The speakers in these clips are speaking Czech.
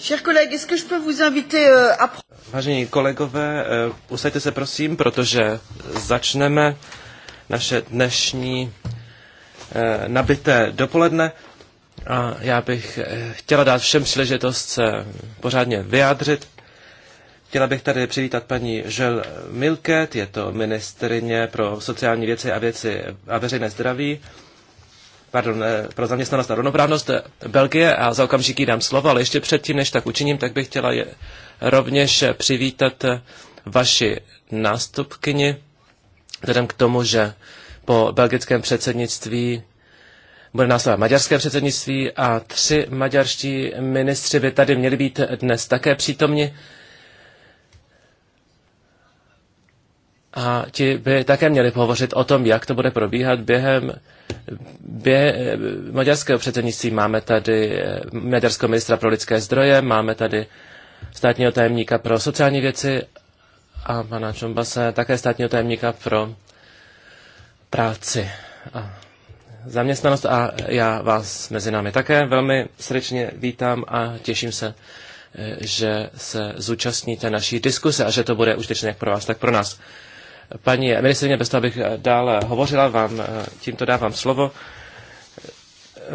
Euh, Vážení kolegové, eh, usaďte se prosím, protože začneme naše dnešní eh, nabité dopoledne. A já bych eh, chtěla dát všem příležitost se pořádně vyjádřit. Chtěla bych tady přivítat paní Žel Milket, je to ministrině pro sociální věci a věci a veřejné zdraví pardon, eh, pro zaměstnanost a rovnoprávnost eh, Belgie a za okamžik jí dám slovo, ale ještě předtím, než tak učiním, tak bych chtěla je, rovněž eh, přivítat vaši nástupkyni, vzhledem k tomu, že po belgickém předsednictví bude následovat maďarské předsednictví a tři maďarští ministři by tady měli být dnes také přítomni. A ti by také měli pohovořit o tom, jak to bude probíhat během, bě, maďarského předsednictví. Máme tady eh, maďarského ministra pro lidské zdroje, máme tady státního tajemníka pro sociální věci a pana Čombase, také státního tajemníka pro práci a zaměstnanost a já vás mezi námi také velmi srdečně vítám a těším se, eh, že se zúčastníte naší diskuse a že to bude užitečné jak pro vás, tak pro nás. Paní ministrině, bez toho, abych eh, dál eh, hovořila, vám eh, tímto dávám slovo.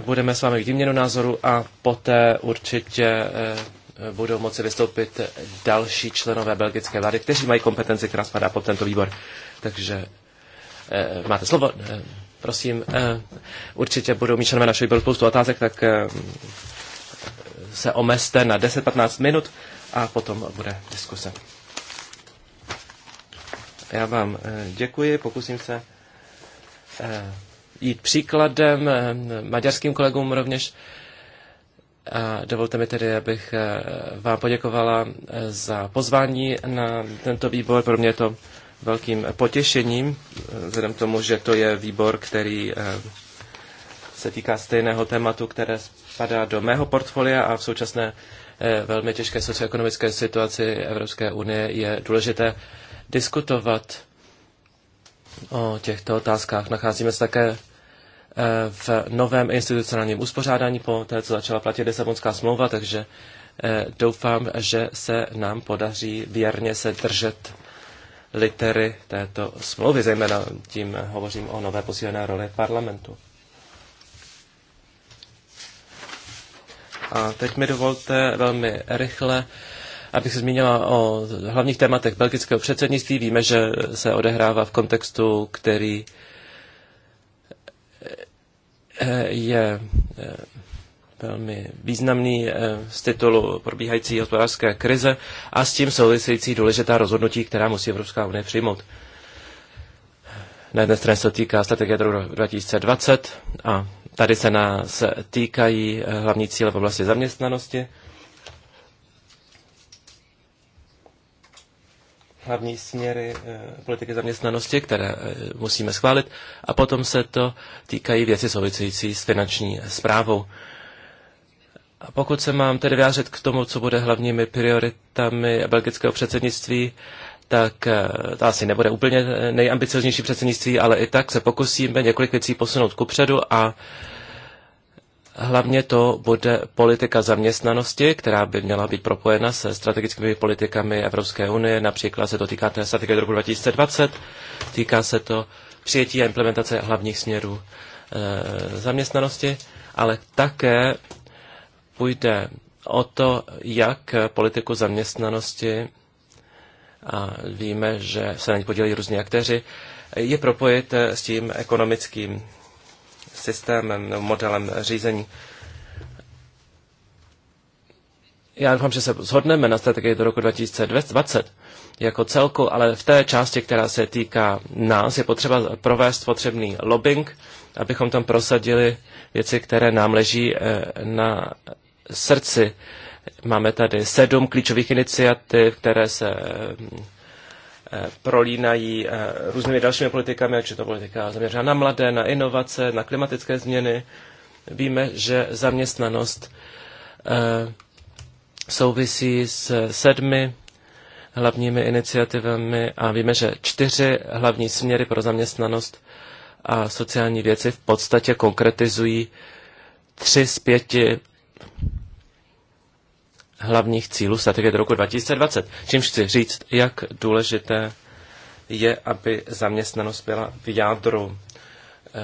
Budeme s vámi k výměnu názoru a poté určitě budou moci vystoupit další členové belgické vlády, kteří mají kompetenci, která spadá pod tento výbor. Takže máte slovo, prosím. Určitě budou mít členové našeho výboru spoustu otázek, tak se omezte na 10-15 minut a potom bude diskuse. Já vám eh, děkuji, pokusím se eh, jít příkladem eh, maďarským kolegům rovněž. A dovolte mi tedy, abych vám poděkovala za pozvání na tento výbor. Pro mě je to velkým potěšením, vzhledem k tomu, že to je výbor, který se týká stejného tématu, které spadá do mého portfolia a v současné velmi těžké socioekonomické situaci Evropské unie je důležité diskutovat o těchto otázkách. Nacházíme se také eh, v novém institucionálním uspořádání po té, co začala platit Lisabonská smlouva, takže eh, doufám, že se nám podaří věrně se držet litery této smlouvy, zejména tím hovořím o nové posílené roli parlamentu. A teď mi dovolte velmi rychle Abych se zmínila o hlavních tématech belgického předsednictví, víme, že se odehrává v kontextu, který eh, je eh, velmi významný eh, z titulu probíhající hospodářské krize a s tím související důležitá rozhodnutí, která musí Evropská unie přijmout. Na jedné straně se týká strategie 2020 a tady se nás týkají hlavní cíle v oblasti zaměstnanosti. hlavní směry eh, politiky zaměstnanosti, které eh, musíme schválit, a potom se to týkají věci související s finanční zprávou. A pokud se mám tedy vyjádřit k tomu, co bude hlavními prioritami belgického předsednictví, tak eh, to asi nebude úplně nejambicioznější předsednictví, ale i tak se pokusíme několik věcí posunout kupředu a Hlavně to bude politika zaměstnanosti, která by měla být propojena se strategickými politikami Evropské unie. Například se to týká té strategie roku 2020, týká se to přijetí a implementace hlavních směrů e, zaměstnanosti, ale také půjde o to, jak politiku zaměstnanosti, a víme, že se na ní podílejí různí aktéři, je propojit eh, s tím ekonomickým systémem nebo modelem řízení. Já doufám, že se shodneme na strategii do roku 2020 jako celku, ale v té části, která se týká nás, je potřeba provést potřebný lobbying, abychom tam prosadili věci, které nám leží eh, na srdci. Máme tady sedm klíčových iniciativ, které se eh, prolínají eh, různými dalšími politikami, ať je to politika zaměřená na mladé, na inovace, na klimatické změny. Víme, že zaměstnanost eh, souvisí s sedmi hlavními iniciativami a víme, že čtyři hlavní směry pro zaměstnanost a sociální věci v podstatě konkretizují tři z pěti hlavních cílů strategie do roku 2020. Čím chci říct, jak důležité je, aby zaměstnanost byla v jádru eh,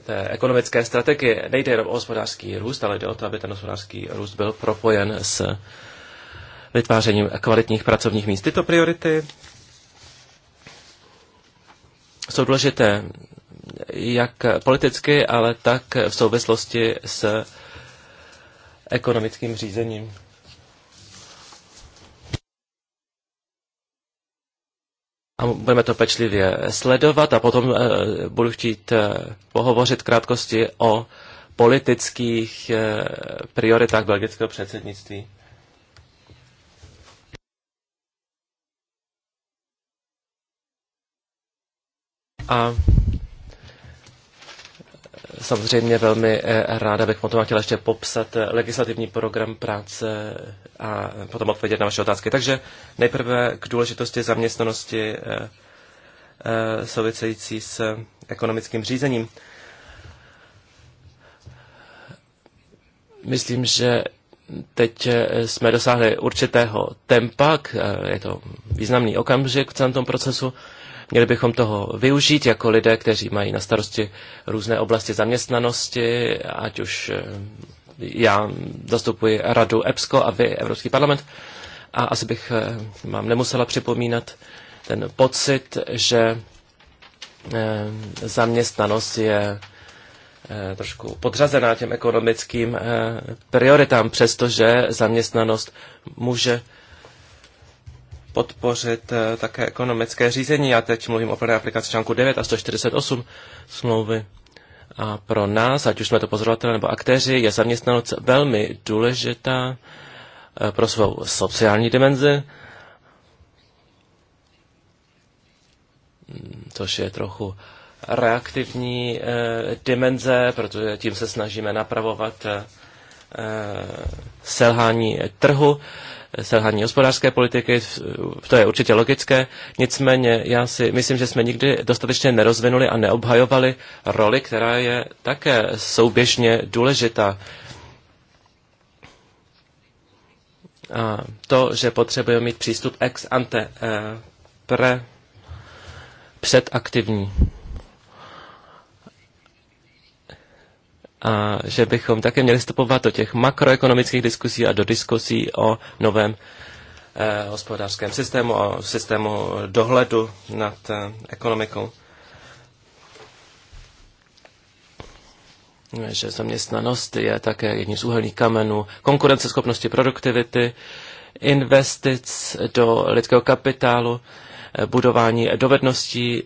té ekonomické strategie. Nejde jenom o hospodářský růst, ale jde o to, aby ten hospodářský růst byl propojen s vytvářením kvalitních pracovních míst. Tyto priority jsou důležité jak politicky, ale tak v souvislosti s ekonomickým řízením. A budeme to pečlivě sledovat a potom eh, budu chtít eh, pohovořit krátkosti o politických eh, prioritách belgického předsednictví. A Samozřejmě velmi eh, ráda bych potom chtěla ještě popsat eh, legislativní program práce a potom odpovědět na vaše otázky. Takže nejprve k důležitosti zaměstnanosti eh, související s ekonomickým řízením. Myslím, že teď jsme dosáhli určitého tempa, je to významný okamžik v celém tom procesu. Měli bychom toho využít jako lidé, kteří mají na starosti různé oblasti zaměstnanosti, ať už eh, já zastupuji radu EPSCO a vy Evropský parlament. A asi bych eh, vám nemusela připomínat ten pocit, že eh, zaměstnanost je trošku podřazená těm ekonomickým prioritám, přestože zaměstnanost může podpořit eh, také ekonomické řízení. Já teď mluvím o plné aplikaci článku 9 a 148 smlouvy. A pro nás, ať už jsme to pozorovatelé nebo aktéři, je zaměstnanost velmi důležitá eh, pro svou sociální dimenzi, což je trochu reaktivní e, dimenze, protože tím se snažíme napravovat e, selhání trhu. E, selhání hospodářské politiky, to je určitě logické, nicméně já si myslím, že jsme nikdy dostatečně nerozvinuli a neobhajovali roli, která je také souběžně důležitá. A to, že potřebujeme mít přístup ex ante eh, pre předaktivní. a že bychom také měli vstupovat do těch makroekonomických diskusí a do diskusí o novém eh, hospodářském systému, o systému dohledu nad eh, ekonomikou. Že zaměstnanost je také jedním z úhelných kamenů konkurenceschopnosti, produktivity, investic do lidského kapitálu, eh, budování dovedností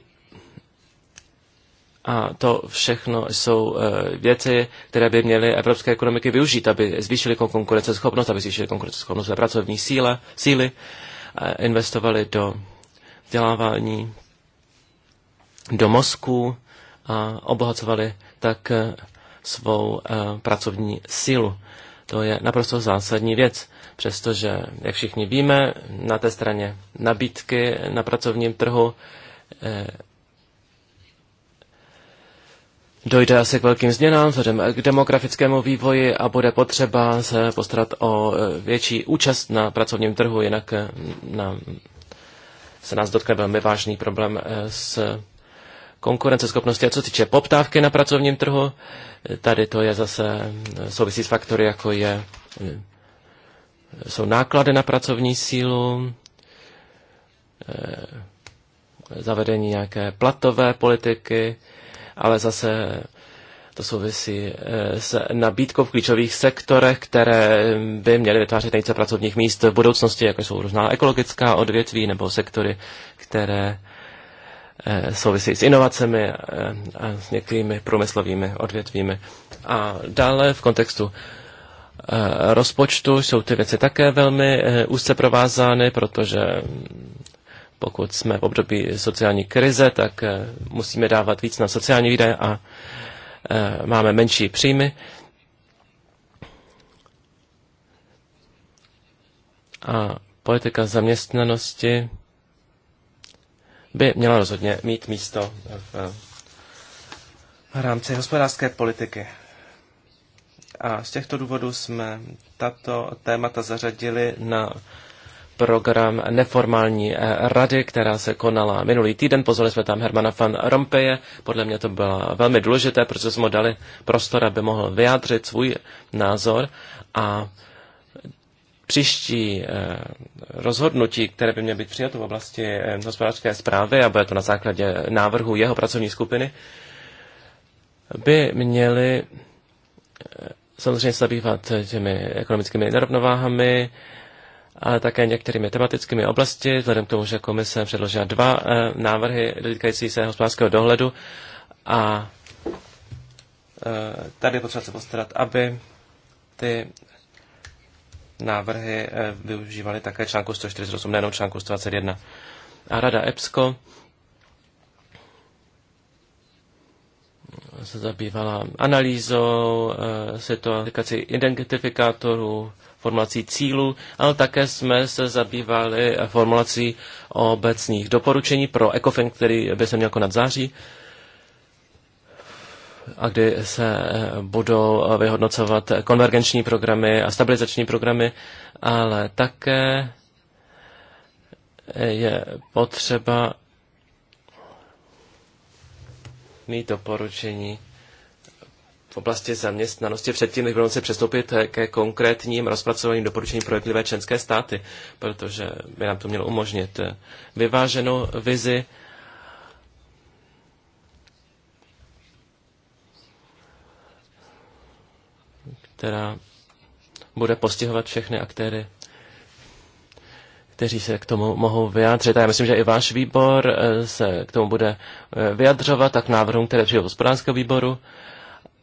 a to všechno jsou eh, věci, které by měly evropské ekonomiky využít, aby zvýšili konkurenceschopnost, aby zvýšili konkurenceschopnost své pracovní síle, síly, investovali do vzdělávání, do mozku a obohacovali tak eh, svou eh, pracovní sílu. To je naprosto zásadní věc, přestože, jak všichni víme, na té straně nabídky na pracovním trhu Dojde asi k velkým změnám vzhledem k demografickému vývoji a bude potřeba se postarat o e, větší účast na pracovním trhu, jinak e, na, se nás dotkne velmi vážný problém e, s konkurenceschopností. A co týče poptávky na pracovním trhu, tady to je zase souvisí s faktory, jako je, jsou náklady na pracovní sílu, zavedení nějaké platové politiky, ale zase to souvisí eh, s nabídkou v klíčových sektorech, které by měly vytvářet nejce pracovních míst v budoucnosti, jako jsou různá ekologická odvětví nebo sektory, které eh, souvisí s inovacemi eh, a s některými průmyslovými odvětvími. A dále v kontextu rozpočtu jsou ty věci také velmi úzce provázány, protože pokud jsme v období sociální krize, tak eh, musíme dávat víc na sociální výdaje a eh, máme menší příjmy. A politika zaměstnanosti by měla rozhodně mít místo v eh, rámci hospodářské politiky. A z těchto důvodů jsme tato témata zařadili na program neformální eh, rady, která se konala minulý týden. Pozvali jsme tam Hermana van Rompeje. Podle mě to bylo velmi důležité, protože jsme mu dali prostor, aby mohl vyjádřit svůj názor a příští eh, rozhodnutí, které by mělo být přijato v oblasti eh, hospodářské zprávy, a bude to na základě návrhu jeho pracovní skupiny, by měly samozřejmě zabývat těmi ekonomickými nerovnováhami, ale také některými tematickými oblasti, vzhledem k tomu, že komise předložila dva eh, návrhy dotýkající se hospodářského dohledu a eh, tady je potřeba se postarat, aby ty návrhy eh, využívaly také článku 148, nejenom článku 121. A Rada EPSCO se zabývala analýzou e, situací identifikátorů, formulací cílů, ale také jsme se zabývali formulací obecných doporučení pro ECOFIN, který by se měl konat září a kdy se budou vyhodnocovat konvergenční programy a stabilizační programy, ale také je potřeba mít doporučení oblasti zaměstnanosti předtím, než budeme se přestoupit eh, ke konkrétním rozpracovaným doporučením pro jednotlivé členské státy, protože by nám to mělo umožnit eh, vyváženou vizi která bude postihovat všechny aktéry, kteří se k tomu mohou vyjádřit. A já myslím, že i váš výbor eh, se k tomu bude vyjadřovat tak návrhům, které přijde hospodářského výboru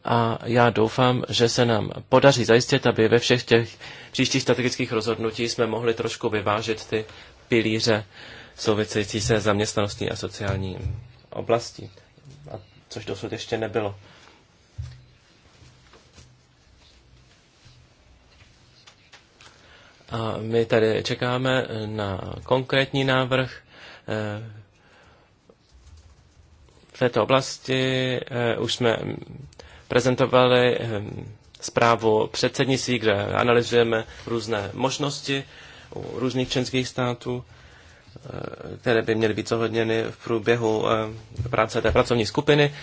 a já doufám, že se nám podaří zajistit, aby ve všech těch příštích strategických rozhodnutí jsme mohli trošku vyvážit ty pilíře související se zaměstnaností a sociální oblastí, a což dosud ještě nebylo. A my tady čekáme na konkrétní návrh eh, v této oblasti. Eh, už jsme prezentovali ehm, zprávu předsednictví, kde analyzujeme různé možnosti u různých členských států, eh, které by měly být zohledněny v průběhu eh, práce té pracovní skupiny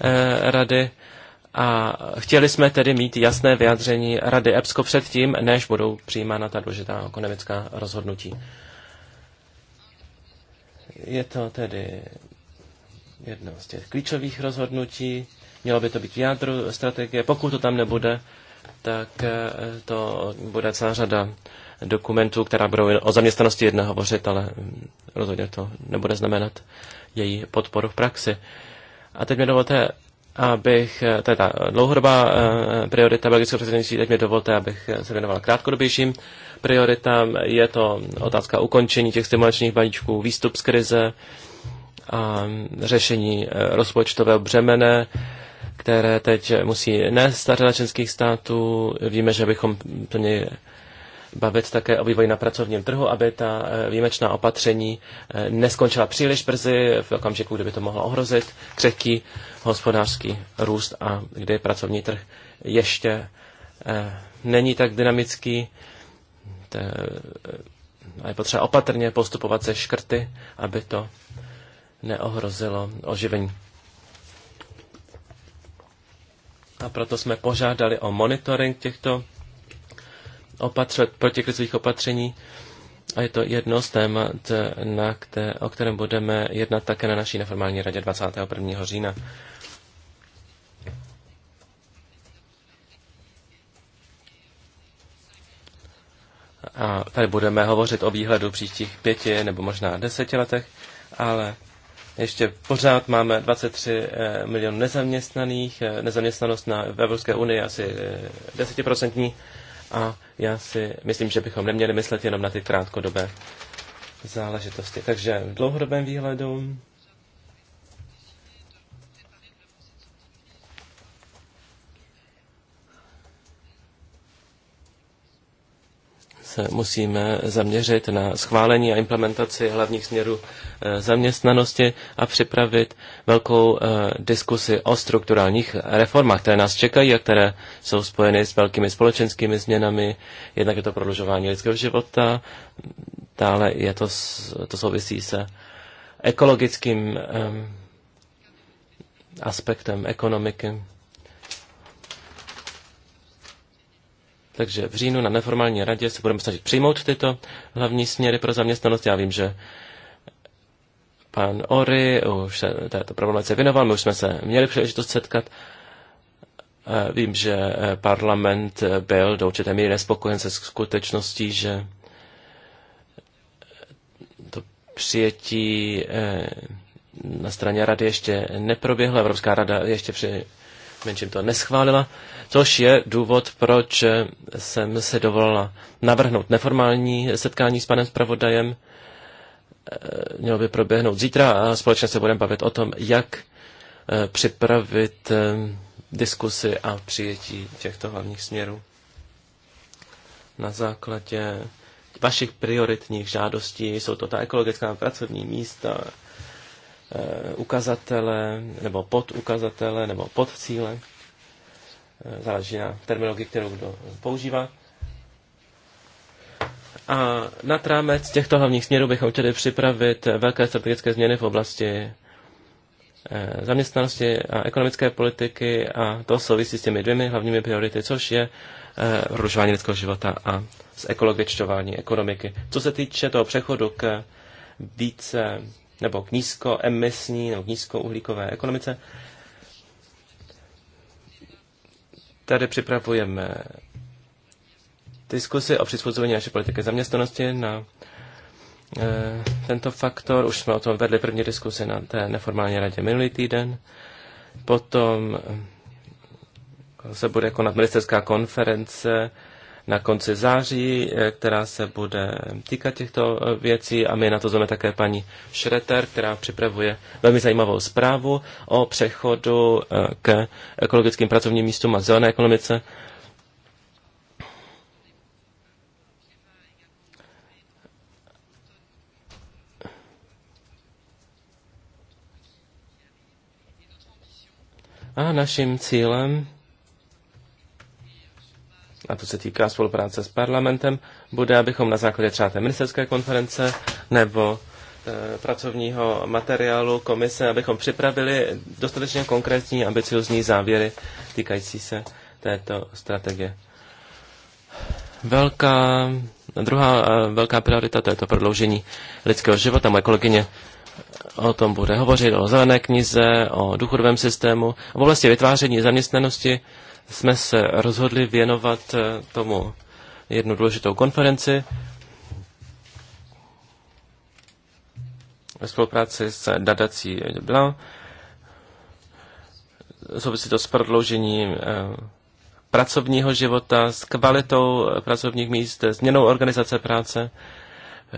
eh, rady. A chtěli jsme tedy mít jasné vyjádření Rady EPSCO předtím, než budou přijímána ta důležitá ekonomická rozhodnutí. Je to tedy jedno z těch klíčových rozhodnutí, Mělo by to být v jádru strategie. Pokud to tam nebude, tak eh, to bude celá řada dokumentů, která budou o zaměstnanosti jedna hovořit, ale mm, rozhodně to nebude znamenat její podporu v praxi. A teď mi dovolte, abych, eh, to je ta dlouhodobá eh, priorita belgického předsednictví, teď mi dovolte, abych se věnoval krátkodobějším prioritám. Je to otázka ukončení těch stimulačních balíčků, výstup z krize, a mm, řešení rozpočtového břemene, které teď musí nést řada členských států. Víme, že bychom to měli bavit také o vývoji na pracovním trhu, aby ta eh, výjimečná opatření eh, neskončila příliš brzy v okamžiku, kdyby to mohlo ohrozit křehký hospodářský růst a kdy pracovní trh ještě eh, není tak dynamický. A je potřeba opatrně postupovat se škrty, aby to neohrozilo oživení. A proto jsme požádali o monitoring těchto opatře, protikrizových opatření a je to jedno z témat, na které, o kterém budeme jednat také na naší neformální radě 21. října. A tady budeme hovořit o výhledu příštích pěti nebo možná deseti letech, ale ještě pořád máme 23 eh, milionů nezaměstnaných, eh, nezaměstnanost na, Evropské unii asi 10% eh, a já si myslím, že bychom neměli myslet jenom na ty krátkodobé záležitosti. Takže v dlouhodobém výhledu se musíme zaměřit na schválení a implementaci hlavních směrů eh, zaměstnanosti a připravit velkou eh, diskusi o strukturálních reformách, které nás čekají a které jsou spojeny s velkými společenskými změnami. Jednak je to prodlužování lidského života, dále je to, to souvisí se ekologickým ehm, aspektem ekonomiky. Takže v říjnu na neformální radě se budeme snažit přijmout tyto hlavní směry pro zaměstnanost. Já vím, že pan Ory už se této problematice věnoval, my už jsme se měli příležitost setkat. Vím, že parlament byl do určité míry nespokojen se skutečností, že to přijetí eh, na straně rady ještě neproběhlo. Evropská rada ještě při menším to neschválila, což je důvod, proč jsem se dovolila navrhnout neformální setkání s panem zpravodajem. Eh, mělo by proběhnout zítra a společně se budeme bavit o tom, jak eh, připravit eh, diskusy a přijetí těchto hlavních směrů na základě vašich prioritních žádostí. Jsou to ta ekologická pracovní místa, Eh, ukazatele nebo podukazatele nebo podcíle. Eh, záleží na terminologii, kterou kdo používá. A nad rámec těchto hlavních směrů bychom chtěli připravit velké strategické změny v oblasti eh, zaměstnanosti a ekonomické politiky a to souvisí s těmi dvěmi hlavními priority, což je rušování lidského života a zekologičtování ekonomiky. Co se týče toho přechodu k více nebo k nízkoemisní nebo k nízkouhlíkové ekonomice. Tady připravujeme diskusy o přizpůsobení naší politiky zaměstnanosti na e, tento faktor. Už jsme o tom vedli první diskusy na té neformální radě minulý týden. Potom se bude konat ministerská konference na konci září, eh, která se bude týkat těchto eh, věcí a my na to zveme také paní Šreter, která připravuje velmi zajímavou zprávu o přechodu eh, k ekologickým pracovním místům a zelené ekonomice. A naším cílem to se týká spolupráce s parlamentem, bude, abychom na základě třeba té ministerské konference nebo e, pracovního materiálu komise, abychom připravili dostatečně konkrétní ambiciozní závěry týkající se této strategie. Velká, druhá e, velká priorita, to je to prodloužení lidského života. Moje kolegyně o tom bude hovořit, o zelené knize, o důchodovém systému, o oblasti vytváření zaměstnanosti jsme se rozhodli věnovat eh, tomu jednu důležitou konferenci ve spolupráci s Dadací Blanc. Souvisí to s prodloužením eh, pracovního života, s kvalitou pracovních míst, změnou organizace práce,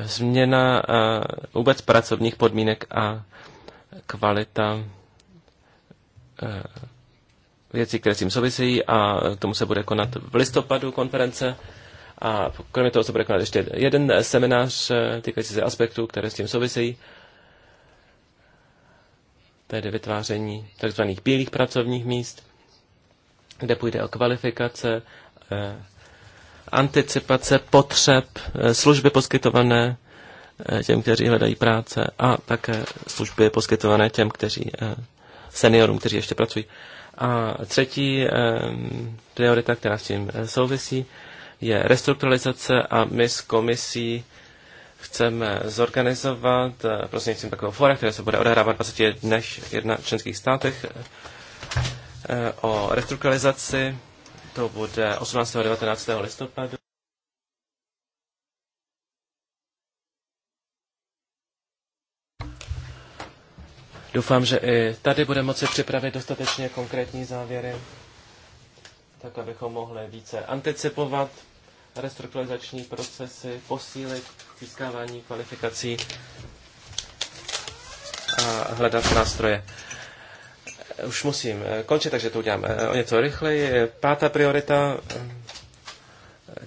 změna eh, vůbec pracovních podmínek a kvalita věci, které s tím souvisejí a k tomu se bude konat v listopadu konference. A kromě toho se bude konat ještě jeden seminář eh, týkající se aspektů, které s tím souvisejí. Tedy vytváření tzv. bílých pracovních míst, kde půjde o kvalifikace, eh, anticipace potřeb, eh, služby poskytované těm, kteří hledají práce a také služby poskytované těm, kteří seniorům, kteří ještě pracují. A třetí priorita, která s tím eh, souvisí, je restrukturalizace a my s komisí chceme zorganizovat prostě prostřednictvím takovou fora, které se bude odehrávat v 21 dnech jedna členských státech eh, o restrukturalizaci. To bude 18. a 19. listopadu. Doufám, že i tady bude moci připravit dostatečně konkrétní závěry, tak abychom mohli více anticipovat restrukturalizační procesy, posílit získávání kvalifikací a hledat nástroje. Už musím eh, končit, takže to udělám eh, o něco rychleji. Pátá priorita, eh,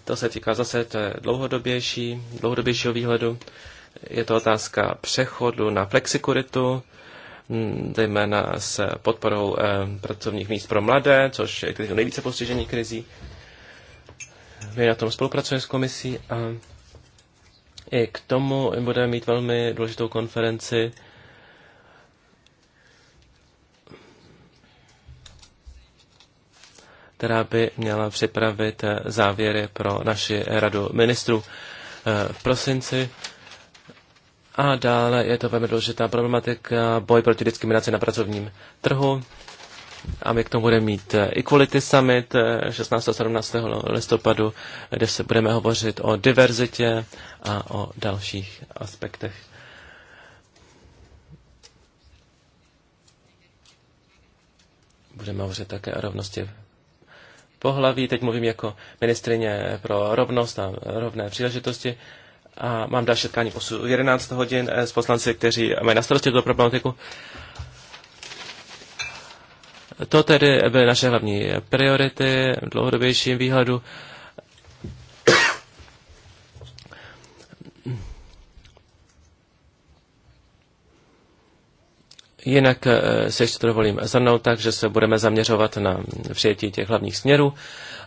to se týká zase to je dlouhodobější, dlouhodobějšího výhledu. Je to otázka přechodu na flexikuritu zejména s podporou eh, pracovních míst pro mladé, což je nejvíce postižení krizí. My na tom spolupracujeme s komisí a i k tomu budeme mít velmi důležitou konferenci která by měla připravit eh, závěry pro naši radu ministrů eh, v prosinci. A dále je to velmi důležitá problematika boj proti diskriminaci na pracovním trhu. A my k tomu budeme mít eh, Equality Summit eh, 16. a 17. listopadu, kde se budeme hovořit o diverzitě a o dalších aspektech. Budeme hovořit také o rovnosti pohlaví. Teď mluvím jako ministrině pro rovnost a rovné příležitosti a mám další setkání v 11 hodin eh, s poslanci, kteří mají na starosti tuto problematiku. To tedy byly naše hlavní priority v dlouhodobějším výhledu. Jinak eh, se ještě to dovolím zhrnout takže se budeme zaměřovat na přijetí těch hlavních směrů.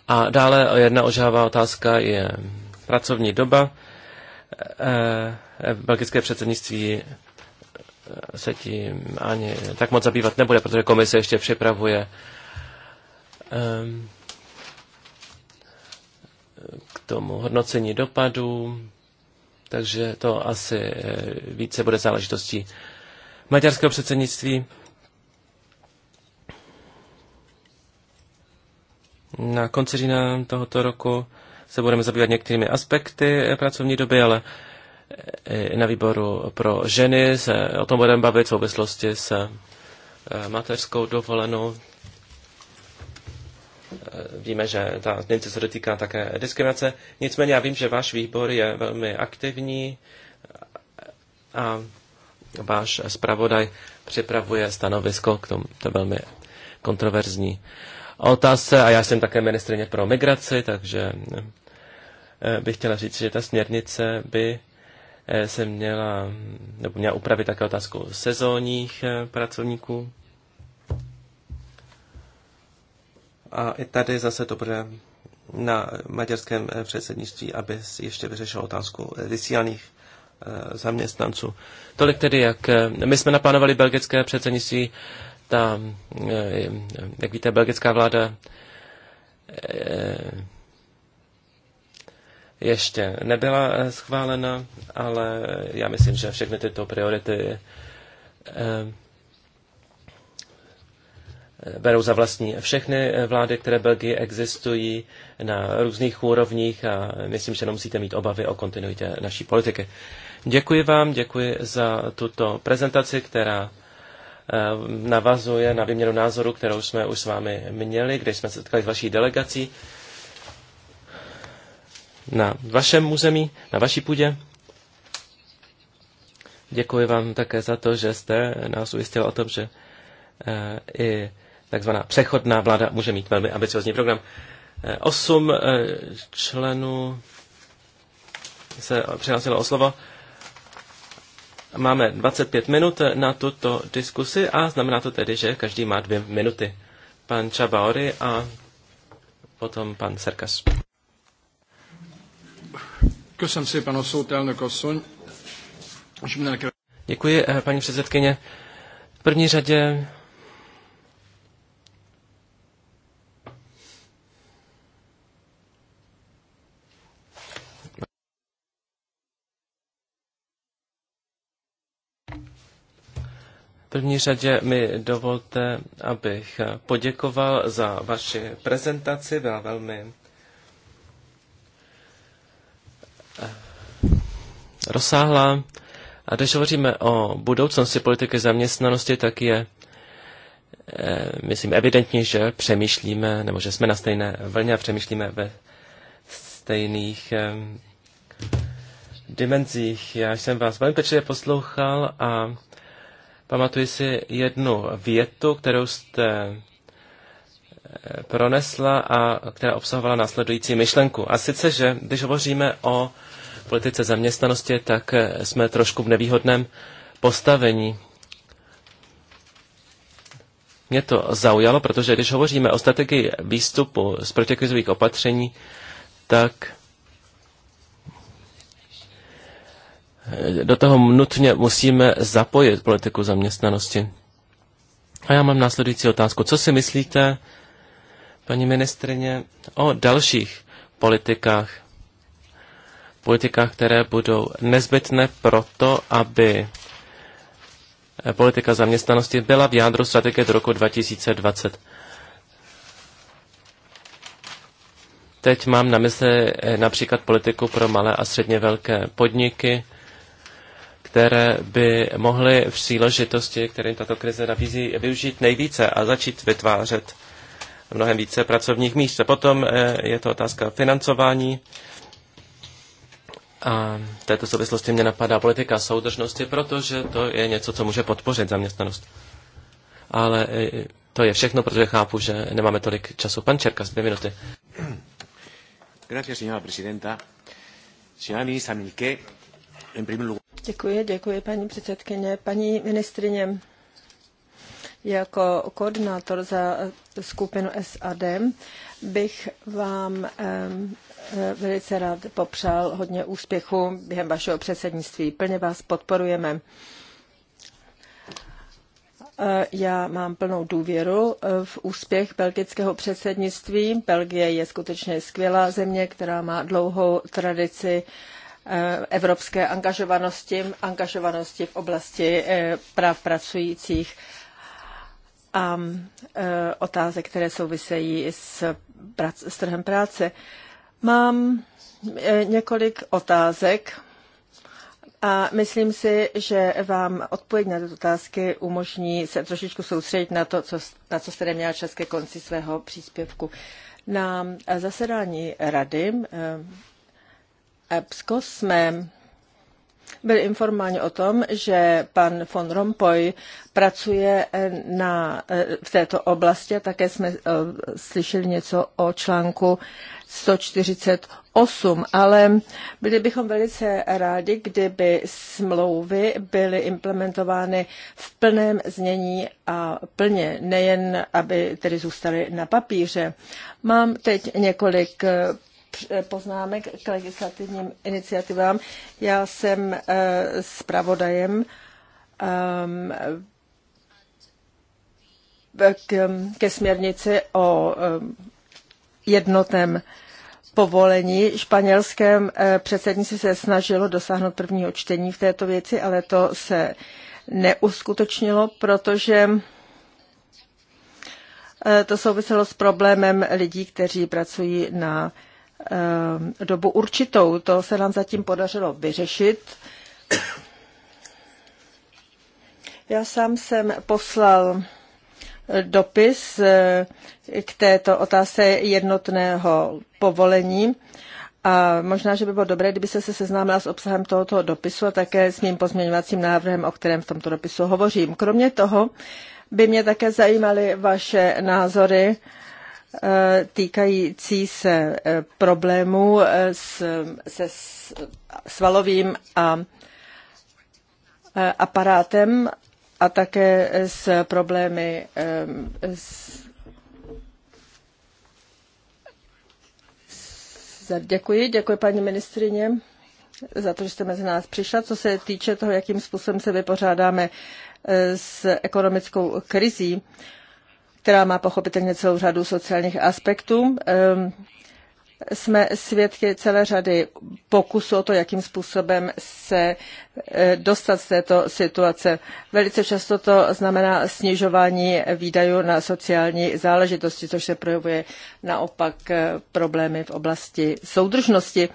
A dále jedna ožává otázka je pracovní doba. Eh, belgické předsednictví eh, se tím ani tak moc zabývat nebude, protože komise ještě připravuje ehm, k tomu hodnocení dopadů, takže to asi eh, více bude záležitostí maďarského předsednictví. Na konci října tohoto roku se budeme zabývat některými aspekty pracovní doby, ale eh, i na výboru pro ženy se o tom budeme bavit v souvislosti s eh, mateřskou dovolenou. Eh, víme, že ta směrnice se dotýká také diskriminace. Nicméně já vím, že váš výbor je velmi aktivní a váš zpravodaj připravuje stanovisko k tomu. To velmi kontroverzní otázce a já jsem také ministrině pro migraci, takže eh, eh, bych chtěla říct, že ta směrnice by eh, se měla, nebo měla upravit také otázku sezónních pracovníků. A i tady zase to bude na maďarském předsednictví, aby ještě vyřešil otázku vysílaných zaměstnanců. Tolik tedy, jak my jsme naplánovali belgické předsednictví ta, eh, jak víte, belgická vláda eh, ještě nebyla eh, schválena, ale já myslím, že všechny tyto priority berou za vlastní všechny vlády, které Belgii existují na různých úrovních a myslím, že nemusíte mít obavy o kontinuitě naší politiky. Děkuji vám, děkuji za tuto prezentaci, která Eh, navazuje na výměnu názoru, kterou jsme už s vámi měli, kde jsme se setkali s vaší delegací na vašem území, na vaší půdě. Děkuji vám také za to, že jste nás ujistil o tom, že eh, i takzvaná přechodná vláda může mít velmi ambiciozní program. Eh, osm členů se přihlásilo o slovo. Máme 25 minut na tuto diskusi a znamená to tedy, že každý má dvě minuty. Pan Čabaori a potom pan Serkas. Děkuji, eh, paní předsedkyně. V první řadě první řadě mi dovolte, abych poděkoval za vaši prezentaci. Byla velmi eh, rozsáhlá. A když hovoříme o budoucnosti politiky zaměstnanosti, tak je, eh, myslím, evidentně, že přemýšlíme, nebo že jsme na stejné vlně a přemýšlíme ve stejných eh, dimenzích. Já jsem vás velmi pečlivě poslouchal a Pamatuji si jednu větu, kterou jste eh, pronesla a která obsahovala následující myšlenku. A sice, že když hovoříme o politice zaměstnanosti, tak eh, jsme trošku v nevýhodném postavení. Mě to zaujalo, protože když hovoříme o strategii výstupu z protikrizových opatření, tak do toho nutně musíme zapojit politiku zaměstnanosti. A já mám následující otázku. Co si myslíte, paní ministrině, o dalších politikách? Politikách, které budou nezbytné proto, aby politika zaměstnanosti byla v jádru strategie do roku 2020. Teď mám na mysli eh, například politiku pro malé a středně velké podniky, které by mohly v příležitosti, kterým tato krize nabízí, využít nejvíce a začít vytvářet mnohem více pracovních míst. A potom eh, je to otázka financování. A v této souvislosti mě napadá politika soudržnosti, protože to je něco, co může podpořit zaměstnanost. Ale eh, to je všechno, protože chápu, že nemáme tolik času. Pan Čerka, dvě minuty. Gracias, señora presidenta. Señora ministra Milke, Děkuji, děkuji paní předsedkyně. Paní ministrině, jako koordinátor za eh, skupinu SAD bych vám eh, velice rád popřál hodně úspěchu během vašeho předsednictví. Plně vás podporujeme. Eh, já mám plnou důvěru v úspěch belgického předsednictví. Belgie je skutečně skvělá země, která má dlouhou tradici Eh, evropské angažovanosti, angažovanosti v oblasti eh, práv pracujících a eh, otázek, které souvisejí s, prac, s trhem práce. Mám několik otázek a myslím si, že vám odpověď na tyto otázky umožní se trošičku soustředit na to, co, na co jste neměla čas ke konci svého příspěvku. Na zasedání rady EPSCO jsme byli informováni o tom, že pan von Rompuy pracuje eh, na, eh, v této oblasti a také jsme eh, slyšeli něco o článku 148, ale byli bychom velice rádi, kdyby smlouvy byly implementovány v plném znění a plně, nejen aby tedy zůstaly na papíře. Mám teď několik Eh, poznámek k legislativním iniciativám. Já jsem s eh, pravodajem ehm, ke směrnici o eh, jednotném povolení. Španělském předsednictví se snažilo dosáhnout prvního čtení v této věci, ale to se neuskutečnilo, protože to souviselo s problémem lidí, kteří pracují na Eh, dobu určitou. To se nám zatím podařilo vyřešit. Já sám jsem poslal dopis eh, k této otázce jednotného povolení. A možná, že by bylo dobré, kdyby se seznámila s obsahem tohoto dopisu a také s mým pozměňovacím návrhem, o kterém v tomto dopisu hovořím. Kromě toho by mě také zajímaly vaše názory Eh, týkající se eh, problémů eh, s, se svalovým a aparátem a také s problémy s Děkuji, děkuji paní ministrině za to, že jste mezi nás přišla. Co se týče toho, jakým způsobem se vypořádáme s ekonomickou krizí, která má pochopitelně celou řadu sociálních aspektů. Ehm, jsme svědky celé řady pokusů o to, jakým způsobem se eh, dostat z této situace. Velice často to znamená snižování výdajů na sociální záležitosti, což se projevuje naopak eh, problémy v oblasti soudržnosti.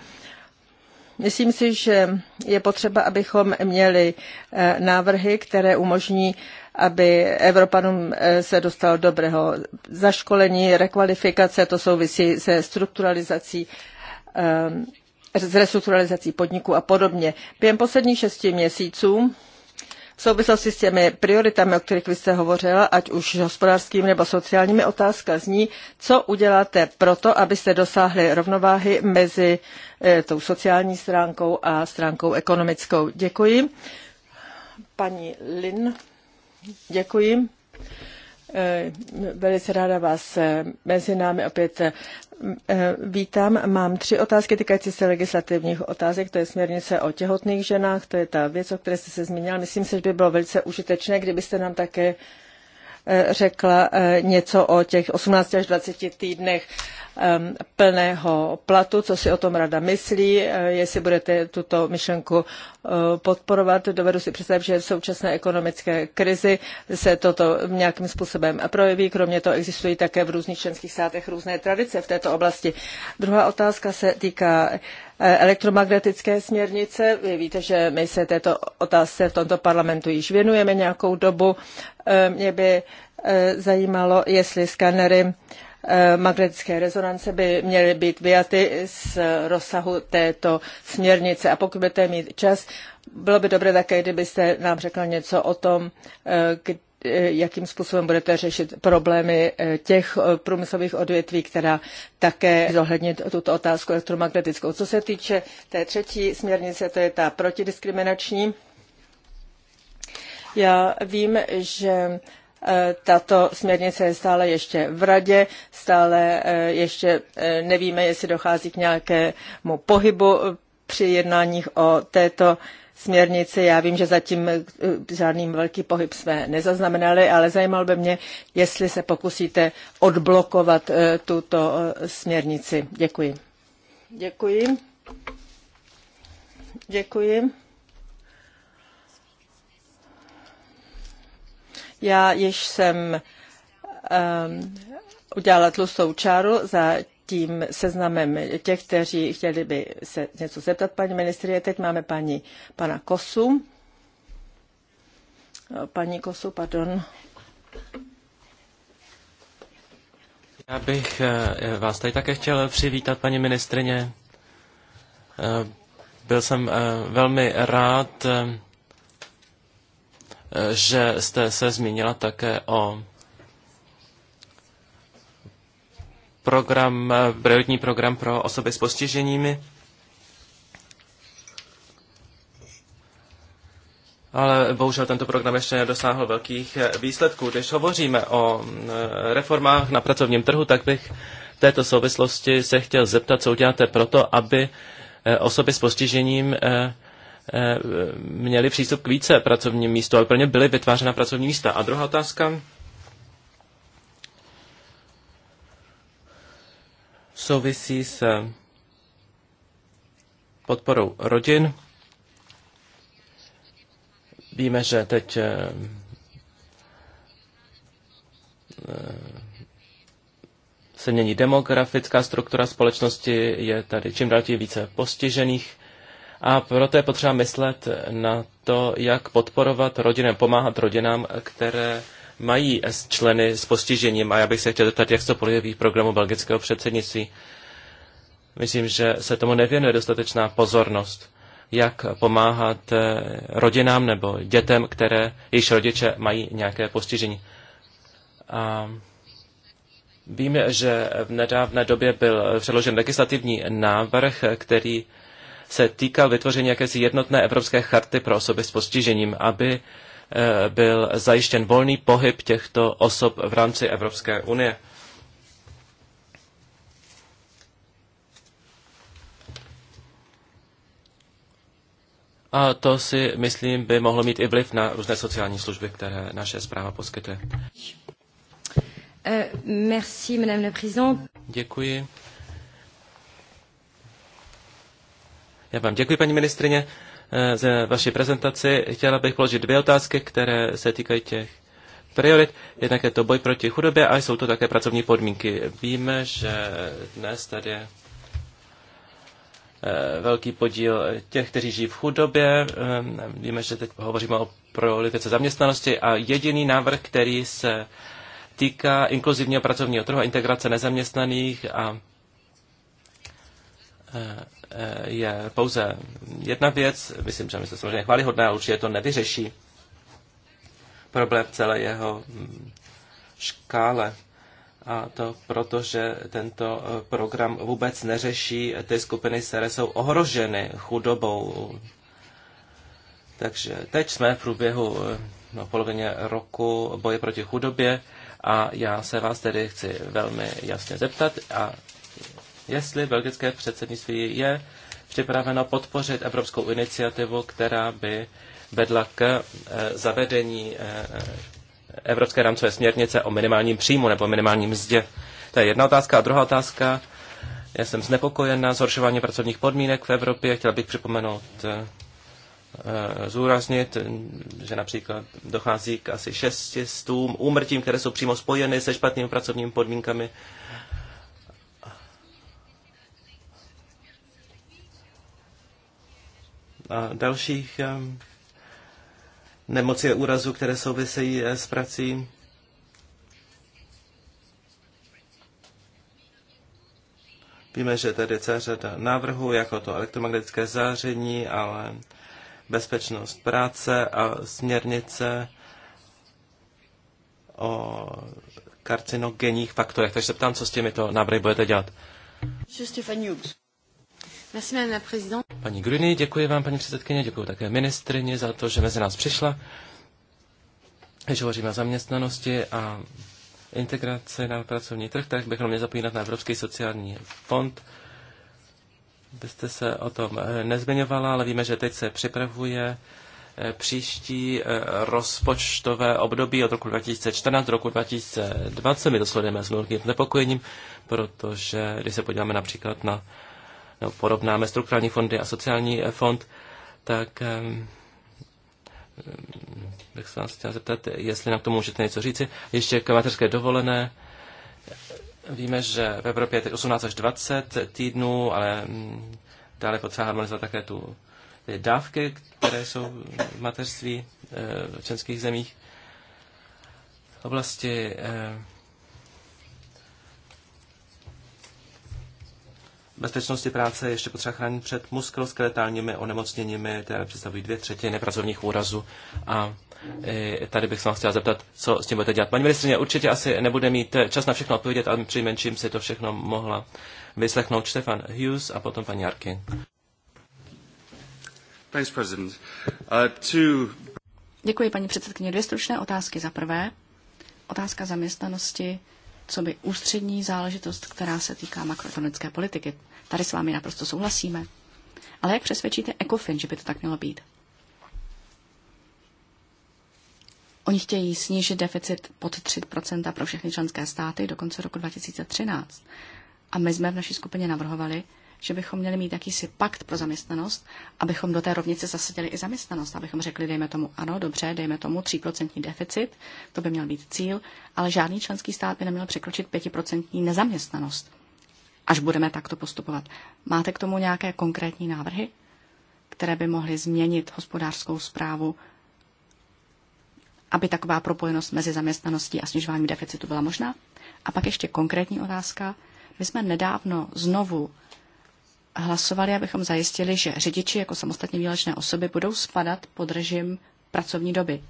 Myslím si, že je potřeba, abychom měli eh, návrhy, které umožní aby Evropanům eh, se dostalo dobrého zaškolení, rekvalifikace, to souvisí se strukturalizací eh, s restrukturalizací podniků a podobně. Během posledních šesti měsíců v souvislosti s těmi prioritami, o kterých vy jste hovořila, ať už hospodářskými nebo sociálními, otázka zní, co uděláte proto, abyste dosáhli rovnováhy mezi eh, tou sociální stránkou a stránkou ekonomickou. Děkuji. Paní Lin. Děkuji. E, velice ráda vás e, mezi námi opět e, vítám. Mám tři otázky týkající se legislativních otázek. To je směrnice o těhotných ženách, to je ta věc, o které jste se zmínila. Myslím si, že by bylo velice užitečné, kdybyste nám také Eh, řekla eh, něco o těch 18 až 20 týdnech plného platu, co si o tom rada myslí, eh, jestli budete tuto myšlenku podporovat. Dovedu si představit, že v současné ekonomické krizi se toto nějakým způsobem projeví. Kromě toho existují také v různých členských státech různé tradice v této oblasti. Druhá otázka se týká Eh, elektromagnetické směrnice. Vy víte, že my se této otázce v tomto parlamentu již věnujeme nějakou dobu. Eh, mě by eh, zajímalo, jestli skanery magnetické rezonance by měly být vyjaty z rozsahu této směrnice. A pokud budete mít čas, bylo by dobré také, kdybyste nám řekl něco o tom, kdy E, jakým způsobem budete řešit problémy e, těch e, průmyslových odvětví, která také zohlednit tuto otázku elektromagnetickou. Co se týče té třetí směrnice, to je ta protidiskriminační. Já vím, že tato směrnice je stále ještě v radě, stále ještě nevíme, jestli dochází k nějakému pohybu při jednáních o této směrnici. Já vím, že zatím eh, žádný velký pohyb jsme nezaznamenali, ale zajímalo by mě, jestli se pokusíte odblokovat eh, tuto eh, směrnici. Děkuji. Děkuji. Děkuji. Já již jsem um, udělala tlustou čáru za tím seznamem těch, kteří chtěli by se něco zeptat paní ministrině. Teď máme paní pana Kosu. Eh, paní Kosu, pardon. Já bych eh, vás tady také chtěl přivítat, paní ministrině. Eh, byl jsem velmi rád, že jste se zmínila také o program, eh, prioritní program pro osoby s postiženími. Ale bohužel tento program ještě nedosáhl velkých eh, výsledků. Když hovoříme o eh, reformách na pracovním trhu, tak bych v této souvislosti se chtěl zeptat, co uděláte proto, aby osoby s postižením měli přístup k více pracovním místu, aby pro ně byly vytvářena pracovní místa. A druhá otázka souvisí s eh, podporou rodin. Víme, že teď eh, eh, se mění demografická struktura společnosti, je tady čím dál tím více postižených a proto je potřeba myslet na to, jak podporovat rodinám, pomáhat rodinám, které mají členy s postižením a já bych se chtěl zeptat, jak to projeví v programu belgického předsednictví. Myslím, že se tomu nevěnuje dostatečná pozornost, jak pomáhat eh, rodinám nebo dětem, které jejich rodiče mají nějaké postižení. A vím, že v nedávné době byl předložen legislativní návrh, který se týkal vytvoření jakési jednotné evropské charty pro osoby s postižením, aby Eh, byl zajištěn volný pohyb těchto osob v rámci Evropské unie. A to si, myslím, by mohlo mít i vliv na různé sociální služby, které naše zpráva poskytuje. Eh, merci, madame la Děkuji. Já vám děkuji, paní ministrině. Eh, ze vaší prezentaci. Chtěla bych položit dvě otázky, které se týkají těch priorit. Jednak je to boj proti chudobě a jsou to také pracovní podmínky. Víme, že dnes tady je eh, velký podíl těch, kteří žijí v chudobě. Eh, víme, že teď hovoříme o politice zaměstnanosti a jediný návrh, který se týká inkluzivního pracovního trhu a integrace nezaměstnaných a je pouze jedna věc, myslím, že mi se samozřejmě chválihodná, ale určitě to nevyřeší problém celé jeho mm, škále. A to proto, že tento eh, program vůbec neřeší eh, ty skupiny, které jsou ohroženy chudobou. Takže teď jsme v průběhu eh, no, polovině roku boje proti chudobě a já se vás tedy chci velmi jasně zeptat a jestli belgické předsednictví je připraveno podpořit evropskou iniciativu, která by vedla k eh, zavedení eh, Evropské rámcové směrnice o minimálním příjmu nebo minimálním mzdě. To je jedna otázka. A druhá otázka, já jsem znepokojen na zhoršování pracovních podmínek v Evropě. Chtěl bych připomenout, eh, zúraznit, že například dochází k asi šestistům úmrtím, které jsou přímo spojeny se špatnými pracovními podmínkami a dalších nemocí a úrazů, které souvisejí eh, s prací. Víme, že tady je celá řada návrhů, jako to elektromagnetické záření, ale bezpečnost práce a směrnice o karcinogenních faktorech. Takže se ptám, co s těmito návrhy budete dělat. Stefan Hughes. Paní Gruny, děkuji vám, paní předsedkyně, děkuji také ministrině za to, že mezi nás přišla, že hovoříme o zaměstnanosti a integraci na pracovní trh, tak bychom měli zapojit na Evropský sociální fond. Byste se o tom eh, nezmiňovala, ale víme, že teď se připravuje eh, příští eh, rozpočtové období od roku 2014 do roku 2020. My to sledujeme s velkým nepokojením, protože když se podíváme například na nebo porovnáme strukturální fondy a sociální eh, fond, tak bych se vás chtěl zeptat, jestli nám to můžete něco říci. Ještě k mateřské dovolené. Víme, že v Evropě je teď 18 až 20 týdnů, ale dále potřeba harmonizovat také tu, ty dávky, které jsou v mateřství eh, v členských zemích. V oblasti eh, bezpečnosti práce je ještě potřeba chránit před muskuloskeletálními onemocněními, které představují dvě třetiny pracovních úrazů. A e, tady bych se vám chtěla zeptat, co s tím budete dělat. Paní ministrině, určitě asi nebude mít e, čas na všechno odpovědět, ale přinejmenším si to všechno mohla vyslechnout Stefan Hughes a potom paní Arkin. Uh, Děkuji, paní předsedkyně. Dvě stručné otázky. Za prvé, otázka zaměstnanosti co by ústřední záležitost, která se týká makroekonomické politiky. Tady s vámi naprosto souhlasíme. Ale jak přesvědčíte ECOFIN, že by to tak mělo být? Oni chtějí snížit deficit pod 3% pro všechny členské státy do konce roku 2013. A my jsme v naší skupině navrhovali, že bychom měli mít jakýsi pakt pro zaměstnanost, abychom do té rovnice zasadili i zaměstnanost, abychom řekli, dejme tomu ano, dobře, dejme tomu 3% deficit, to by měl být cíl, ale žádný členský stát by neměl překročit 5% nezaměstnanost až budeme takto postupovat. Máte k tomu nějaké konkrétní návrhy, které by mohly změnit hospodářskou zprávu, aby taková propojenost mezi zaměstnaností a snižováním deficitu byla možná? A pak ještě konkrétní otázka. My jsme nedávno znovu hlasovali, abychom zajistili, že řidiči jako samostatně výlečné osoby budou spadat pod režim pracovní doby.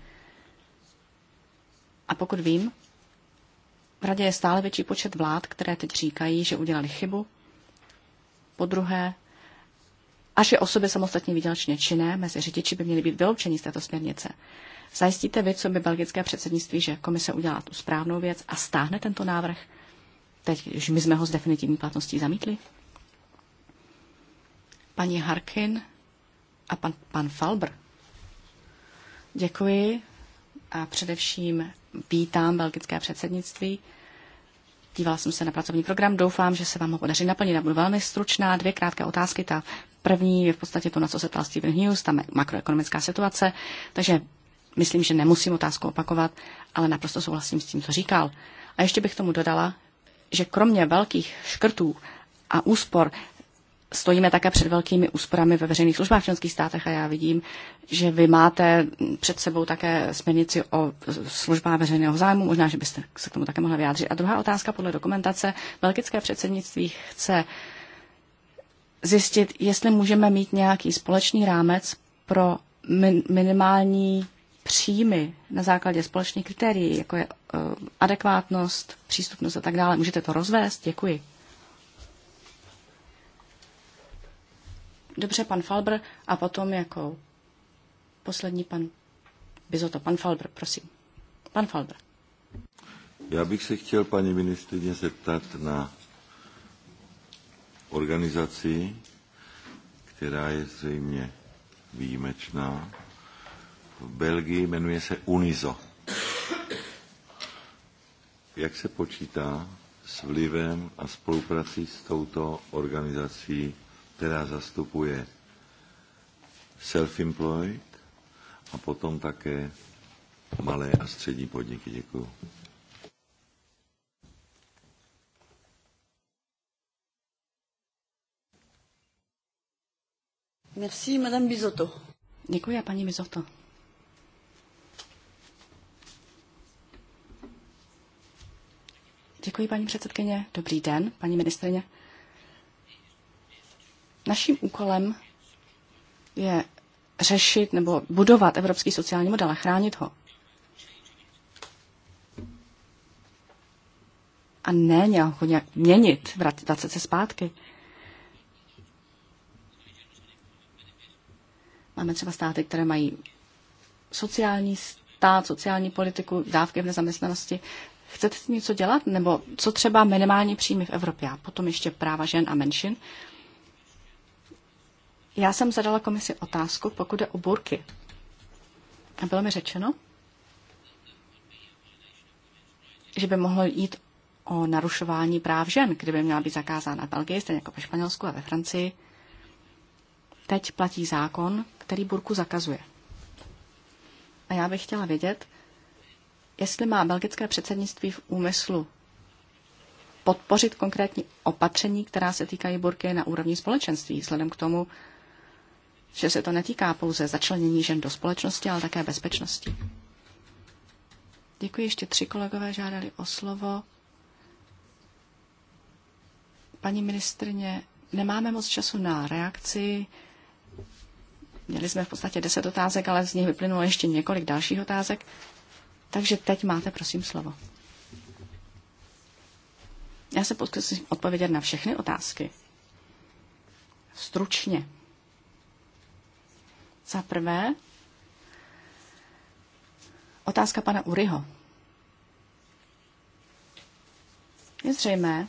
A pokud vím, v radě je stále větší počet vlád, které teď říkají, že udělali chybu. Po druhé, až je osoby samostatně výdělečně činné mezi řidiči by měly být vyloučeni z této směrnice. Zajistíte vy, co by belgické předsednictví, že komise udělá tu správnou věc a stáhne tento návrh? Teď, už my jsme ho s definitivní platností zamítli. Paní Harkin a pan, pan Falbr. Děkuji a především vítám belgické předsednictví. Dívala jsem se na pracovní program, doufám, že se vám ho podaří naplnit. Já budu velmi stručná, dvě krátké otázky. Ta první je v podstatě to, na co se ptal Steven Hughes, ta makroekonomická situace. Takže myslím, že nemusím otázku opakovat, ale naprosto souhlasím s tím, co říkal. A ještě bych tomu dodala, že kromě velkých škrtů a úspor stojíme také před velkými úsporami ve veřejných službách v členských státech a já vidím, že vy máte před sebou také směrnici o službách veřejného zájmu, možná, že byste se k tomu také mohla vyjádřit. A druhá otázka podle dokumentace. Belgické předsednictví chce zjistit, jestli můžeme mít nějaký společný rámec pro min- minimální příjmy na základě společných kritérií, jako je eh, adekvátnost, přístupnost a tak dále. Můžete to rozvést? Děkuji. Dobře, pan Falbr a potom jako poslední pan Bizoto. Pan Falbr, prosím. Pan Falbr. Já bych se chtěl, paní ministrině, zeptat na organizaci, která je zřejmě výjimečná. V Belgii jmenuje se UNIZO. Jak se počítá s vlivem a spoluprací s touto organizací která zastupuje self-employed a potom také malé a střední podniky. Děkuji. Merci, Madame Bizotto. Děkuji, paní Bizotto. Děkuji, paní předsedkyně. Dobrý den, paní ministrině. Naším úkolem je řešit nebo budovat evropský sociální model a chránit ho. A ne nějak ho nějak měnit, vracet se zpátky. Máme třeba státy, které mají sociální stát, sociální politiku, dávky v nezaměstnanosti. Chcete s něco dělat? Nebo co třeba minimální příjmy v Evropě a potom ještě práva žen a menšin? Já jsem zadala komisi otázku, pokud je o burky. A bylo mi řečeno, že by mohlo jít o narušování práv žen, kdyby měla být zakázána v Belgii, stejně jako ve Španělsku a ve Francii. Teď platí zákon, který burku zakazuje. A já bych chtěla vědět, jestli má belgické předsednictví v úmyslu podpořit konkrétní opatření, která se týkají burky na úrovni společenství, vzhledem k tomu, že se to netýká pouze začlenění žen do společnosti, ale také bezpečnosti. Děkuji, ještě tři kolegové žádali o slovo. Paní ministrně, nemáme moc času na reakci. Měli jsme v podstatě deset otázek, ale z nich vyplynulo ještě několik dalších otázek. Takže teď máte, prosím, slovo. Já se pokusím odpovědět na všechny otázky. Stručně. Za prvé, otázka pana Uryho. Je zřejmé,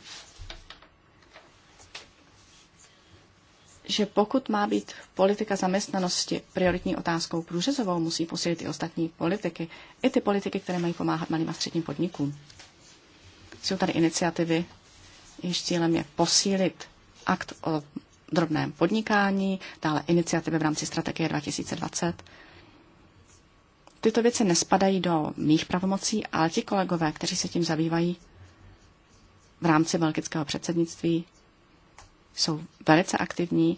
že pokud má být politika zaměstnanosti prioritní otázkou průřezovou, musí posílit i ostatní politiky, i ty politiky, které mají pomáhat malým a středním podnikům. Jsou tady iniciativy, jejichž cílem je posílit akt o drobném podnikání, dále iniciativy v rámci strategie 2020. Tyto věci nespadají do mých pravomocí, ale ti kolegové, kteří se tím zabývají v rámci belgického předsednictví, jsou velice aktivní,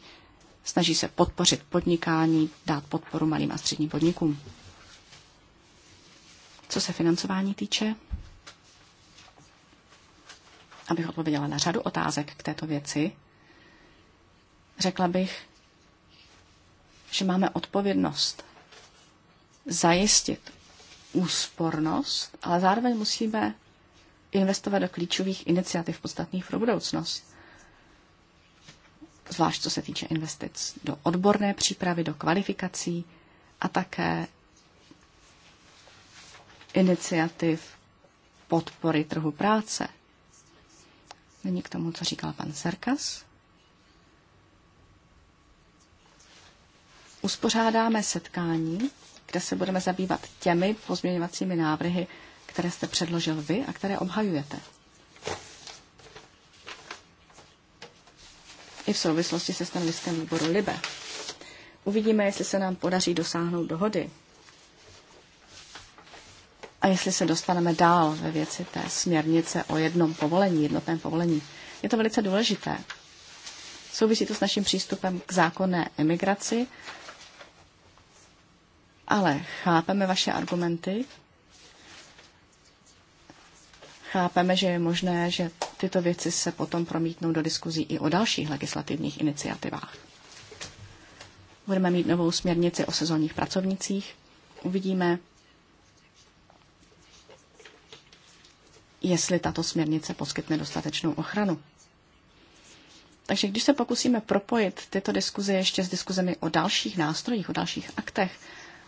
snaží se podpořit podnikání, dát podporu malým a středním podnikům. Co se financování týče, abych odpověděla na řadu otázek k této věci, Řekla bych, že máme odpovědnost zajistit úspornost, ale zároveň musíme investovat do klíčových iniciativ podstatných pro budoucnost. Zvlášť co se týče investic do odborné přípravy, do kvalifikací a také iniciativ podpory trhu práce. Není k tomu, co říkal pan Serkas. uspořádáme setkání, kde se budeme zabývat těmi pozměňovacími návrhy, které jste předložil vy a které obhajujete. I v souvislosti se stanoviskem výboru LIBE. Uvidíme, jestli se nám podaří dosáhnout dohody a jestli se dostaneme dál ve věci té směrnice o jednom povolení, jednotném povolení. Je to velice důležité. Souvisí to s naším přístupem k zákonné emigraci ale chápeme vaše argumenty. Chápeme, že je možné, že tyto věci se potom promítnou do diskuzí i o dalších legislativních iniciativách. Budeme mít novou směrnici o sezónních pracovnicích. Uvidíme, jestli tato směrnice poskytne dostatečnou ochranu. Takže když se pokusíme propojit tyto diskuze ještě s diskuzemi o dalších nástrojích, o dalších aktech,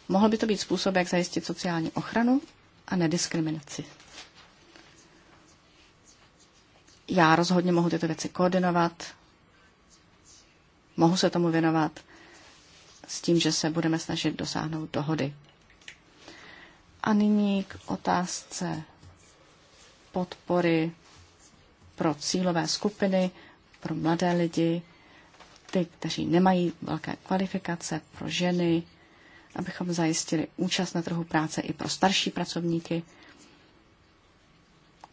Mohl by to být způsob, jak zajistit sociální ochranu a nediskriminaci. Já rozhodně mohu tyto věci koordinovat, mohu se tomu věnovat s tím, že se budeme snažit dosáhnout dohody. A nyní k otázce podpory pro cílové skupiny, pro mladé lidi, ty, kteří nemají velké kvalifikace, pro ženy, abychom zajistili účast na trhu práce i pro starší pracovníky,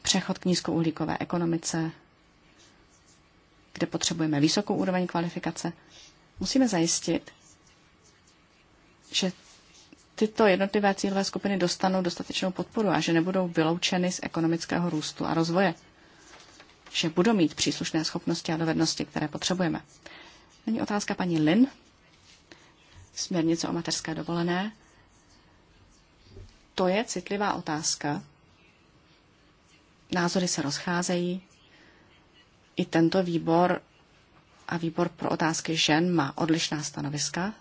přechod k nízkouhlíkové ekonomice, kde potřebujeme vysokou úroveň kvalifikace, musíme zajistit, že tyto jednotlivé cílové skupiny dostanou dostatečnou podporu a že nebudou vyloučeny z ekonomického růstu a rozvoje. Že budou mít příslušné schopnosti a dovednosti, které potřebujeme. Není otázka paní Lin směrnice o mateřské dovolené. To je citlivá otázka. Názory se rozcházejí. I tento výbor a výbor pro otázky žen má odlišná stanoviska.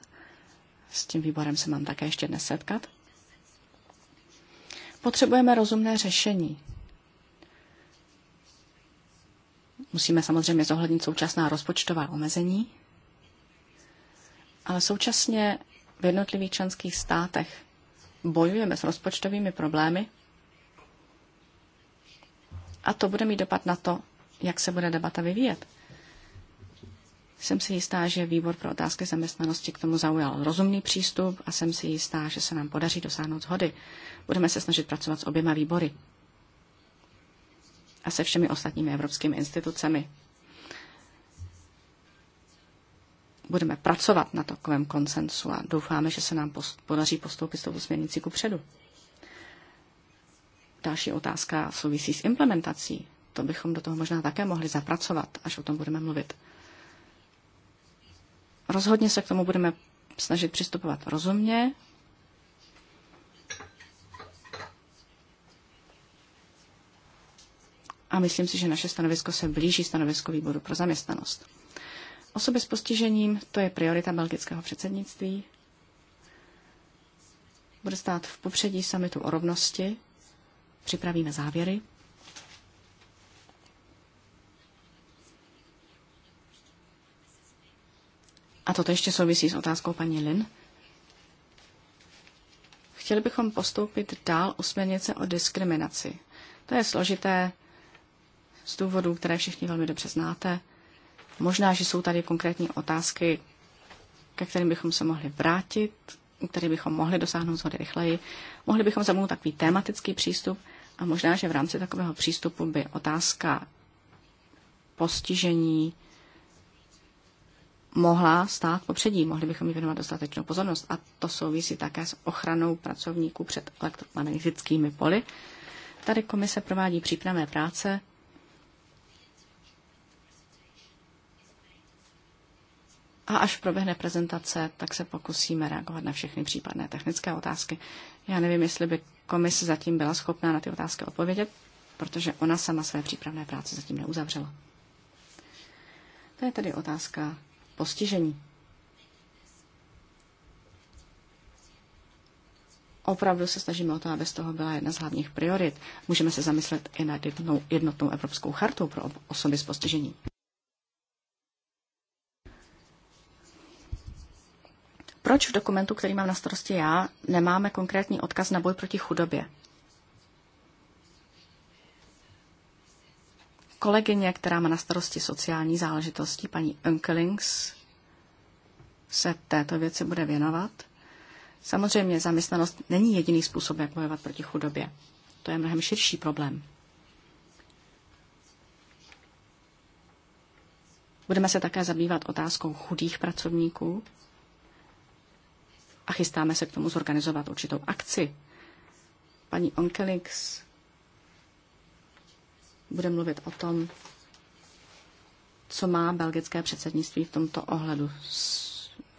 S tím výborem se mám také ještě dnes setkat. Potřebujeme rozumné řešení. Musíme samozřejmě zohlednit současná rozpočtová omezení ale současně v jednotlivých členských státech bojujeme s rozpočtovými problémy a to bude mít dopad na to, jak se bude debata vyvíjet. Jsem si jistá, že výbor pro otázky zaměstnanosti k tomu zaujal rozumný přístup a jsem si jistá, že se nám podaří dosáhnout shody. Budeme se snažit pracovat s oběma výbory a se všemi ostatními evropskými institucemi, budeme pracovat na takovém konsensu a doufáme, že se nám post, podaří postoupit s tou směrnicí ku předu. Další otázka souvisí s implementací. To bychom do toho možná také mohli zapracovat, až o tom budeme mluvit. Rozhodně se k tomu budeme snažit přistupovat rozumně. A myslím si, že naše stanovisko se blíží stanovisko výboru pro zaměstnanost. Osoby s postižením, to je priorita belgického předsednictví. Bude stát v popředí samitu o rovnosti. Připravíme závěry. A toto ještě souvisí s otázkou paní Lin. Chtěli bychom postoupit dál u směrnice o diskriminaci. To je složité z důvodů, které všichni velmi dobře znáte – Možná, že jsou tady konkrétní otázky, ke kterým bychom se mohli vrátit, které bychom mohli dosáhnout zhody rychleji. Mohli bychom zamout takový tematický přístup a možná, že v rámci takového přístupu by otázka postižení mohla stát popředí. Mohli bychom jí věnovat dostatečnou pozornost. A to souvisí také s ochranou pracovníků před elektromagnetickými poli. Tady komise provádí přípravné práce A až proběhne prezentace, tak se pokusíme reagovat na všechny případné technické otázky. Já nevím, jestli by komise zatím byla schopná na ty otázky odpovědět, protože ona sama své přípravné práce zatím neuzavřela. To je tedy otázka postižení. Opravdu se snažíme o to, aby z toho byla jedna z hlavních priorit. Můžeme se zamyslet i nad jednotnou, jednotnou Evropskou chartou pro osoby s postižením. Proč v dokumentu, který mám na starosti já, nemáme konkrétní odkaz na boj proti chudobě? Kolegyně, která má na starosti sociální záležitosti, paní Unkelings, se této věci bude věnovat. Samozřejmě zaměstnanost není jediný způsob, jak bojovat proti chudobě. To je mnohem širší problém. Budeme se také zabývat otázkou chudých pracovníků a chystáme se k tomu zorganizovat určitou akci. Paní Onkelix bude mluvit o tom, co má belgické předsednictví v tomto ohledu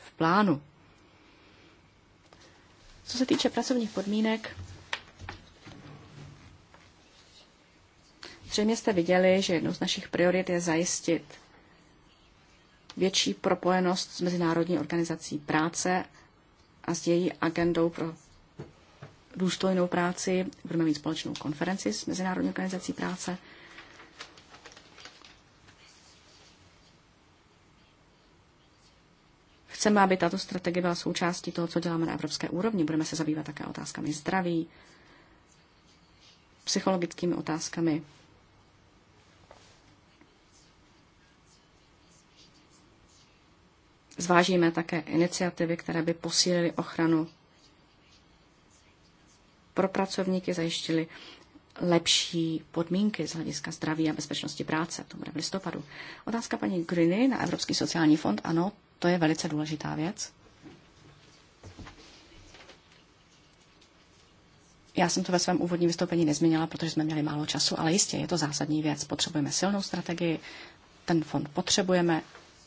v plánu. Co se týče pracovních podmínek, zřejmě jste viděli, že jednou z našich priorit je zajistit větší propojenost s Mezinárodní organizací práce a s její agendou pro důstojnou práci. Budeme mít společnou konferenci s Mezinárodní organizací práce. Chceme, aby tato strategie byla součástí toho, co děláme na evropské úrovni. Budeme se zabývat také otázkami zdraví, psychologickými otázkami Zvážíme také iniciativy, které by posílily ochranu pro pracovníky, zajištili lepší podmínky z hlediska zdraví a bezpečnosti práce. To bude v listopadu. Otázka paní Griny na Evropský sociální fond. Ano, to je velice důležitá věc. Já jsem to ve svém úvodním vystoupení nezmínila, protože jsme měli málo času, ale jistě je to zásadní věc. Potřebujeme silnou strategii, ten fond potřebujeme,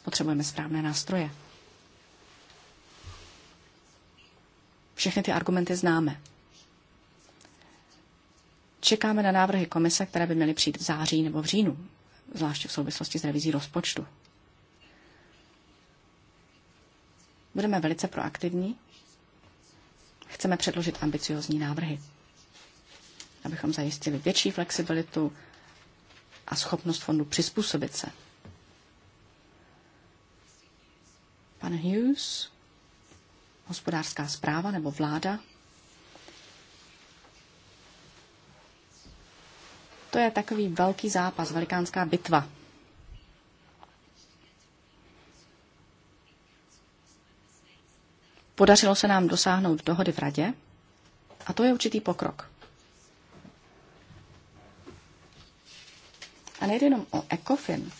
Potřebujeme správné nástroje. Všechny ty argumenty známe. Čekáme na návrhy komise, které by měly přijít v září nebo v říjnu, zvláště v souvislosti s revizí rozpočtu. Budeme velice proaktivní. Chceme předložit ambiciozní návrhy, abychom zajistili větší flexibilitu a schopnost fondu přizpůsobit se Pan Hughes, hospodářská zpráva nebo vláda. To je takový velký zápas, velikánská bitva. Podařilo se nám dosáhnout dohody v radě a to je určitý pokrok. A nejde jenom o ECOFIN.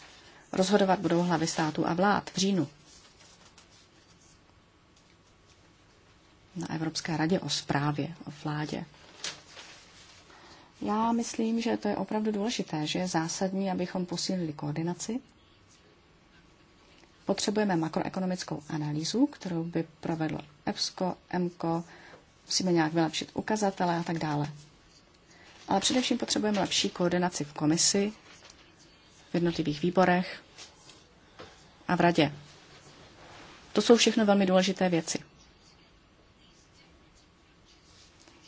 Rozhodovat budou hlavy států a vlád v říjnu. na Evropské radě o zprávě, o vládě. Já myslím, že to je opravdu důležité, že je zásadní, abychom posílili koordinaci. Potřebujeme makroekonomickou analýzu, kterou by provedlo EPSCO, MCO, musíme nějak vylepšit ukazatele a tak dále. Ale především potřebujeme lepší koordinaci v komisi, v jednotlivých výborech a v radě. To jsou všechno velmi důležité věci.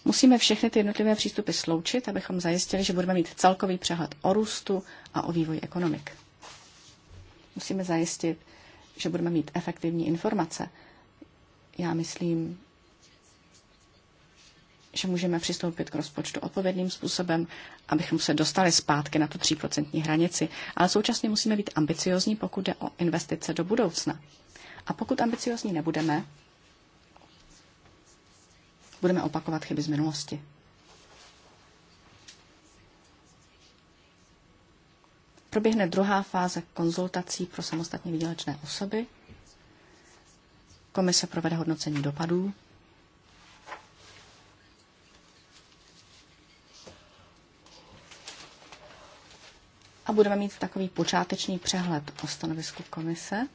Musíme všechny ty jednotlivé přístupy sloučit, abychom zajistili, že budeme mít celkový přehled o růstu a o vývoji ekonomik. Musíme zajistit, že budeme mít efektivní informace. Já myslím, že můžeme přistoupit k rozpočtu odpovědným způsobem, abychom se dostali zpátky na tu 3% hranici, ale současně musíme být ambiciozní, pokud jde o investice do budoucna. A pokud ambiciozní nebudeme, budeme opakovat chyby z minulosti. Proběhne druhá fáze konzultací pro samostatně výdělečné osoby. Komise provede hodnocení dopadů. A budeme mít takový počáteční přehled o stanovisku komise.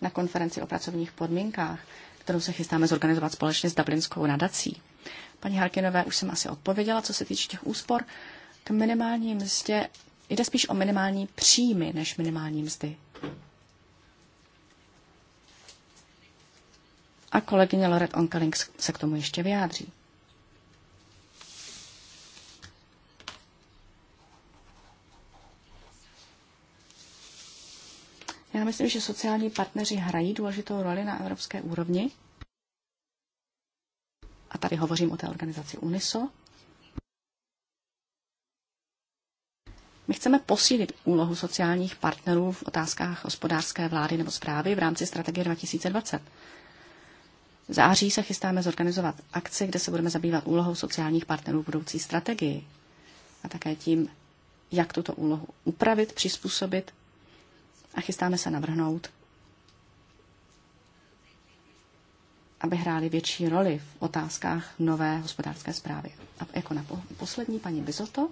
na konferenci o pracovních podmínkách, kterou se chystáme zorganizovat společně s Dublinskou nadací. Paní Harkinové už jsem asi odpověděla, co se týče těch úspor. K minimální mzdě jde spíš o minimální příjmy než minimální mzdy. A kolegyně Loret Onkeling se k tomu ještě vyjádří. Já myslím, že sociální partneři hrají důležitou roli na evropské úrovni. A tady hovořím o té organizaci UNISO. My chceme posílit úlohu sociálních partnerů v otázkách hospodářské vlády nebo zprávy v rámci strategie 2020. V září se chystáme zorganizovat akci, kde se budeme zabývat úlohou sociálních partnerů v budoucí strategii a také tím, jak tuto úlohu upravit, přizpůsobit a chystáme se navrhnout, aby hráli větší roli v otázkách nové hospodářské zprávy. A jako na poslední paní Bizoto,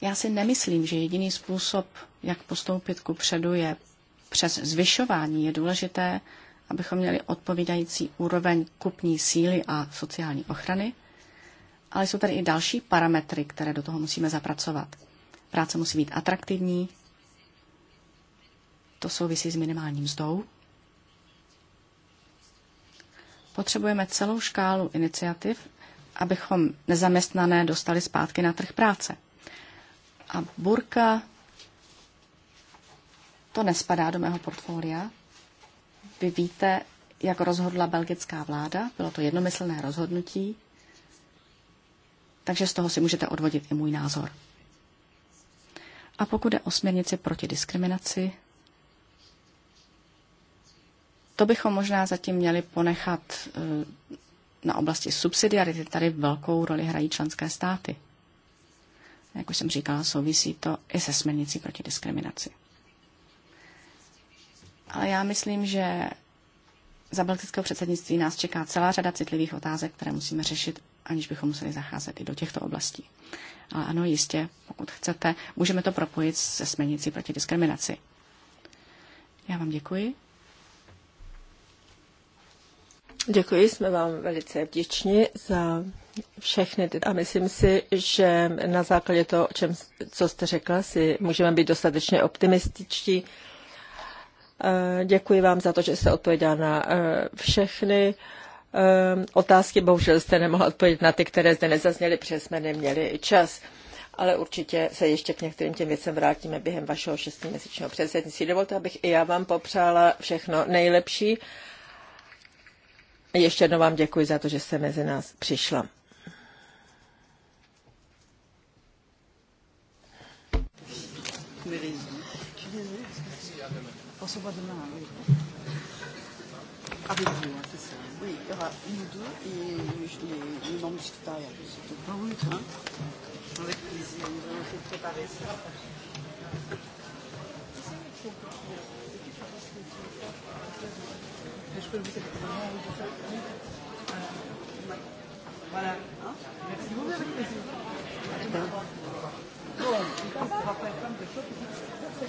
Já si nemyslím, že jediný způsob, jak postoupit ku předu, je přes zvyšování. Je důležité, abychom měli odpovídající úroveň kupní síly a sociální ochrany, ale jsou tady i další parametry, které do toho musíme zapracovat. Práce musí být atraktivní. To souvisí s minimálním mzdou. Potřebujeme celou škálu iniciativ, abychom nezaměstnané dostali zpátky na trh práce. A burka to nespadá do mého portfolia. Vy víte, jak rozhodla belgická vláda, bylo to jednomyslné rozhodnutí, takže z toho si můžete odvodit i můj názor. A pokud je o směrnici proti diskriminaci, to bychom možná zatím měli ponechat eh, na oblasti subsidiarity. Tady velkou roli hrají členské státy. Jak už jsem říkala, souvisí to i se směrnicí proti diskriminaci. Ale já myslím, že za belgického předsednictví nás čeká celá řada citlivých otázek, které musíme řešit, aniž bychom museli zacházet i do těchto oblastí. Ale ano, jistě, pokud chcete, můžeme to propojit se směnicí proti diskriminaci. Já vám děkuji. Děkuji, jsme vám velice vděční za všechny ty. a myslím si, že na základě toho, čem, co jste řekla, si můžeme být dostatečně optimističtí Eh, děkuji vám za to, že jste odpověděla na eh, všechny eh, otázky. Bohužel jste nemohla odpovědět na ty, které zde nezazněly, protože jsme neměli čas. Ale určitě se ještě k některým těm věcem vrátíme během vašeho šestiměsíčního předsednictví. Dovolte, abych i já vám popřála všechno nejlepší. Ještě jednou vám děkuji za to, že jste mezi nás přišla. Merci. Posso pas demain, oui. Avec vous, hein, c'est ça. Oui, il y aura nous deux et les, les membres du secrétariat. Ah oui, très bien. Hein Avec plaisir, nous allons essayer de préparer ça. Je peux vous aider Voilà. Merci beaucoup, avec plaisir. Bon, je va faire plein de choses. Vous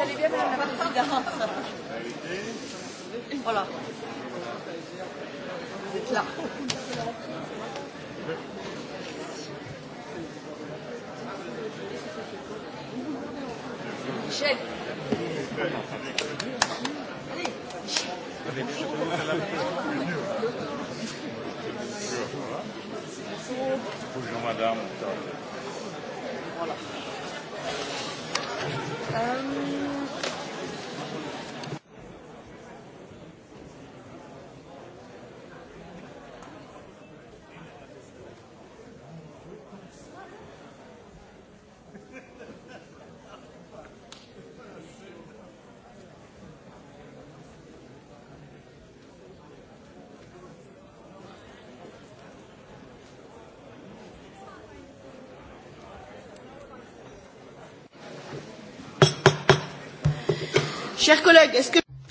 allez bien, Madame la Présidente Voilà. Vous êtes là. Michel. Bonjour madame. Voilà. Euh...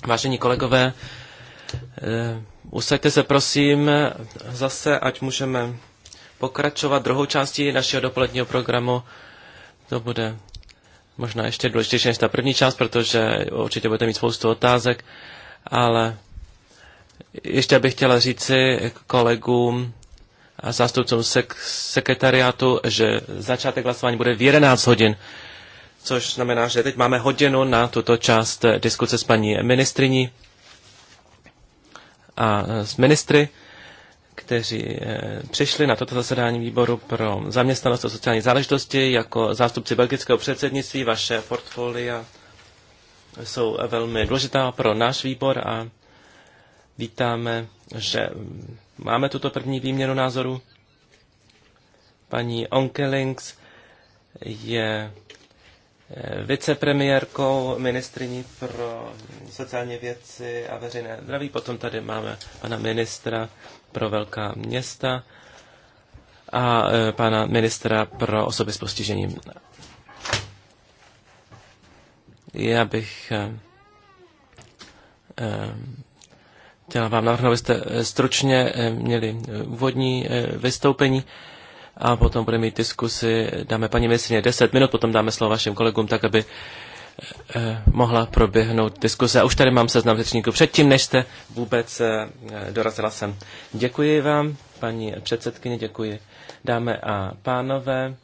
Vážení kolegové, eh, usaďte se prosím zase, ať můžeme pokračovat druhou částí našeho dopoledního programu. To bude možná ještě důležitější než ta první část, protože určitě budete mít spoustu otázek, ale ještě bych chtěla říci kolegům a zástupcům sek- sekretariátu, že začátek hlasování bude v 11 hodin což znamená, že teď máme hodinu na tuto část eh, diskuse s paní ministriní a eh, s ministry, kteří eh, přišli na toto zasedání výboru pro zaměstnanost a sociální záležitosti jako zástupci belgického předsednictví. Vaše portfolia jsou velmi důležitá pro náš výbor a vítáme, že mm, máme tuto první výměnu názoru. Paní Onkelings je Eh, vicepremiérkou, ministriní pro sociální věci a veřejné zdraví. Potom tady máme pana ministra pro velká města a eh, pana ministra pro osoby s postižením. Já bych eh, chtěla vám navrhnout, abyste stručně měli úvodní vystoupení a potom budeme mít diskusy. dáme paní ministrině 10 minut, potom dáme slovo vašim kolegům, tak aby eh, mohla proběhnout diskuse. A už tady mám seznam řečníků předtím, než jste vůbec eh, dorazila sem. Děkuji vám, paní předsedkyně, děkuji Dáme a pánové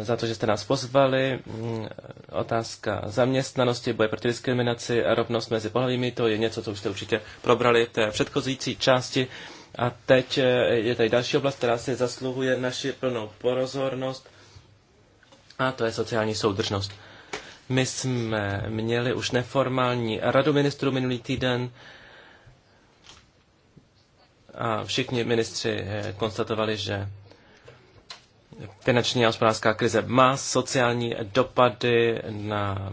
za to, že jste nás pozvali. Mm, otázka zaměstnanosti, boje proti diskriminaci a rovnost mezi pohlavími, to je něco, co už jste určitě probrali v té předchozící části a teď eh, je tady další oblast, která si zasluhuje naši plnou porozornost a to je sociální soudržnost. My jsme měli už neformální radu ministrů minulý týden a všichni ministři eh, konstatovali, že finanční a hospodářská krize má sociální dopady na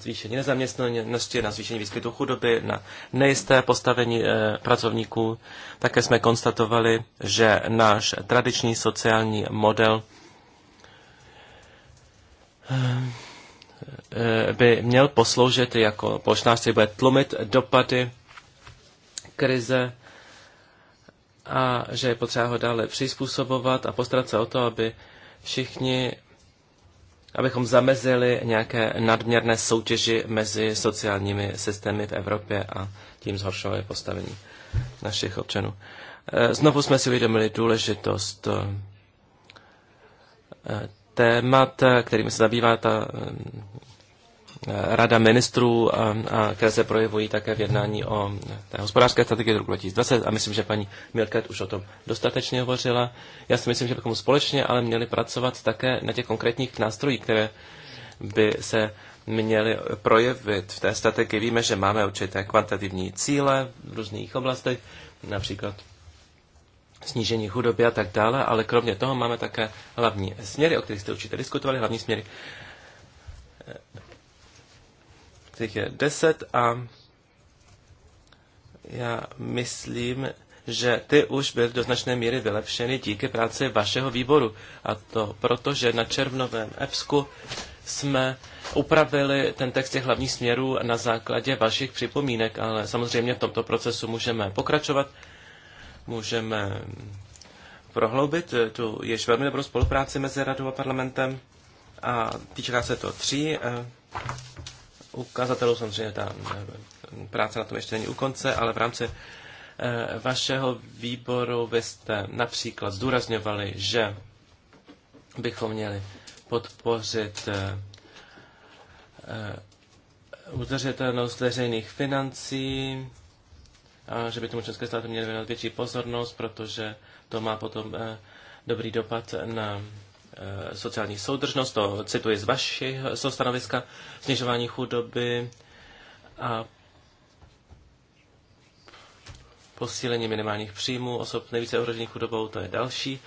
zvýšení nezaměstnanosti, na zvýšení výskytu chudoby, na nejisté postavení eh, pracovníků. Také jsme konstatovali, že náš tradiční sociální model eh, by měl posloužit jako polštářství, bude tlumit dopady krize a že je potřeba ho dále přizpůsobovat a postarat se o to, aby všichni abychom zamezili nějaké nadměrné soutěži mezi sociálními systémy v Evropě a tím zhoršovali postavení našich občanů. E, znovu jsme si uvědomili důležitost e, témat, e, kterými se zabývá ta Eh, Rada ministrů, eh, které se projevují také v jednání o eh, té hospodářské strategii roku 2020. A myslím, že paní Milket už o tom dostatečně hovořila. Já si myslím, že bychom společně ale měli pracovat také na těch konkrétních nástrojích, které by se měly projevit v té strategii. Víme, že máme určité kvantitativní cíle v různých oblastech, například snížení chudoby a tak dále, ale kromě toho máme také hlavní směry, o kterých jste určitě diskutovali, hlavní směry těch je deset a já myslím, že ty už byly do značné míry vylepšeny díky práci vašeho výboru. A to proto, že na červnovém EPSku jsme upravili ten text těch hlavních směrů na základě vašich připomínek, ale samozřejmě v tomto procesu můžeme pokračovat, můžeme prohloubit tu již velmi dobrou spolupráci mezi radou a parlamentem a týká se to tří eh, ukazatelů. Samozřejmě ta eh, práce na tom ještě není u konce, ale v rámci eh, vašeho výboru vy jste například zdůrazňovali, že bychom měli podpořit eh, udržitelnost veřejných financí, a že by tomu České státy měly věnovat větší pozornost, protože to má potom dobrý dopad na Eh, sociální soudržnost, to cituji z vašeho stanoviska, snižování chudoby a posílení minimálních příjmů osob nejvíce ohrožených chudobou, to je další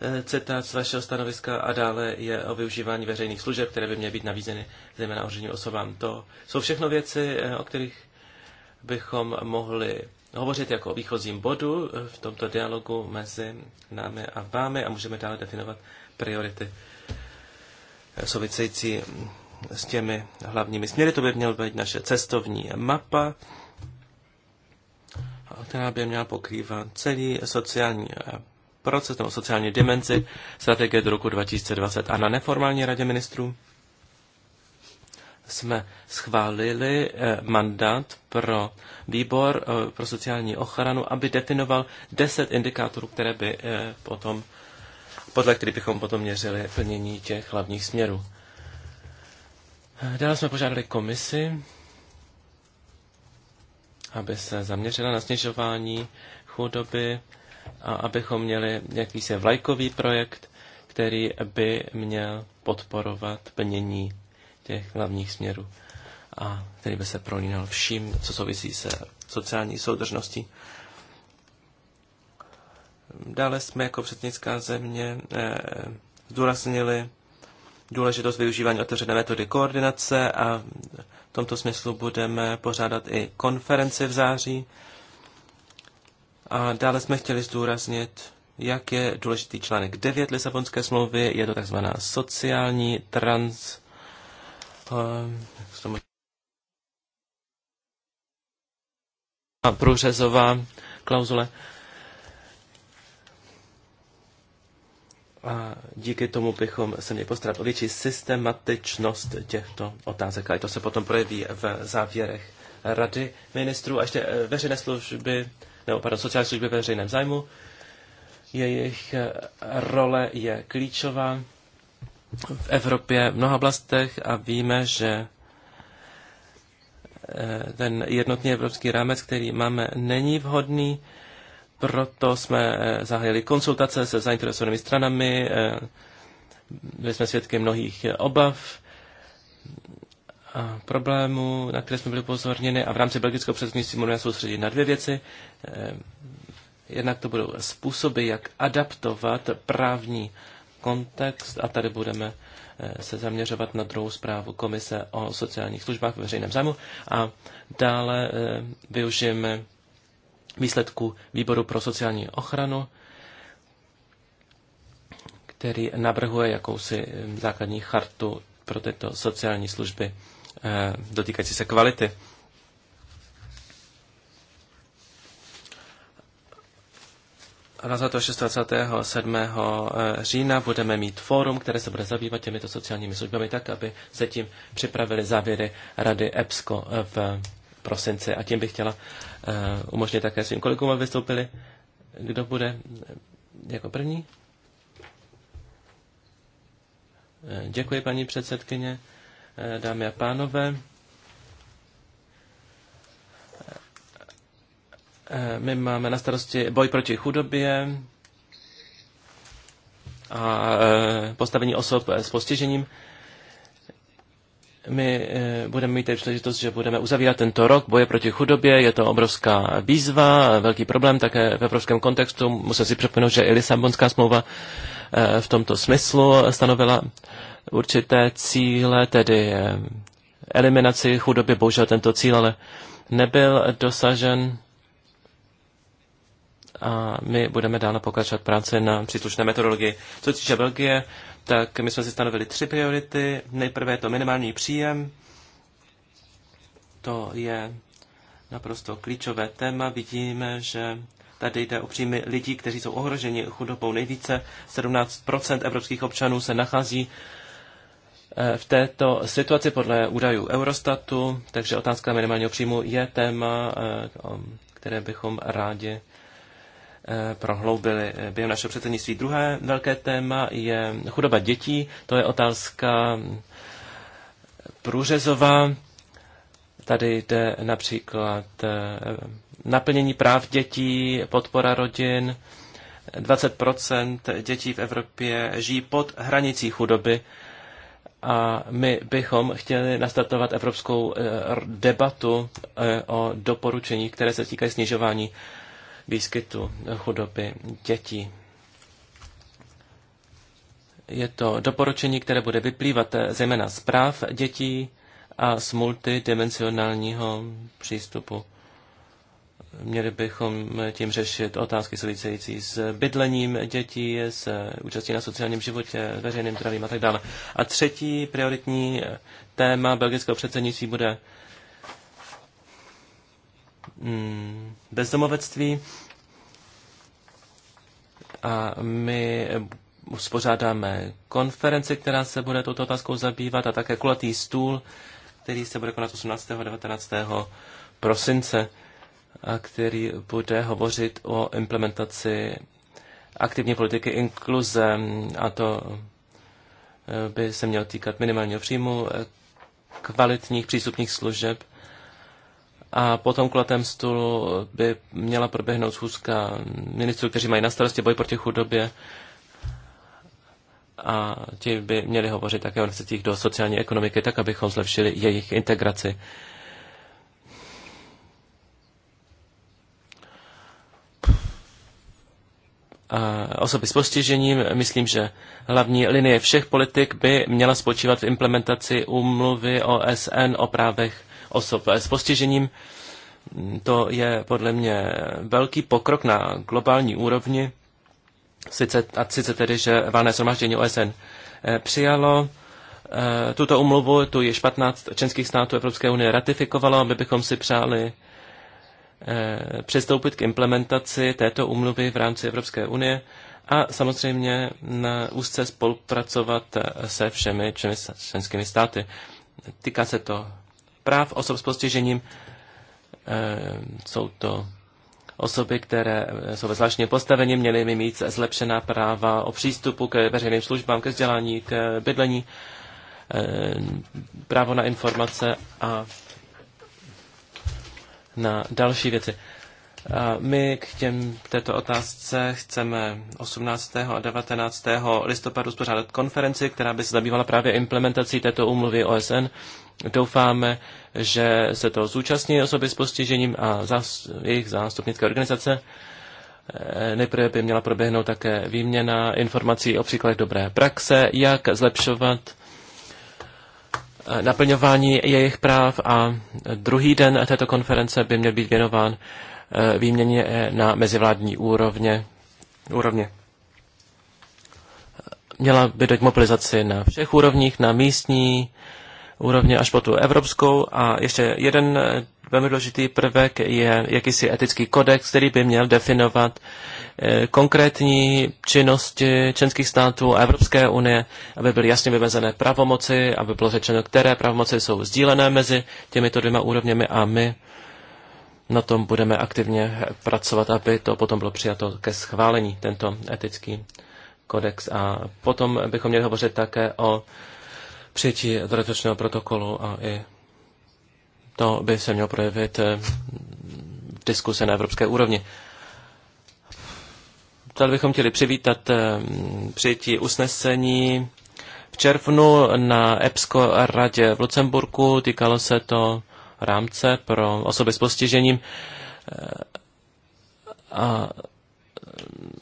eh, citát z vašeho stanoviska a dále je o využívání veřejných služeb, které by měly být navízeny zejména ohroženým osobám. To jsou všechno věci, eh, o kterých bychom mohli hovořit jako o výchozím bodu eh, v tomto dialogu mezi námi a vámi a můžeme dále definovat priority eh, související mm, s těmi hlavními směry. To by měla být naše cestovní mapa, která by měla pokrývat celý sociální eh, proces nebo sociální dimenzi strategie do roku 2020. A na neformální radě ministrů jsme schválili eh, mandát pro výbor eh, pro sociální ochranu, aby definoval 10 indikátorů, které by eh, potom, podle kterých bychom potom měřili plnění těch hlavních směrů. Dále jsme požádali komisi, aby se zaměřila na snižování chudoby a abychom měli jakýsi vlajkový projekt, který by měl podporovat plnění těch hlavních směrů a který by se prolínal vším, co souvisí se sociální soudržností. Dále jsme jako předsednická země eh, zdůraznili důležitost využívání otevřené metody koordinace a v tomto smyslu budeme pořádat i konferenci v září. A dále jsme chtěli zdůraznit, jak je důležitý článek 9 Lisabonské smlouvy, je to takzvaná sociální trans a průřezová klauzule. A díky tomu bychom se měli postarat o větší systematičnost těchto otázek. A to se potom projeví v závěrech rady ministrů a ještě eh, veřejné služby, nebo pardon, sociální služby ve veřejném zájmu. Jejich eh, role je klíčová v Evropě v mnoha oblastech a víme, že eh, ten jednotný evropský rámec, který máme, není vhodný. Proto jsme eh, zahájili konsultace se zainteresovanými stranami, eh, byli jsme svědky mnohých obav a problémů, na které jsme byli upozorněni. a v rámci belgického předsednictví můžeme soustředit na dvě věci. Jednak to budou způsoby, jak adaptovat právní kontext a tady budeme eh, se zaměřovat na druhou zprávu Komise o sociálních službách ve veřejném zájmu a dále eh, využijeme výsledku Výboru pro sociální ochranu, který navrhuje jakousi eh, základní chartu pro tyto sociální služby dotýkající se kvality. 27. Eh, října budeme mít fórum, které se bude zabývat těmito sociálními službami tak, aby se tím připravili závěry Rady EPSCO eh, v prosinci. A tím bych chtěla eh, umožnit také svým kolegům, aby vystoupili. Kdo bude jako první? Děkuji, paní předsedkyně, dámy a pánové. Eh, my máme na starosti boj proti chudobě a eh, postavení osob eh, s postižením. My budeme mít příležitost, že budeme uzavírat tento rok boje proti chudobě. Je to obrovská výzva, velký problém také v evropském kontextu. Musím si připomenout, že i Lisabonská smlouva v tomto smyslu stanovila určité cíle, tedy eliminaci chudoby. Bohužel tento cíl ale nebyl dosažen a my budeme dále pokračovat práci na příslušné metodologii. Co týče Belgie, tak my jsme si stanovili tři priority. Nejprve je to minimální příjem. To je naprosto klíčové téma. Vidíme, že tady jde o příjmy lidí, kteří jsou ohroženi chudobou nejvíce. 17 evropských občanů se nachází eh, v této situaci podle údajů Eurostatu, takže otázka minimálního příjmu je téma, eh, které bychom rádi Eh, prohloubili eh, během našeho předsednictví. Druhé velké téma je chudoba dětí. To je otázka mm, průřezová. Tady jde například eh, naplnění práv dětí, podpora rodin. 20 dětí v Evropě žijí pod hranicí chudoby a my bychom chtěli nastartovat evropskou debatu o doporučení, které se týkají snižování výskytu chudoby dětí. Je to doporučení, které bude vyplývat eh, zejména z práv dětí a z multidimenzionálního přístupu. Měli bychom tím řešit otázky související s bydlením dětí, s účastí na sociálním životě, veřejným zdravím a tak dále. A třetí prioritní eh, téma belgického předsednictví bude mm, bezdomovectví a my uspořádáme konferenci, která se bude touto otázkou zabývat a také kulatý stůl, který se bude konat 18. a 19. prosince a který bude hovořit o implementaci aktivní politiky inkluze a to eh, by se mělo týkat minimálního příjmu, eh, kvalitních přístupních služeb a potom kulatém stolu by měla proběhnout schůzka ministrů, kteří mají na starosti boj proti chudobě a ti by měli hovořit také o investicích do sociální ekonomiky, tak abychom zlepšili jejich integraci. osoby s postižením. Myslím, že hlavní linie všech politik by měla spočívat v implementaci úmluvy OSN o právech osob s postižením. To je podle mě velký pokrok na globální úrovni. Sice, a sice tedy, že válné shromaždění OSN eh, přijalo eh, tuto umluvu, tu již 15 členských států Evropské unie ratifikovalo, my bychom si přáli Eh, přistoupit k implementaci této úmluvy v rámci Evropské unie a samozřejmě na úzce spolupracovat se všemi členskými státy. Týká se to práv osob s postižením, eh, jsou to osoby, které jsou ve zvláštním postavení, měly by mít zlepšená práva o přístupu k veřejným službám, ke vzdělání, k bydlení, eh, právo na informace a na další věci. A my k těm, této otázce chceme 18. a 19. listopadu spořádat konferenci, která by se zabývala právě implementací této úmluvy OSN. Doufáme, že se to zúčastní osoby s postižením a zás, jejich zástupnické organizace. E, nejprve by měla proběhnout také výměna informací o příkladech dobré praxe, jak zlepšovat naplňování jejich práv a druhý den této konference by měl být věnován eh, výměně eh, na mezivládní úrovně. úrovně. Měla by dojít mobilizaci na všech úrovních, na místní, úrovně až po tu evropskou. A ještě jeden eh, velmi důležitý prvek je jakýsi etický kodex, který by měl definovat eh, konkrétní činnosti členských států a Evropské unie, aby byly jasně vymezené pravomoci, aby bylo řečeno, které pravomoci jsou sdílené mezi těmito dvěma úrovněmi a my na tom budeme aktivně pracovat, aby to potom bylo přijato ke schválení, tento etický kodex. A potom bychom měli hovořit také o přijetí dodatečného protokolu a i to by se mělo projevit eh, v diskuse na evropské úrovni. Tady bychom chtěli přivítat eh, přijetí usnesení v červnu na EPSCO radě v Lucemburku. Týkalo se to rámce pro osoby s postižením. Eh, a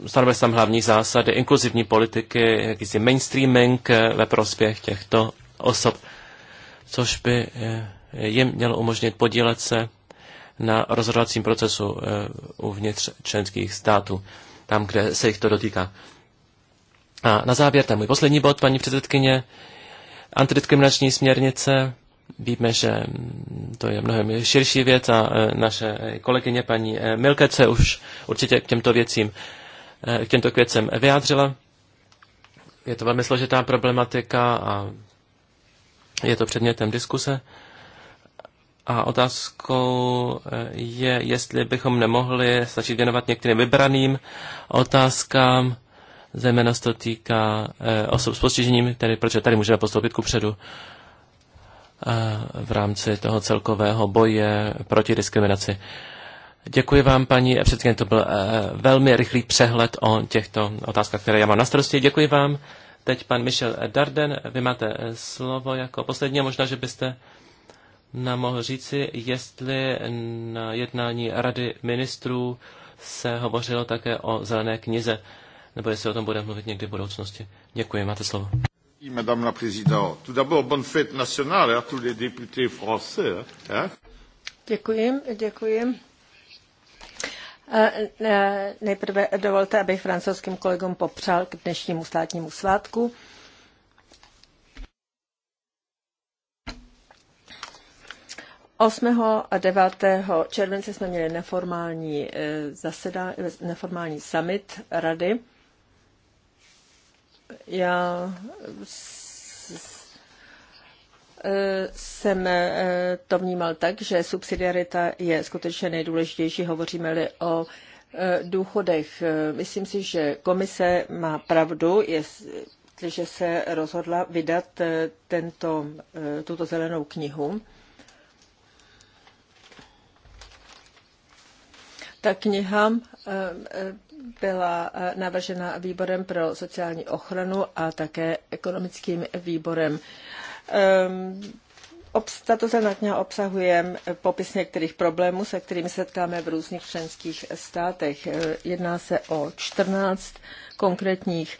stanovili tam hlavní zásady inkluzivní politiky, jakýsi mainstreaming eh, ve prospěch těchto osob, což by eh, jim mělo umožnit podílet se na rozhodovacím procesu eh, uvnitř členských států, tam, kde se jich to dotýká. A na závěr ten můj poslední bod, paní předsedkyně, antidiskriminační směrnice Víme, že to je mnohem širší věc a e, naše e, kolegyně paní e, Milke se už určitě k těmto věcím, k těmto věcem vyjádřila. Je to velmi složitá problematika a je to předmětem diskuse. A otázkou je, jestli bychom nemohli začít věnovat některým vybraným otázkám, zejména se to týká osob s postižením, tedy, proč tady můžeme postoupit ku předu v rámci toho celkového boje proti diskriminaci. Děkuji vám, paní předsedkyně, to byl eh, velmi rychlý přehled o těchto otázkách, které já mám na starosti. Děkuji vám. Teď pan Michel Darden, vy máte eh, slovo jako poslední, možná, že byste nám mohl říci, jestli na jednání Rady ministrů se hovořilo také o zelené knize, nebo jestli o tom bude mluvit někdy v budoucnosti. Děkuji, máte slovo. Madame la Présidente. Tout d'abord, bonne fête nationale à tous les députés français. Hein? Děkuji, děkuji. Eh, eh, nejprve dovolte, abych francouzským kolegům popřál k dnešnímu státnímu svátku. Osmého a 9. července jsme měli neformální, eh, zasedání, neformální summit rady já jsem eh, to vnímal tak, že subsidiarita je skutečně nejdůležitější, hovoříme-li o eh, důchodech. Myslím si, že komise má pravdu, jestliže se rozhodla vydat eh, tento, tuto zelenou knihu. Ta kniha byla eh, navržena výborem pro sociální ochranu a také ekonomickým výborem. Ehm, tato zelená obsahuje eh, popis některých problémů, se kterými setkáme v různých členských státech. Eh, jedná se o 14 konkrétních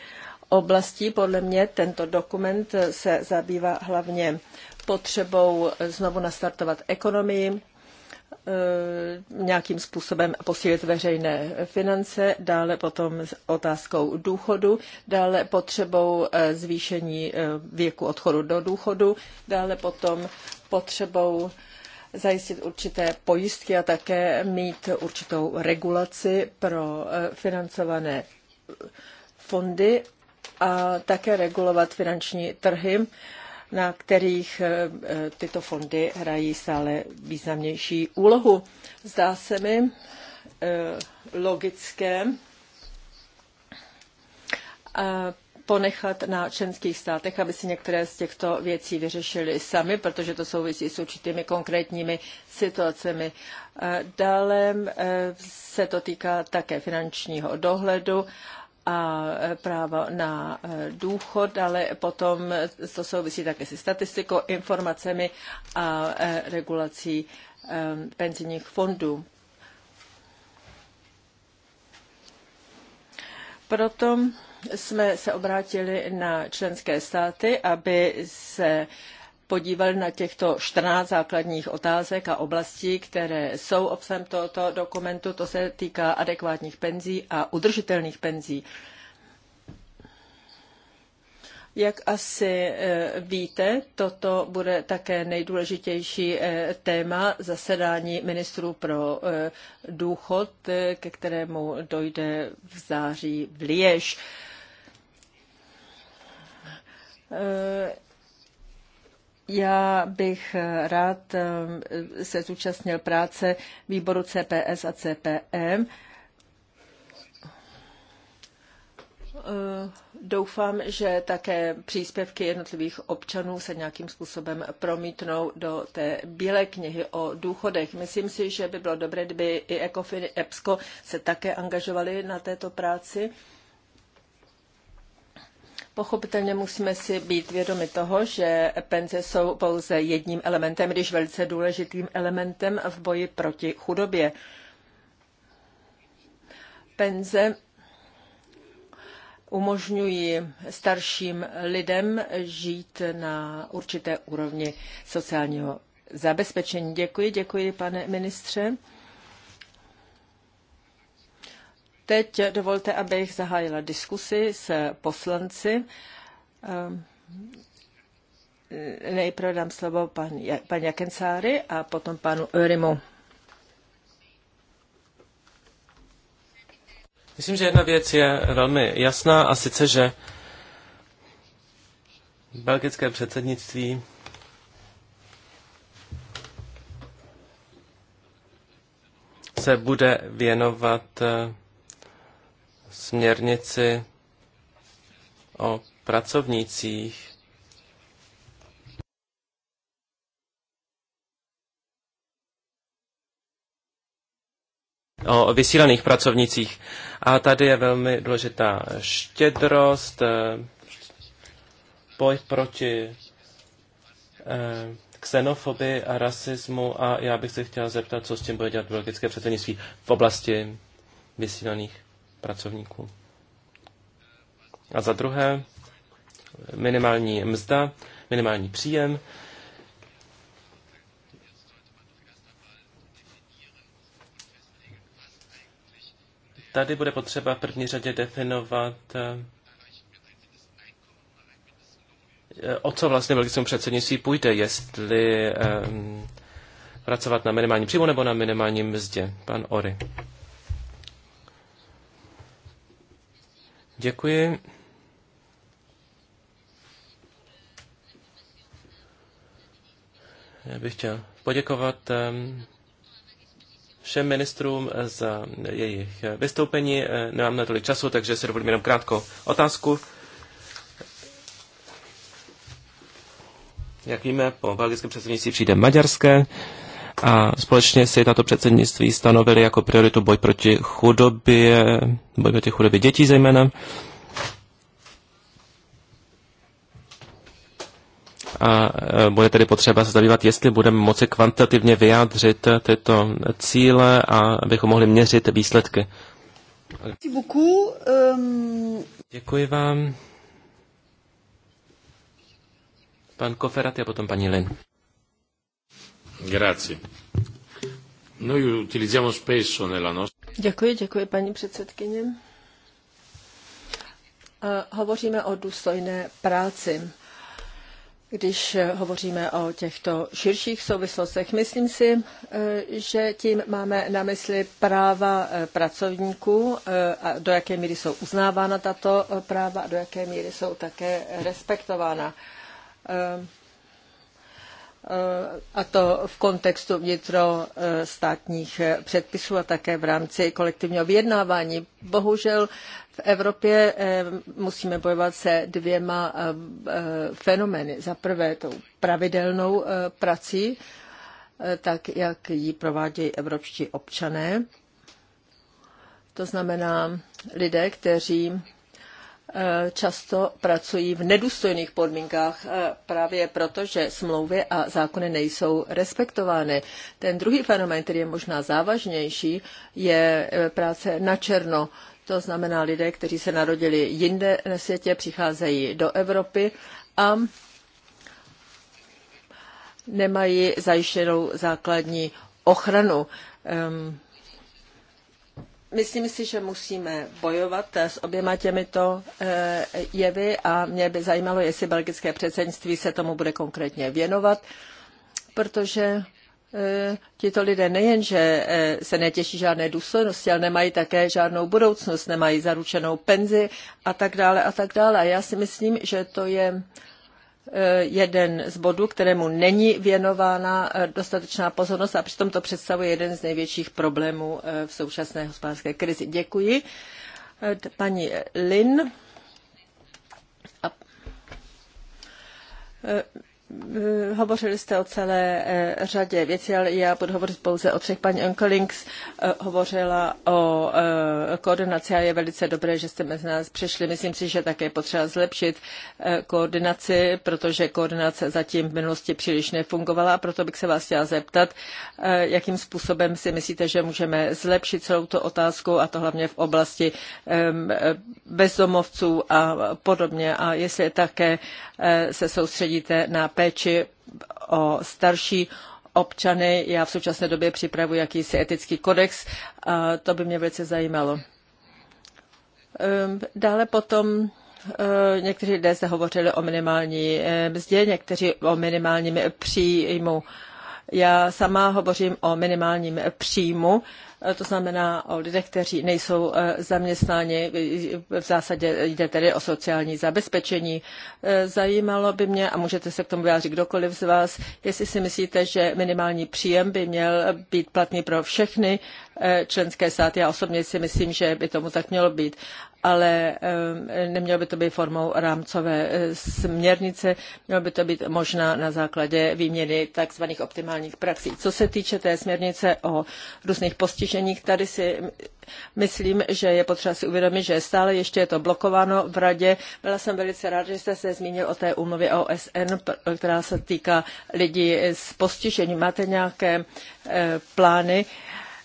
oblastí. Podle mě tento dokument se zabývá hlavně potřebou znovu nastartovat ekonomii, Eh, nějakým způsobem posílit veřejné finance, dále potom s otázkou důchodu, dále potřebou eh, zvýšení eh, věku odchodu do důchodu, dále potom potřebou zajistit určité pojistky a také mít určitou regulaci pro financované fondy a také regulovat finanční trhy na kterých eh, eh, tyto fondy hrají stále významnější úlohu. Zdá se mi eh, logické ponechat na členských státech, aby si některé z těchto věcí vyřešili sami, protože to souvisí s určitými konkrétními situacemi. Dále se to týká také finančního dohledu a e, právo na e, důchod, ale potom to souvisí také se statistikou, informacemi a e, regulací penzijních fondů. Proto jsme se obrátili na členské státy, aby se uh, podíval na těchto 14 základních otázek a oblastí, které jsou obsahem tohoto dokumentu. To se týká adekvátních penzí a udržitelných penzí. Jak asi eh, víte, toto bude také nejdůležitější eh, téma zasedání ministrů pro eh, důchod, ke kterému dojde v září v Liež. Já bych eh, rád eh, se zúčastnil práce výboru CPS a CPM. Eh, doufám, že také příspěvky jednotlivých občanů se nějakým způsobem promítnou do té bílé knihy o důchodech. Myslím si, že by bylo dobré, kdyby i ECOFIN, EPSCO se také angažovali na této práci. Pochopitelně musíme si být vědomi toho, že penze jsou pouze jedním elementem, když velice důležitým elementem v boji proti chudobě. Penze umožňují starším lidem žít na určité úrovni sociálního zabezpečení. Děkuji, děkuji, pane ministře. Teď dovolte, abych zahájila diskusi s poslanci. Ehm, nejprve dám slovo paní, paní Jakensáry a potom panu Örimu. Myslím, že jedna věc je velmi jasná a sice, že belgické předsednictví se bude věnovat eh, směrnici o pracovnících. o vysílaných pracovnicích. A tady je velmi důležitá štědrost, eh, boj proti eh, xenofobii a rasismu a já bych se chtěl zeptat, co s tím bude dělat biologické předsednictví v oblasti vysílaných pracovníků. A za druhé, minimální mzda, minimální příjem. Tady bude potřeba v první řadě definovat, eh, o co vlastně velkým předsednictví půjde, jestli eh, pracovat na minimální příjmu nebo na minimální mzdě. Pan Ory. Děkuji. Já bych chtěl poděkovat ehm, všem ministrům za jejich vystoupení. Eh, nemám na tolik času, takže si dovolím jenom krátkou otázku. Jak víme, po belgickém předsednictví přijde maďarské a společně si tato předsednictví stanovili jako prioritu boj proti chudobě, boj proti chudobě dětí zejména. A e, bude tedy potřeba se zabývat, jestli budeme moci kvantitativně vyjádřit tyto cíle a abychom mohli měřit výsledky. Děkuji vám. Pan Koferat a potom paní Lin. Děkuji, děkuji paní předsedkyně. Eh, hovoříme o důstojné práci. Když eh, hovoříme o těchto širších souvislostech, myslím si, eh, že tím máme na mysli práva pracovníků, a do jaké míry jsou uznávána tato práva a do jaké míry jsou také respektována a to v kontextu vnitrostátních eh, eh, předpisů a také v rámci kolektivního vyjednávání. Bohužel v Evropě eh, musíme bojovat se dvěma fenomény. Za prvé tou pravidelnou prací, tak jak ji provádějí evropští občané. To znamená lidé, kteří Eh, často pracují v nedůstojných podmínkách eh, právě proto, že smlouvy a zákony nejsou respektovány. Ten druhý fenomén, který je možná závažnější, je eh, práce na černo. To znamená lidé, kteří se narodili jinde na světě, přicházejí do Evropy a nemají zajištěnou základní ochranu. Um, Myslím si, že musíme bojovat s oběma těmito eh, jevy a mě by zajímalo, jestli belgické předsednictví se tomu bude konkrétně věnovat, protože eh, tito lidé nejenže eh, se netěší žádné důstojnosti, ale nemají také žádnou budoucnost, nemají zaručenou penzi a tak dále a tak dále. A já si myslím, že to je Eh, jeden z bodů, kterému není věnována eh, dostatečná pozornost a přitom to představuje jeden z největších problémů eh, v současné hospodářské krizi. Děkuji. Paní Lin. Eh, hovořili jste o celé eh, řadě věcí, ale já budu hovořit pouze o třech. Paní Onkelings eh, hovořila o koordinaci a je velice dobré, že jste mezi nás přišli. Myslím si, že také potřeba zlepšit koordinaci, protože koordinace zatím v minulosti příliš nefungovala a proto bych se vás chtěla zeptat, jakým způsobem si myslíte, že můžeme zlepšit celou tu otázku a to hlavně v oblasti bezdomovců a podobně a jestli také se soustředíte na péči o starší občany. Já v současné době připravuji jakýsi etický kodex a to by mě velice zajímalo. Ehm, dále potom eh, někteří lidé se hovořili o minimální eh, mzdě, někteří o minimálním příjmu. Já sama hovořím o minimálním příjmu Eh, to znamená o lidech, kteří nejsou eh, zaměstnáni. V zásadě jde tedy o sociální zabezpečení. Eh, zajímalo by mě, a můžete se k tomu vyjádřit kdokoliv z vás, jestli si myslíte, že minimální příjem by měl být platný pro všechny členské státy. Já osobně si myslím, že by tomu tak mělo být ale nemělo by to být formou rámcové směrnice, mělo by to být možná na základě výměny tzv. optimálních praxí. Co se týče té směrnice o různých postižených postižených. Tady si myslím, že je potřeba si uvědomit, že stále ještě je to blokováno v radě. Byla jsem velice ráda, že jste se zmínil o té úmluvě OSN, která se týká lidí s postižením. Máte nějaké eh, plány?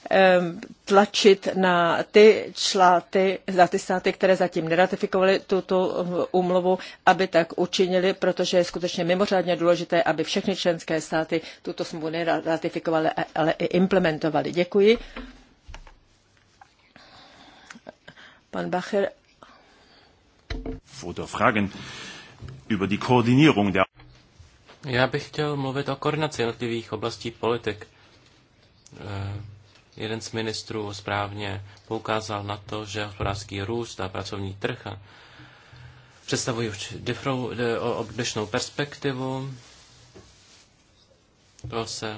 Ehm, tlačit na ty čláty, na ty státy, které zatím neratifikovaly tuto eh, úmluvu, aby tak učinili, protože je skutečně mimořádně důležité, aby všechny členské státy tuto smlouvu neratifikovaly, ale i implementovaly. Děkuji. Pan Bacher. Já bych chtěl mluvit o koordinaci jednotlivých oblastí politik eh, jeden z ministrů správně poukázal na to, že hospodářský růst a pracovní trh představují už odlišnou perspektivu. To se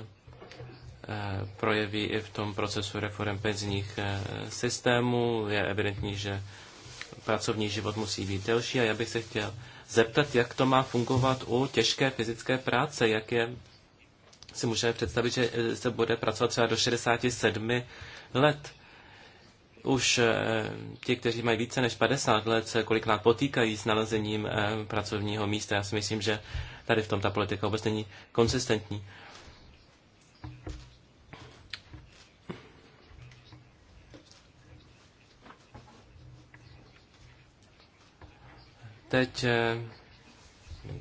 eh, projeví i v tom procesu reform penzijních eh, systémů. Je evidentní, že pracovní život musí být delší a já bych se chtěl zeptat, jak to má fungovat u těžké fyzické práce, jak je si můžeme představit, že eh, se bude pracovat třeba do 67 let. Už eh, ti, kteří mají více než 50 let, se kolikrát potýkají s nalezením eh, pracovního místa. Já si myslím, že tady v tom ta politika vůbec není konsistentní. Teď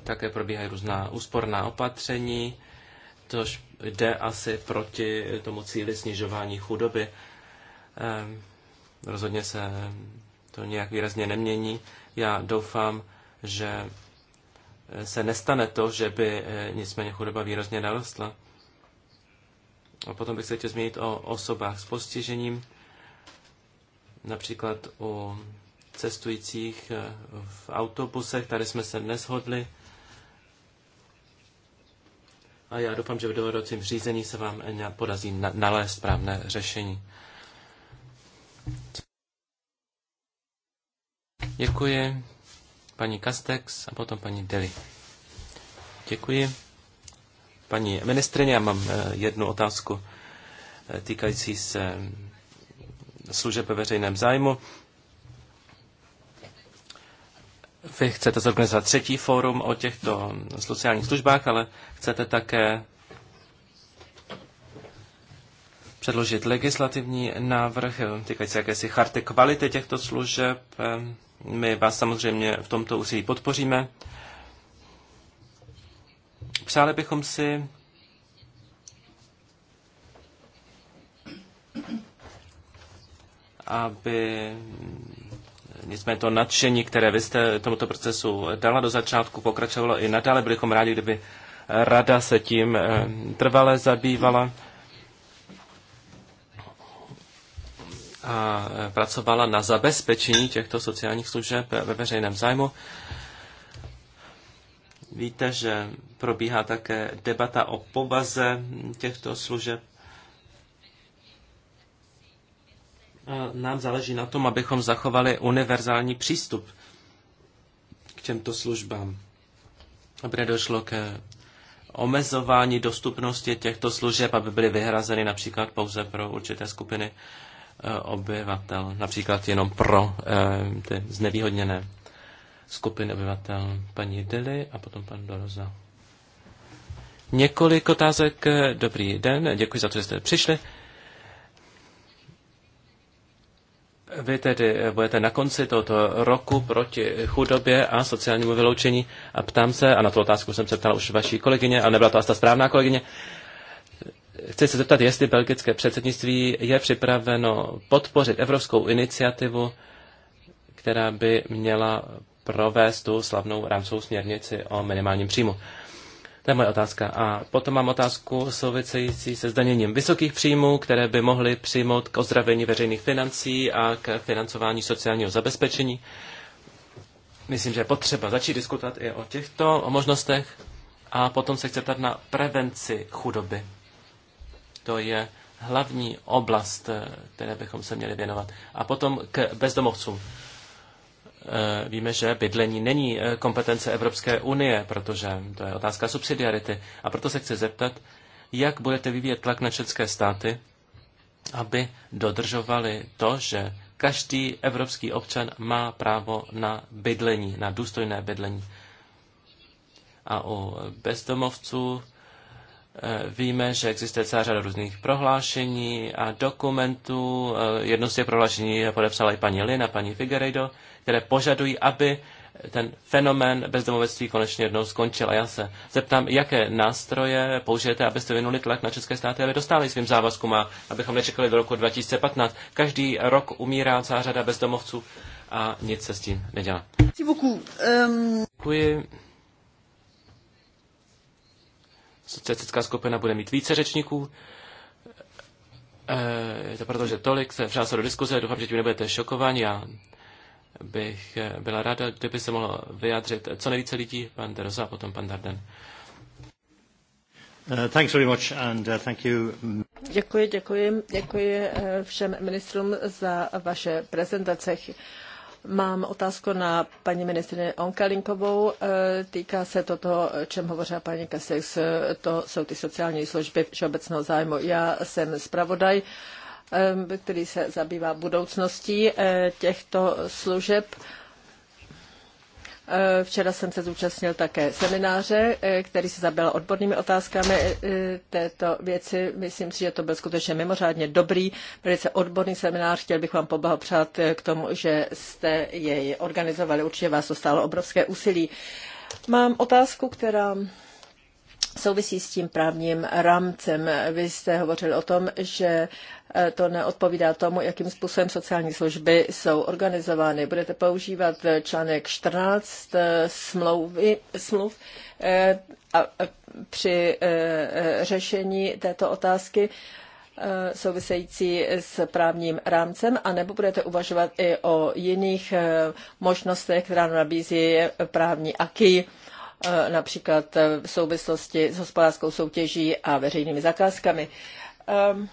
také probíhají různá úsporná opatření což jde asi proti tomu cíli snižování chudoby. Ehm, rozhodně se to nějak výrazně nemění. Já doufám, že se nestane to, že by eh, nicméně chudoba výrazně narostla. A potom bych se chtěl zmínit o osobách s postižením, například o cestujících eh, v autobusech. Tady jsme se neshodli a já doufám, že v dohodovacím řízení se vám podaří nalézt správné řešení. Děkuji paní Kastex a potom paní Deli. Děkuji. Paní ministrině, já mám eh, jednu otázku eh, týkající se eh, služeb ve veřejném zájmu. Vy chcete zorganizovat třetí fórum o těchto sociálních službách, ale chcete také předložit legislativní návrh eh, týkající se jakési charty kvality těchto služeb. Eh, my vás samozřejmě v tomto úsilí podpoříme. Přáli bychom si aby Nicméně to nadšení, které vy jste tomuto procesu dala do začátku, pokračovalo i nadále. Bychom rádi, kdyby rada se tím eh, trvale zabývala a eh, pracovala na zabezpečení těchto sociálních služeb ve veřejném zájmu. Víte, že probíhá také debata o povaze těchto služeb nám záleží na tom, abychom zachovali univerzální přístup k těmto službám, aby nedošlo ke omezování dostupnosti těchto služeb, aby byly vyhrazeny například pouze pro určité skupiny eh, obyvatel, například jenom pro eh, ty znevýhodněné skupiny obyvatel paní Dily a potom pan Doroza. Několik otázek. Eh, dobrý den, děkuji za to, že jste přišli. Vy tedy eh, budete na konci tohoto roku proti chudobě a sociálnímu vyloučení a ptám se, a na tu otázku jsem se ptal už vaší kolegyně, a nebyla to asi ta správná kolegyně, chci se zeptat, jestli belgické předsednictví je připraveno podpořit evropskou iniciativu, která by měla provést tu slavnou rámcovou směrnici o minimálním příjmu. To je moje otázka. A potom mám otázku související se zdaněním vysokých příjmů, které by mohly přijmout k ozdravení veřejných financí a k financování sociálního zabezpečení. Myslím, že je potřeba začít diskutovat i o těchto o možnostech a potom se chce ptát na prevenci chudoby. To je hlavní oblast, eh, které bychom se měli věnovat. A potom k bezdomovcům. Eh, víme, že bydlení není eh, kompetence Evropské unie, protože to je otázka subsidiarity. A proto se chci zeptat, jak budete vyvíjet tlak na české státy, aby dodržovali to, že každý evropský občan má právo na bydlení, na důstojné bydlení. A u bezdomovců Eh, víme, že existuje celá řada různých prohlášení a dokumentů. Eh, jedno z těch prohlášení podepsala i paní Lin a paní Figueiredo, které požadují, aby ten fenomén bezdomovectví konečně jednou skončil. A já se zeptám, jaké nástroje použijete, abyste vynuli tlak na české státy, aby dostali svým závazkům a abychom nečekali do roku 2015. Každý rok umírá celá řada bezdomovců a nic se s tím nedělá. Děkuji. socialistická skupina bude mít více řečníků. Eh, je to proto, že tolik se vřáslo do diskuze, doufám, že tím nebudete šokováni. Já bych eh, byla ráda, kdyby se mohlo vyjádřit co nejvíce lidí, pan Derosa a potom pan Darden. Eh, thanks very much, and thank you. Děkuji, děkuji, děkuji všem ministrům za vaše prezentace. Mám otázku na paní ministrině Onkalinkovou. E, týká se to toho, čem hovořila paní Kasex, e, to jsou ty sociální služby všeobecného zájmu. Já jsem zpravodaj, e, který se zabývá budoucností těchto služeb. Eh, včera jsem se zúčastnil také semináře, eh, který se zabýval odbornými otázkami eh, této věci. Myslím si, že to byl skutečně mimořádně dobrý, velice odborný seminář. Chtěl bych vám poblahopřát k tomu, že jste jej organizovali. Určitě vás to stálo obrovské úsilí. Mám otázku, která souvisí s tím právním rámcem. Vy jste hovořil o tom, že eh, to neodpovídá tomu, jakým způsobem sociální služby jsou organizovány. Budete používat eh, článek 14 eh, smlouvy, smluv a při řešení této otázky související s právním rámcem, anebo budete uvažovat i o jiných možnostech, která nabízí právní aky E, například v souvislosti s hospodářskou soutěží a veřejnými zakázkami. Ehm,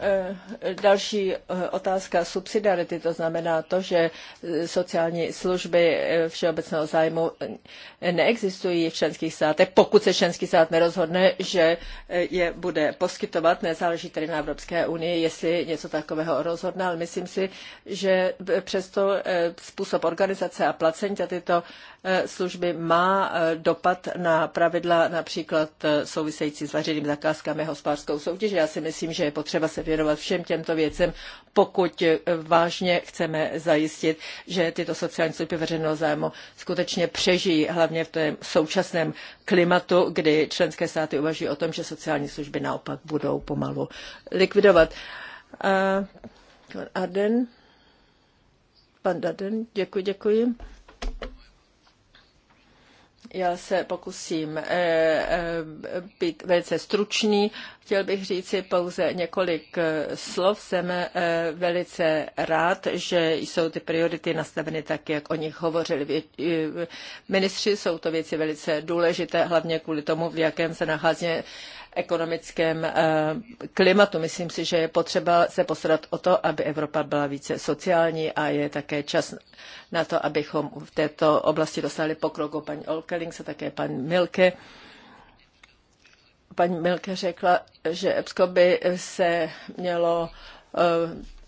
Eh, další eh, otázka subsidiarity, to znamená to, že eh, sociální služby všeobecného zájmu neexistují v členských státech, pokud se členský stát nerozhodne, že je bude poskytovat, nezáleží tedy na Evropské unii, jestli něco takového rozhodne, ale myslím si, že přesto způsob organizace a placení tyto služby má dopad na pravidla například související s veřejnými zakázkami hospodářskou soutěže. Já si myslím, že je potřeba se se věnovat všem těmto věcem, pokud eh, vážně chceme zajistit, že tyto sociální služby veřejného zájmu skutečně přežijí, hlavně v tom současném klimatu, kdy členské státy uvažují o tom, že sociální služby naopak budou pomalu likvidovat. A Arden, pan Daden, děkuji, děkuji. Já se pokusím eh, eh, být velice stručný. Chtěl bych říci pouze několik eh, slov. Jsem velice rád, že jsou ty priority nastaveny tak, jak o nich hovořili ministři. Jsou to věci velice důležité, hlavně kvůli tomu, v jakém se nacházíme ekonomickém eh, klimatu. Myslím si, že je potřeba se postarat o to, aby Evropa byla více sociální a je také čas na to, abychom v této oblasti dostali pokroku. Paní Olkeling se také pan Milke. Paní Milke řekla, že EPSCO by se mělo eh,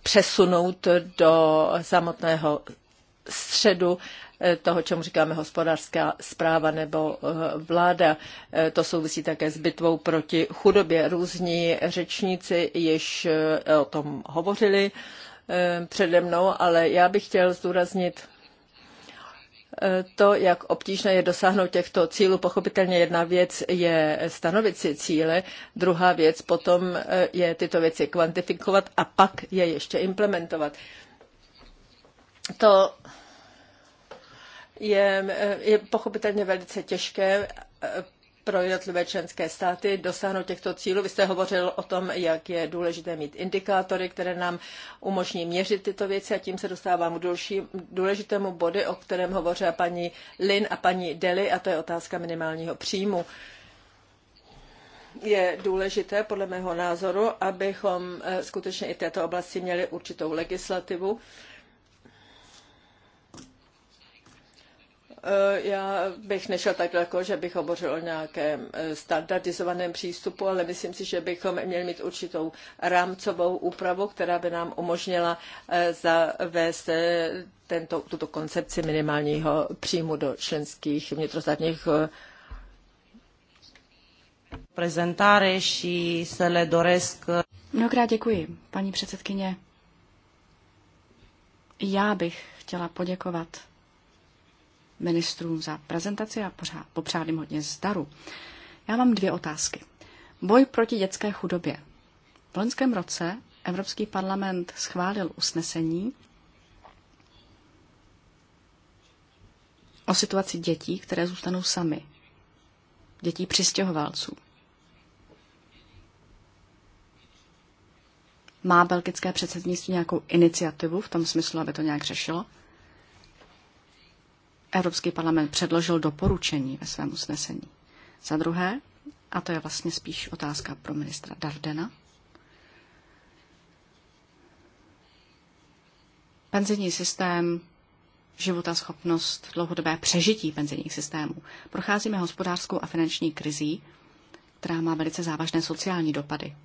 přesunout do samotného středu Eh, toho, čemu říkáme hospodářská zpráva nebo eh, vláda. Eh, to souvisí také s bitvou proti chudobě. Různí řečníci již o tom hovořili přede mnou, ale já bych chtěl zdůraznit to, jak obtížné je dosáhnout těchto cílů. Pochopitelně jedna věc je stanovit si cíle, druhá věc potom je tyto věci kvantifikovat a pak je ještě implementovat. To je, je pochopitelně velice těžké eh, pro jednotlivé členské státy dosáhnout těchto cílů. Vy jste hovořil o tom, jak je důležité mít indikátory, které nám umožní měřit tyto věci a tím se dostávám k důležitému body, o kterém hovoří paní Lin a paní Deli a to je otázka minimálního příjmu je důležité, podle mého názoru, abychom eh, skutečně i této oblasti měli určitou legislativu. Eh, já bych nešel tak daleko, že bych hovořil o nějakém eh, standardizovaném přístupu, ale myslím si, že bychom měli mít určitou rámcovou úpravu, která by nám umožnila eh, zavést tento, tuto koncepci minimálního příjmu do členských vnitrostátních prezentářů, și le doresc. Mnohokrát děkuji, paní předsedkyně. Já bych chtěla poděkovat ministrům za prezentaci a pořád, popřát jim hodně zdaru. Já mám dvě otázky. Boj proti dětské chudobě. V loňském roce Evropský parlament schválil usnesení o situaci dětí, které zůstanou sami. Dětí přistěhovalců. Má belgické předsednictví nějakou iniciativu v tom smyslu, aby to nějak řešilo? Evropský parlament předložil doporučení ve svém usnesení. Za druhé, a to je vlastně spíš otázka pro ministra Dardena, penzijní systém, života schopnost, dlouhodobé přežití penzijních systémů. Procházíme hospodářskou a finanční krizí, která má velice závažné sociální dopady.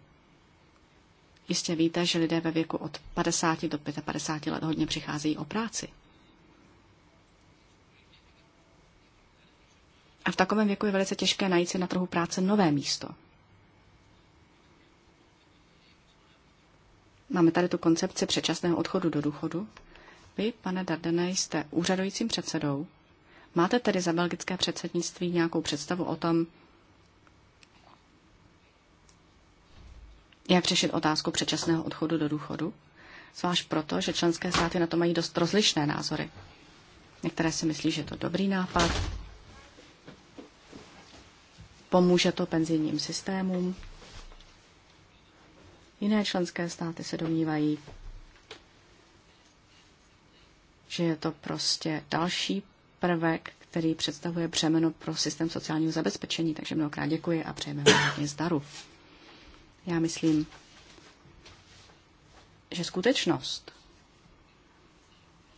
Jistě víte, že lidé ve věku od 50 do 55 let hodně přicházejí o práci. A v takovém věku je velice těžké najít si na trhu práce nové místo. Máme tady tu koncepci předčasného odchodu do důchodu. Vy, pane Dardene, jste úřadujícím předsedou. Máte tedy za belgické předsednictví nějakou představu o tom, jak řešit otázku předčasného odchodu do důchodu? Zvlášť proto, že členské státy na to mají dost rozlišné názory. Některé si myslí, že je to dobrý nápad, pomůže to penzijním systémům. Jiné členské státy se domnívají, že je to prostě další prvek, který představuje břemeno pro systém sociálního zabezpečení. Takže mnohokrát děkuji a přejeme vám zdaru. Já myslím, že skutečnost,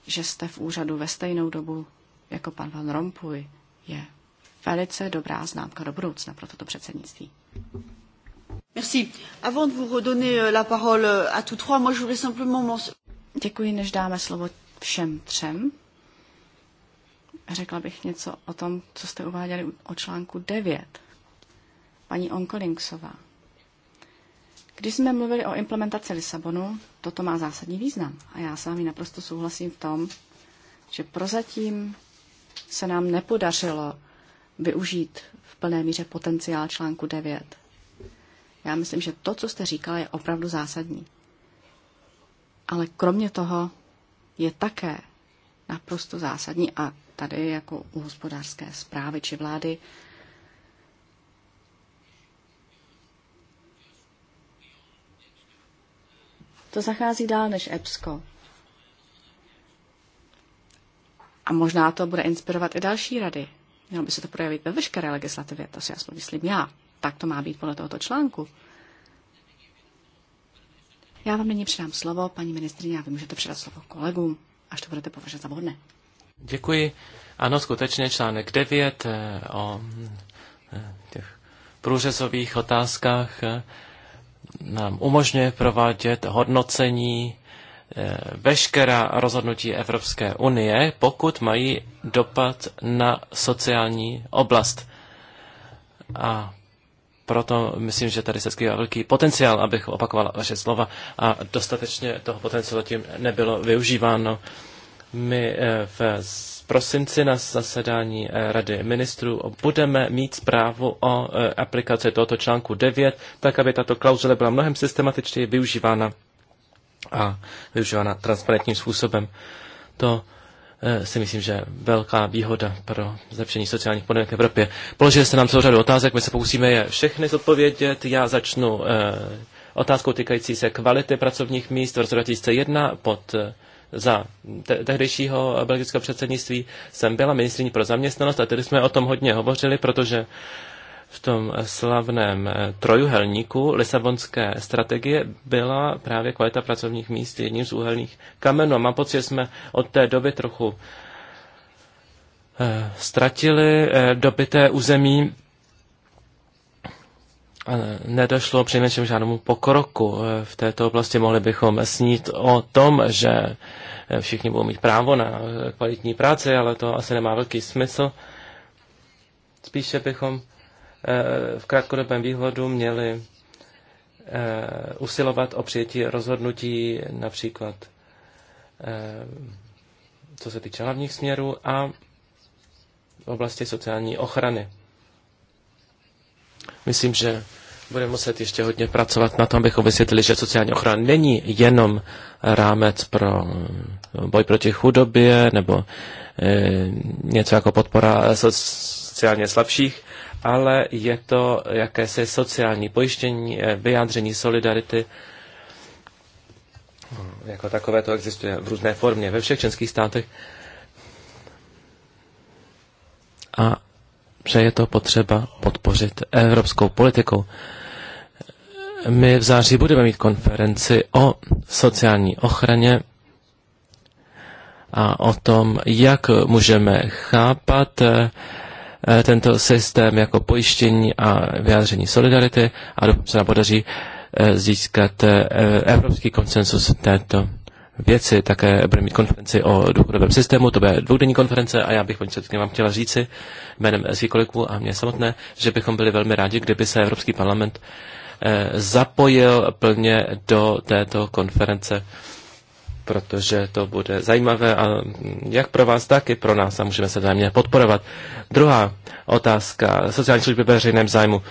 že jste v úřadu ve stejnou dobu jako pan Van Rompuy, je velice dobrá známka do budoucna pro toto předsednictví. Merci. Avant de vous redonner euh, la parole euh, à tous trois, moi je voulais simplement Děkuji, než dáme slovo všem třem. Řekla bych něco o tom, co jste uváděli o článku 9. Paní Onkolinksová. Když jsme mluvili o implementaci Lisabonu, toto má zásadní význam. A já s vámi naprosto souhlasím v tom, že prozatím se nám nepodařilo využít v plné míře potenciál článku 9. Já myslím, že to, co jste říkala, je opravdu zásadní. Ale kromě toho je také naprosto zásadní a tady jako u hospodářské zprávy či vlády to zachází dál než EBSCO. A možná to bude inspirovat i další rady. Mělo by se to projevit ve veškeré legislativě, to si aspoň myslím já. Tak to má být podle tohoto článku. Já vám nyní předám slovo, paní ministrině, a vy můžete předat slovo kolegům, až to budete považovat za vhodné. Děkuji. Ano, skutečně článek 9 eh, o eh, těch průřezových otázkách eh, nám umožňuje provádět hodnocení Eh, veškerá rozhodnutí Evropské unie, pokud mají dopad na sociální oblast. A proto myslím, že tady se skrývá velký potenciál, abych opakovala vaše slova a dostatečně toho potenciálu tím nebylo využíváno. My eh, v prosinci na zasedání eh, Rady ministrů budeme mít zprávu o aplikaci tohoto článku 9, tak aby tato klauzule byla mnohem systematičtěji využívána a využívána transparentním způsobem. To eh, si myslím, že velká výhoda pro zlepšení sociálních podmínek v Evropě. Položili jste nám celou řadu otázek, my se pokusíme je všechny zodpovědět. Já začnu eh, otázkou týkající se kvality pracovních míst v roce 2001 pod eh, za te- tehdejšího belgického předsednictví jsem byla ministrní pro zaměstnanost a tedy jsme o tom hodně hovořili, protože v tom slavném eh, trojuhelníku Lisabonské strategie byla právě kvalita pracovních míst jedním z úhelných kamenů. A mám pocit, že jsme od té doby trochu eh, ztratili eh, dobité území nedošlo přinejmenším žádnému pokroku v této oblasti. Mohli bychom snít o tom, že všichni budou mít právo na kvalitní práci, ale to asi nemá velký smysl. Spíše bychom v krátkodobém výhledu měli eh, usilovat o přijetí rozhodnutí například eh, co se týče hlavních směrů a v oblasti sociální ochrany. Myslím, že budeme muset ještě hodně pracovat na tom, abychom vysvětlili, že sociální ochrana není jenom rámec pro boj proti chudobě nebo e, něco jako podpora sociálně slabších, ale je to jakési sociální pojištění, eh, vyjádření solidarity. Hmm, jako takové to existuje v různé formě ve všech českých státech. A že je to potřeba podpořit evropskou politikou. My v září budeme mít konferenci o sociální ochraně a o tom, jak můžeme chápat eh, Eh, tento systém jako pojištění a vyjádření solidarity a doufám, se nám podaří eh, získat eh, evropský konsensus této věci. Také budeme mít konferenci o důchodovém systému, to bude dvoudenní konference a já bych paní předsedkyně vám chtěla říci jménem svých kolegů a mě samotné, že bychom byli velmi rádi, kdyby se Evropský parlament zapojil plně do této konference protože to bude zajímavé a jak pro vás, tak i pro nás a můžeme se vzájemně podporovat. Druhá otázka, sociální služby ve veřejném zájmu.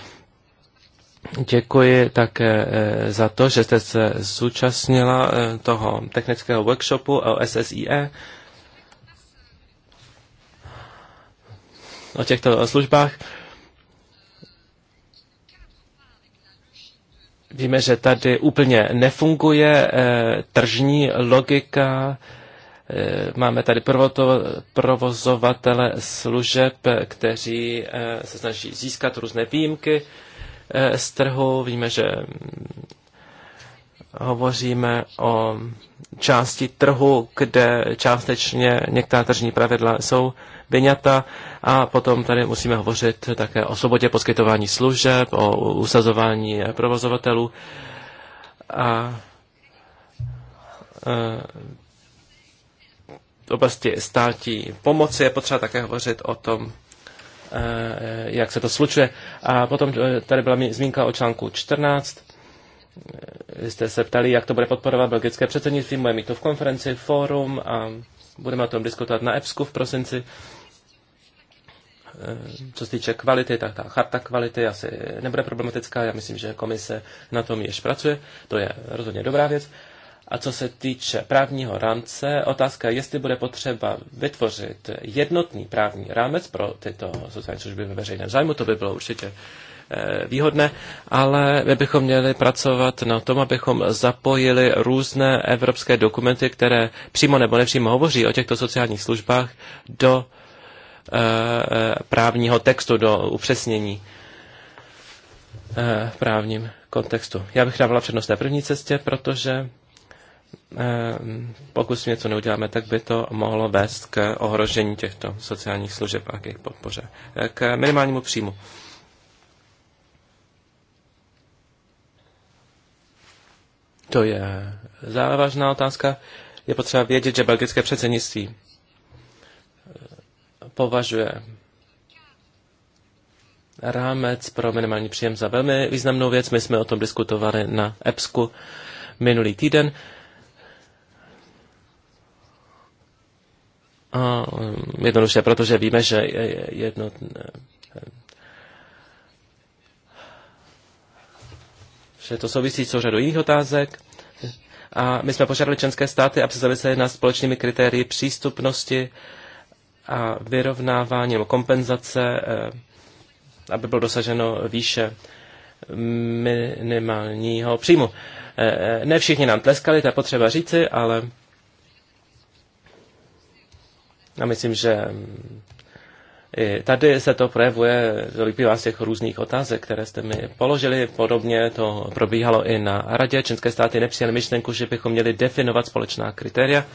Děkuji také eh, za to, že jste se zúčastnila eh, toho technického workshopu o SSIE. O těchto službách. Víme, že tady úplně nefunguje eh, tržní logika. Eh, máme tady provozovatele služeb, kteří eh, se snaží získat různé výjimky z trhu. Víme, že mm, hovoříme o části trhu, kde částečně některá tržní pravidla jsou Beňata. A potom tady musíme hovořit také o svobodě poskytování služeb, o usazování provozovatelů. A e, v oblasti státí pomoci je potřeba také hovořit o tom, e, jak se to slučuje. A potom e, tady byla zmínka o článku 14. Vy jste se ptali, jak to bude podporovat belgické předsednictví, budeme mít to v konferenci, fórum a budeme o tom diskutovat na EPSku v prosinci. Eh, co se týče kvality, tak ta charta kvality asi nebude problematická. Já myslím, že komise na tom již pracuje. To je rozhodně dobrá věc. A co se týče právního rámce, otázka je, jestli bude potřeba vytvořit jednotný právní rámec pro tyto sociální služby ve veřejném zájmu, to by bylo určitě eh, výhodné, ale my bychom měli pracovat na tom, abychom zapojili různé evropské dokumenty, které přímo nebo nepřímo hovoří o těchto sociálních službách do Eh, právního textu, do upřesnění v eh, právním kontextu. Já bych dávala přednost té první cestě, protože eh, pokud si něco neuděláme, tak by to mohlo vést k ohrožení těchto sociálních služeb a k jejich podpoře, k minimálnímu příjmu. To je závažná otázka. Je potřeba vědět, že belgické předsednictví považuje rámec pro minimální příjem za velmi významnou věc. My jsme o tom diskutovali na EPSku minulý týden. A um, jednoduše, protože víme, že jedno, že to souvisí s řadou jiných otázek. A my jsme požádali členské státy, aby se zavisely na společnými kritérii přístupnosti a vyrovnávání nebo kompenzace, eh, aby bylo dosaženo výše minimálního příjmu. Eh, eh, ne všichni nám tleskali, to je potřeba říci, ale já myslím, že i tady se to projevuje, to vyplývá z těch různých otázek, které jste mi položili. Podobně to probíhalo i na radě. Čínské státy nepřijali myšlenku, že bychom měli definovat společná kritéria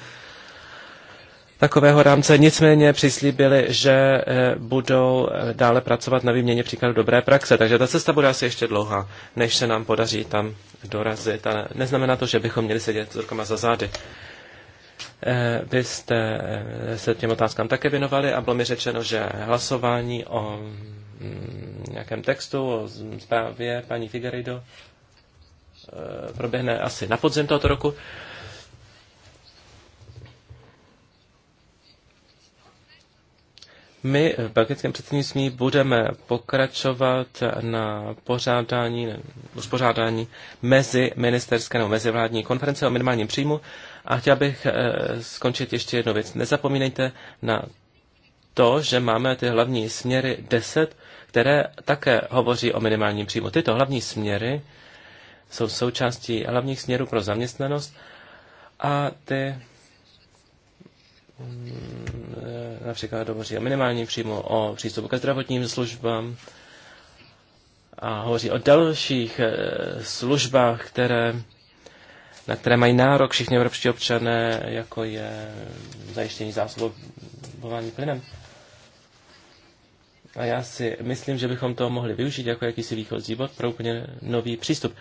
takového rámce. Nicméně přislíbili, že eh, budou eh, dále pracovat na výměně příkladů dobré praxe. Takže ta cesta bude asi ještě dlouhá, než se nám podaří tam dorazit. A neznamená to, že bychom měli sedět s rukama za zády. Eh, vy jste se těm otázkám také věnovali a bylo mi řečeno, že hlasování o mm, nějakém textu, o zprávě paní Figueiredo proběhne asi na podzim tohoto roku. My v belgickém předsednictví budeme pokračovat na pořádání, uspořádání mezi ministerské nebo mezivládní konference o minimálním příjmu a chtěl bych eh, skončit ještě jednu věc. Nezapomínejte na to, že máme ty hlavní směry 10, které také hovoří o minimálním příjmu. Tyto hlavní směry jsou součástí hlavních směrů pro zaměstnanost a ty Mm, například hovoří o minimálním příjmu, o přístupu ke zdravotním službám a hovoří o dalších eh, službách, které, na které mají nárok všichni evropští občané, jako je zajištění zásobování plynem. A já si myslím, že bychom to mohli využít jako jakýsi výchozí bod pro úplně nový přístup.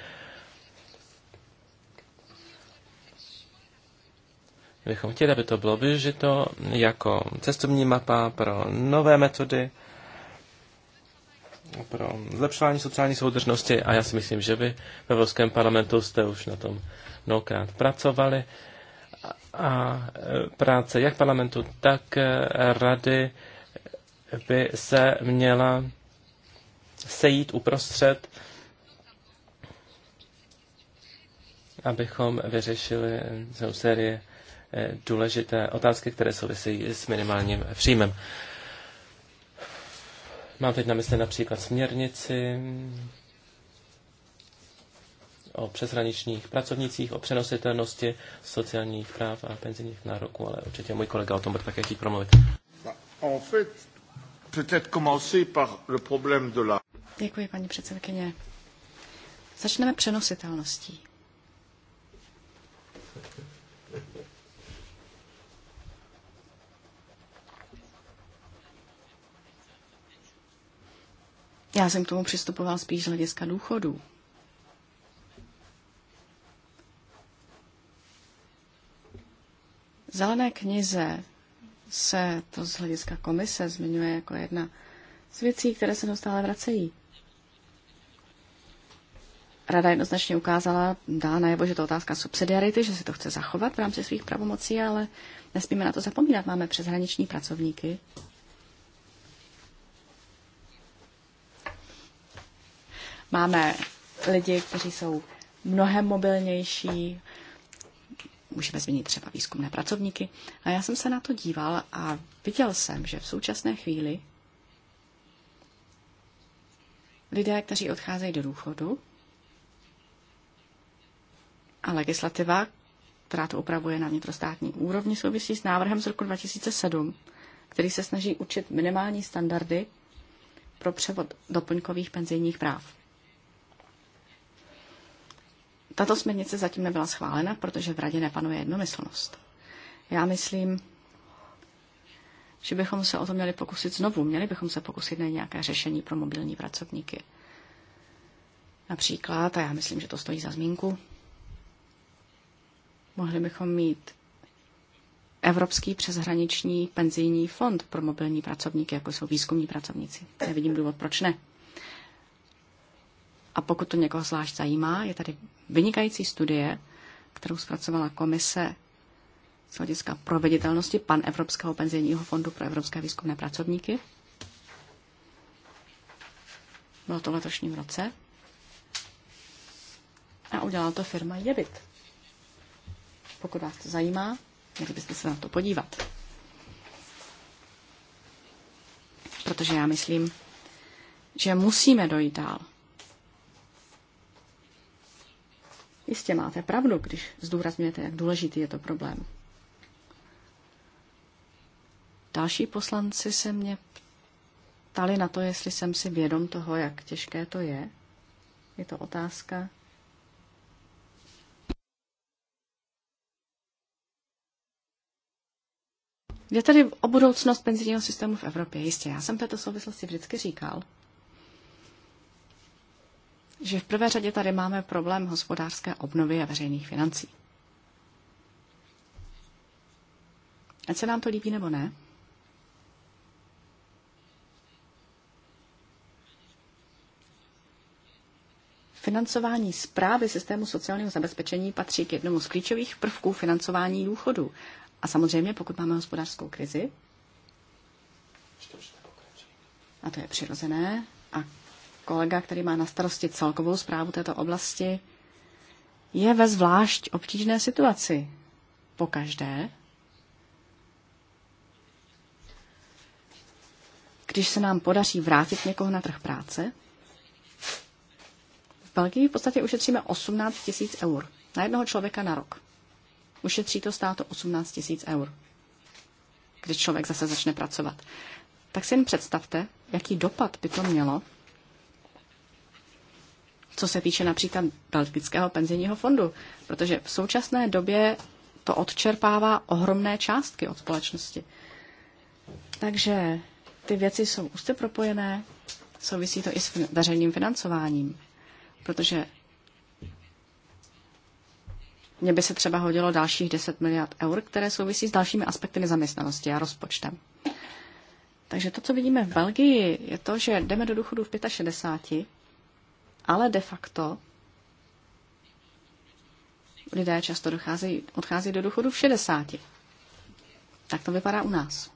bychom chtěli, aby to bylo využito jako cestovní mapa pro nové metody, pro zlepšování sociální soudržnosti a já si myslím, že vy ve Evropském parlamentu jste už na tom mnohokrát pracovali a práce jak parlamentu, tak rady by se měla sejít uprostřed, abychom vyřešili celou sérii důležité otázky, které souvisí s minimálním příjmem. Mám teď na mysli například směrnici o přeshraničních pracovnicích, o přenositelnosti sociálních práv a penzijních nároků, ale určitě můj kolega o tom bude také chtít promluvit. Děkuji, paní předsedkyně. Začneme přenositelností. Já jsem k tomu přistupoval spíš z hlediska důchodů. V zelené knize se to z hlediska komise zmiňuje jako jedna z věcí, které se neustále vracejí. Rada jednoznačně ukázala, dá najevo, že to otázka subsidiarity, že si to chce zachovat v rámci svých pravomocí, ale nesmíme na to zapomínat. Máme přeshraniční pracovníky, Máme lidi, kteří jsou mnohem mobilnější, můžeme změnit třeba výzkumné pracovníky. A já jsem se na to díval a viděl jsem, že v současné chvíli lidé, kteří odcházejí do důchodu, a legislativa, která to upravuje na vnitrostátní úrovni, souvisí s návrhem z roku 2007, který se snaží učit minimální standardy pro převod doplňkových penzijních práv. Tato směrnice zatím nebyla schválena, protože v radě nepanuje jednomyslnost. Já myslím, že bychom se o to měli pokusit znovu. Měli bychom se pokusit na nějaké řešení pro mobilní pracovníky. Například, a já myslím, že to stojí za zmínku, mohli bychom mít Evropský přeshraniční penzijní fond pro mobilní pracovníky, jako jsou výzkumní pracovníci. Nevidím důvod, proč ne. A pokud to někoho zvlášť zajímá, je tady vynikající studie, kterou zpracovala komise z hlediska proveditelnosti pan Evropského penzijního fondu pro evropské výzkumné pracovníky. Bylo to v letošním roce. A udělala to firma Jebit. Pokud vás to zajímá, měli byste se na to podívat. Protože já myslím, že musíme dojít dál. Jistě máte pravdu, když zdůrazňujete, jak důležitý je to problém. Další poslanci se mě ptali na to, jestli jsem si vědom toho, jak těžké to je. Je to otázka. Je tady o budoucnost penzijního systému v Evropě. Jistě, já jsem této souvislosti vždycky říkal, že v prvé řadě tady máme problém hospodářské obnovy a veřejných financí. Ať se nám to líbí nebo ne, Financování zprávy systému sociálního zabezpečení patří k jednomu z klíčových prvků financování důchodu. A samozřejmě, pokud máme hospodářskou krizi, a to je přirozené, a kolega, který má na starosti celkovou zprávu této oblasti, je ve zvlášť obtížné situaci. Po každé, když se nám podaří vrátit někoho na trh práce, v Belgii v podstatě ušetříme 18 tisíc eur na jednoho člověka na rok. Ušetří to státu 18 tisíc eur, když člověk zase začne pracovat. Tak si jen představte, jaký dopad by to mělo co se týče například Belgického penzijního fondu, protože v současné době to odčerpává ohromné částky od společnosti. Takže ty věci jsou úzce propojené, souvisí to i s veřejným financováním, protože mně by se třeba hodilo dalších 10 miliard eur, které souvisí s dalšími aspekty nezaměstnanosti a rozpočtem. Takže to, co vidíme v Belgii, je to, že jdeme do důchodu v 65 ale de facto lidé často docházejí, odchází do důchodu v 60. Tak to vypadá u nás.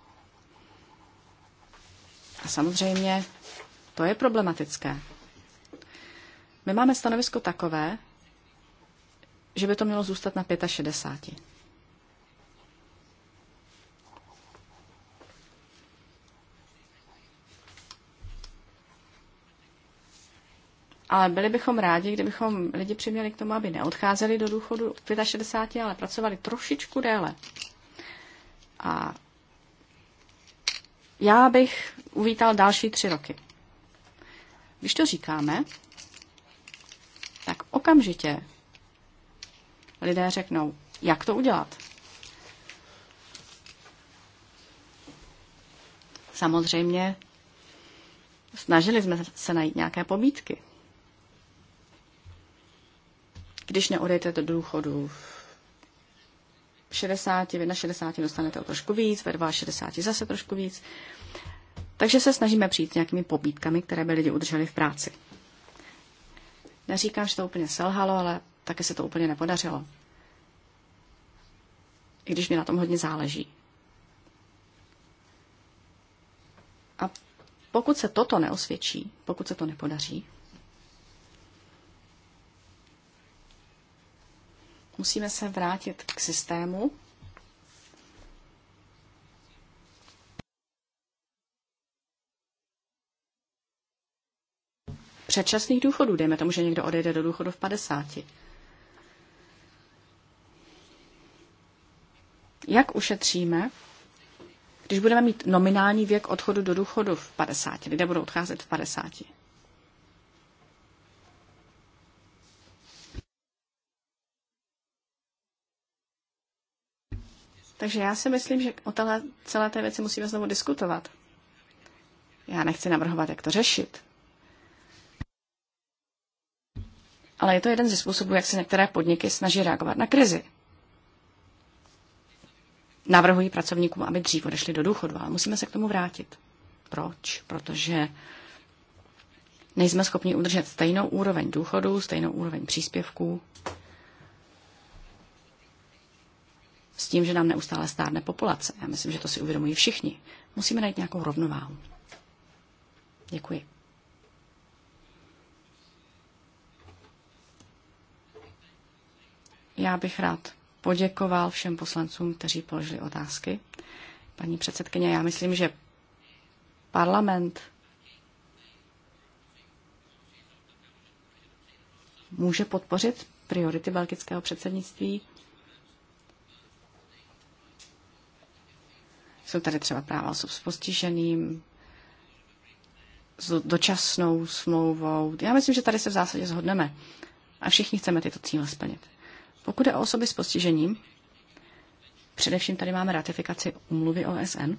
A samozřejmě to je problematické. My máme stanovisko takové, že by to mělo zůstat na 65. ale byli bychom rádi, kdybychom lidi přiměli k tomu, aby neodcházeli do důchodu v 65, ale pracovali trošičku déle. A já bych uvítal další tři roky. Když to říkáme, tak okamžitě lidé řeknou, jak to udělat. Samozřejmě snažili jsme se najít nějaké pobídky když neodejdete do důchodu v 60, v na 60 dostanete o trošku víc, ve 62 zase trošku víc. Takže se snažíme přijít s nějakými pobídkami, které by lidi udrželi v práci. Neříkám, že to úplně selhalo, ale také se to úplně nepodařilo. I když mi na tom hodně záleží. A pokud se toto neosvědčí, pokud se to nepodaří, Musíme se vrátit k systému, předčasných důchodů. Dejme tomu, že někdo odejde do důchodu v 50. Jak ušetříme, když budeme mít nominální věk odchodu do důchodu v 50? Lidé budou odcházet v 50. Takže já si myslím, že o tohle, celé té věci musíme znovu diskutovat. Já nechci navrhovat, jak to řešit. Ale je to jeden ze způsobů, jak se některé podniky snaží reagovat na krizi. Navrhují pracovníkům, aby dřív odešli do důchodu, ale musíme se k tomu vrátit. Proč? Protože nejsme schopni udržet stejnou úroveň důchodu, stejnou úroveň příspěvků s tím, že nám neustále stárne populace. Já myslím, že to si uvědomují všichni. Musíme najít nějakou rovnováhu. Děkuji. Já bych rád poděkoval všem poslancům, kteří položili otázky. Paní předsedkyně, já myslím, že parlament může podpořit priority belgického předsednictví Jsou tady třeba práva osob s postižením, s dočasnou smlouvou. Já myslím, že tady se v zásadě zhodneme a všichni chceme tyto cíle splnit. Pokud je o osoby s postižením, především tady máme ratifikaci umluvy OSN.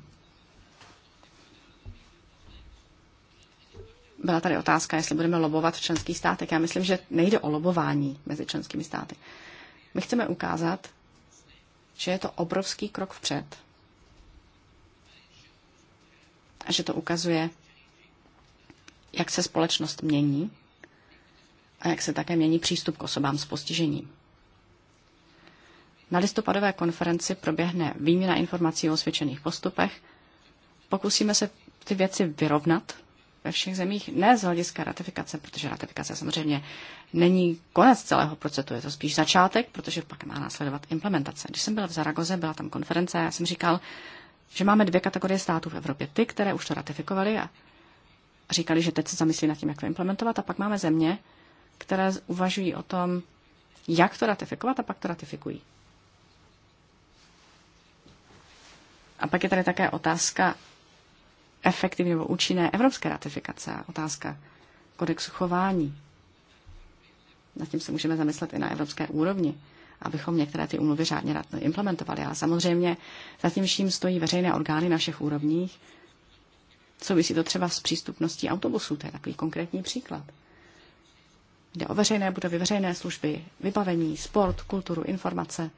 Byla tady otázka, jestli budeme lobovat v členských státech. Já myslím, že nejde o lobování mezi členskými státy. My chceme ukázat, že je to obrovský krok vpřed a že to ukazuje, jak se společnost mění a jak se také mění přístup k osobám s postižením. Na listopadové konferenci proběhne výměna informací o osvědčených postupech. Pokusíme se ty věci vyrovnat ve všech zemích, ne z hlediska ratifikace, protože ratifikace samozřejmě není konec celého procesu, je to spíš začátek, protože pak má následovat implementace. Když jsem byla v Zaragoze, byla tam konference já jsem říkal, že máme dvě kategorie států v Evropě. Ty, které už to ratifikovali a říkali, že teď se zamyslí nad tím, jak to implementovat, a pak máme země, které uvažují o tom, jak to ratifikovat a pak to ratifikují. A pak je tady také otázka efektivní nebo účinné evropské ratifikace, otázka kodexu chování. Nad tím se můžeme zamyslet i na evropské úrovni abychom některé ty úmluvy řádně implementovali. A samozřejmě za tím vším stojí veřejné orgány na všech úrovních. Souvisí to třeba s přístupností autobusů, to je takový konkrétní příklad. Jde o veřejné budovy, veřejné služby, vybavení, sport, kulturu, informace.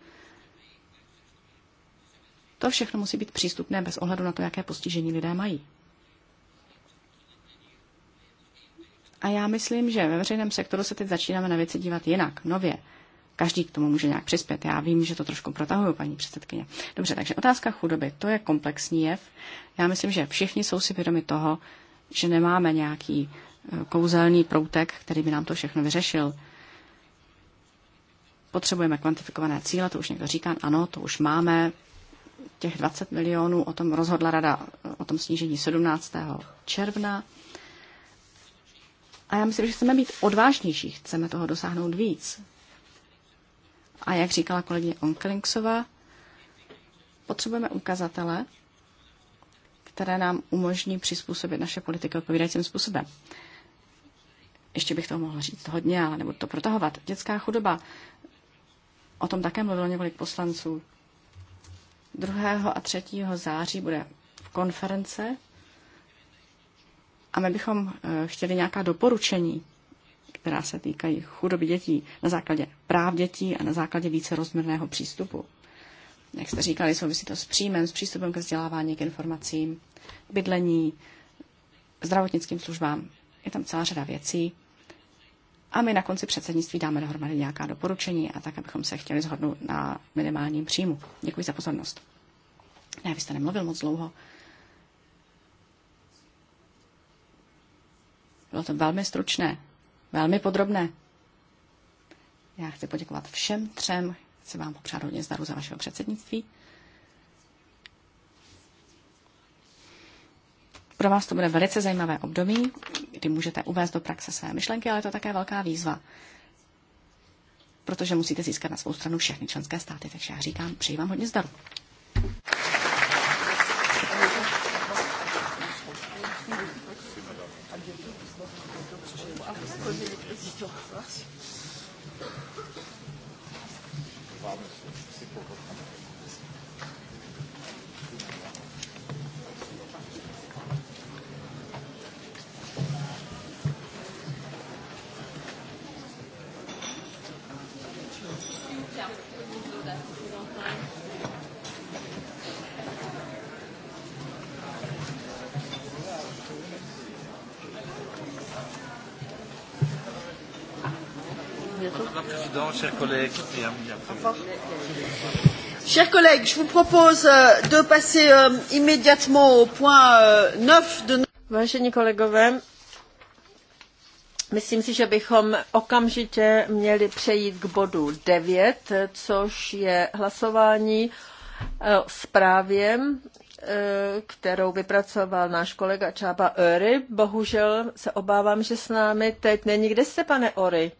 To všechno musí být přístupné bez ohledu na to, jaké postižení lidé mají. A já myslím, že ve veřejném sektoru se teď začínáme na věci dívat jinak, nově. Každý k tomu může nějak přispět. Já vím, že to trošku protahuju, paní předsedkyně. Dobře, takže otázka chudoby, to je komplexní jev. Já myslím, že všichni jsou si vědomi toho, že nemáme nějaký eh, kouzelný proutek, který by nám to všechno vyřešil. Potřebujeme kvantifikované cíle, to už někdo říká, ano, to už máme, těch 20 milionů, o tom rozhodla rada eh, o tom snížení 17. června. A já myslím, že chceme být odvážnější, chceme toho dosáhnout víc. A jak říkala kolegyně Onklingsova, potřebujeme ukazatele, které nám umožní přizpůsobit naše politiky odpovídajícím způsobem. Ještě bych toho mohla říct hodně, ale nebudu to protahovat. Dětská chudoba. O tom také mluvilo několik poslanců. 2. a 3. září bude v konference a my bychom eh, chtěli nějaká doporučení která se týkají chudoby dětí na základě práv dětí a na základě více rozměrného přístupu. Jak jste říkali, souvisí to s příjmem, s přístupem ke vzdělávání, k informacím, bydlení, zdravotnickým službám. Je tam celá řada věcí. A my na konci předsednictví dáme dohromady nějaká doporučení a tak, abychom se chtěli zhodnout na minimálním příjmu. Děkuji za pozornost. Ne, vy jste nemluvil moc dlouho. Bylo to velmi stručné velmi podrobné. Já chci poděkovat všem třem, chci vám popřát hodně zdaru za vašeho předsednictví. Pro vás to bude velice zajímavé období, kdy můžete uvést do praxe své myšlenky, ale je to také velká výzva, protože musíte získat na svou stranu všechny členské státy. Takže já říkám, přeji vám hodně zdaru. Was? chers collègues. Chers collègues, je vous propose euh, de passer euh, immédiatement au point 9 euh, de no- Vážení kolegové, myslím si, že bychom okamžitě měli přejít k bodu 9, což je hlasování zprávě e, kterou vypracoval náš kolega Čába Öry. Bohužel se obávám, že s námi teď není. Kde jste, pane Ory?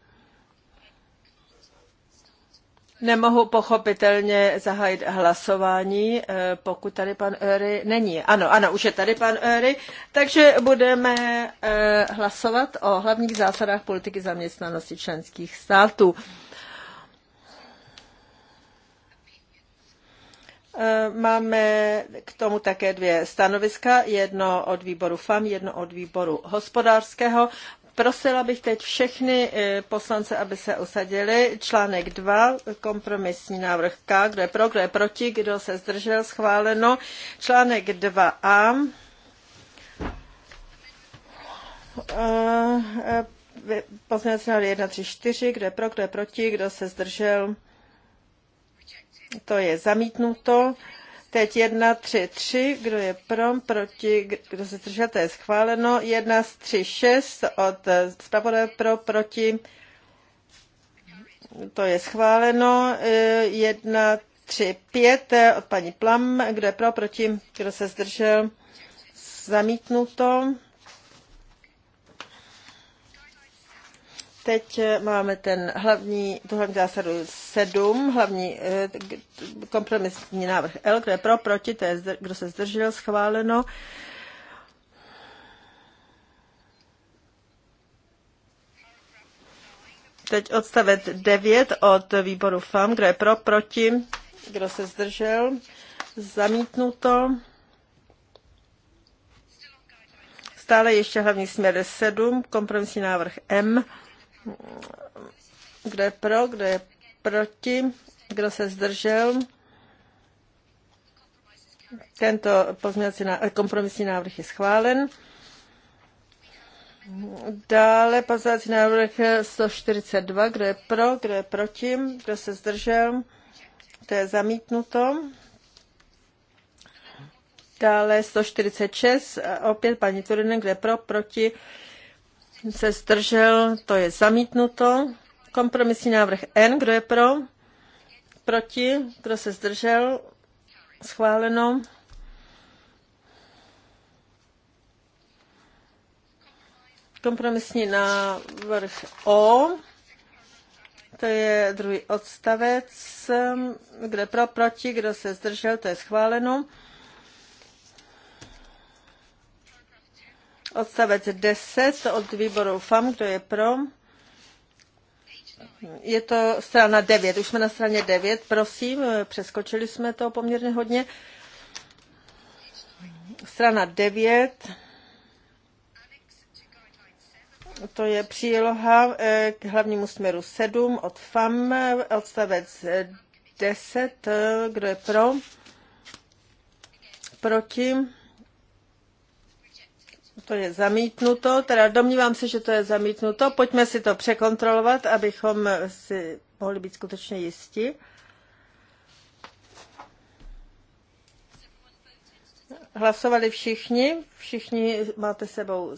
Nemohu pochopitelně zahájit hlasování, eh, pokud tady pan Öry není. Ano, ano, už je tady pan Öry, takže budeme eh, hlasovat o hlavních zásadách politiky zaměstnanosti členských států. Eh, máme k tomu také dvě stanoviska, jedno od výboru FAM, jedno od výboru hospodářského. Prosila bych teď všechny eh, poslance, aby se usadili. Článek 2, kompromisní návrh K, kdo je pro, kdo je proti, kdo se zdržel, schváleno. Článek 2a, poslanecí návrh 1, 3, 4, kdo je pro, kdo je proti, kdo se zdržel. To je zamítnuto. Teď 1, 3, 3, kdo je pro, proti, kdo se zdržel, to je schváleno. 1, 3, 6 od eh, zpravodaje pro, proti, to je schváleno. 1, 3, 5 od paní Plam, kdo je pro, proti, kdo se zdržel, zamítnuto. Teď eh, máme ten hlavní, tu hlavní zásadu 7, hlavní eh, kompromisní návrh L, kdo je pro, proti, to je, kdo se zdržel, schváleno. Teď odstavec 9 od výboru FAM, kdo je pro, proti, kdo se zdržel, zamítnuto. Stále ještě hlavní směr 7, kompromisní návrh M. Kdo je pro, kdo je proti, kdo se zdržel. Tento pozměňovací eh, kompromisní návrh je schválen. Dále pozměňovací návrh 142. Kdo je pro, kdo je proti, kdo se zdržel. To je zamítnuto. Dále 146. Opět paní Turinen, je pro, proti, se zdržel, to je zamítnuto. Kompromisní návrh N, kdo je pro? Proti, kdo se zdržel? Schváleno. Kompromisní návrh O, to je druhý odstavec, kde pro, proti, kdo se zdržel, to je schváleno. Odstavec 10 od výboru FAM, kdo je pro? Je to strana 9, už jsme na straně 9, prosím, přeskočili jsme to poměrně hodně. Strana 9, to je příloha eh, k hlavnímu směru 7 od FAM, odstavec 10, eh, kdo je pro? Proti? To je zamítnuto, teda domnívám se, že to je zamítnuto. Pojďme si to překontrolovat, abychom si mohli být skutečně jisti. Hlasovali všichni, všichni máte sebou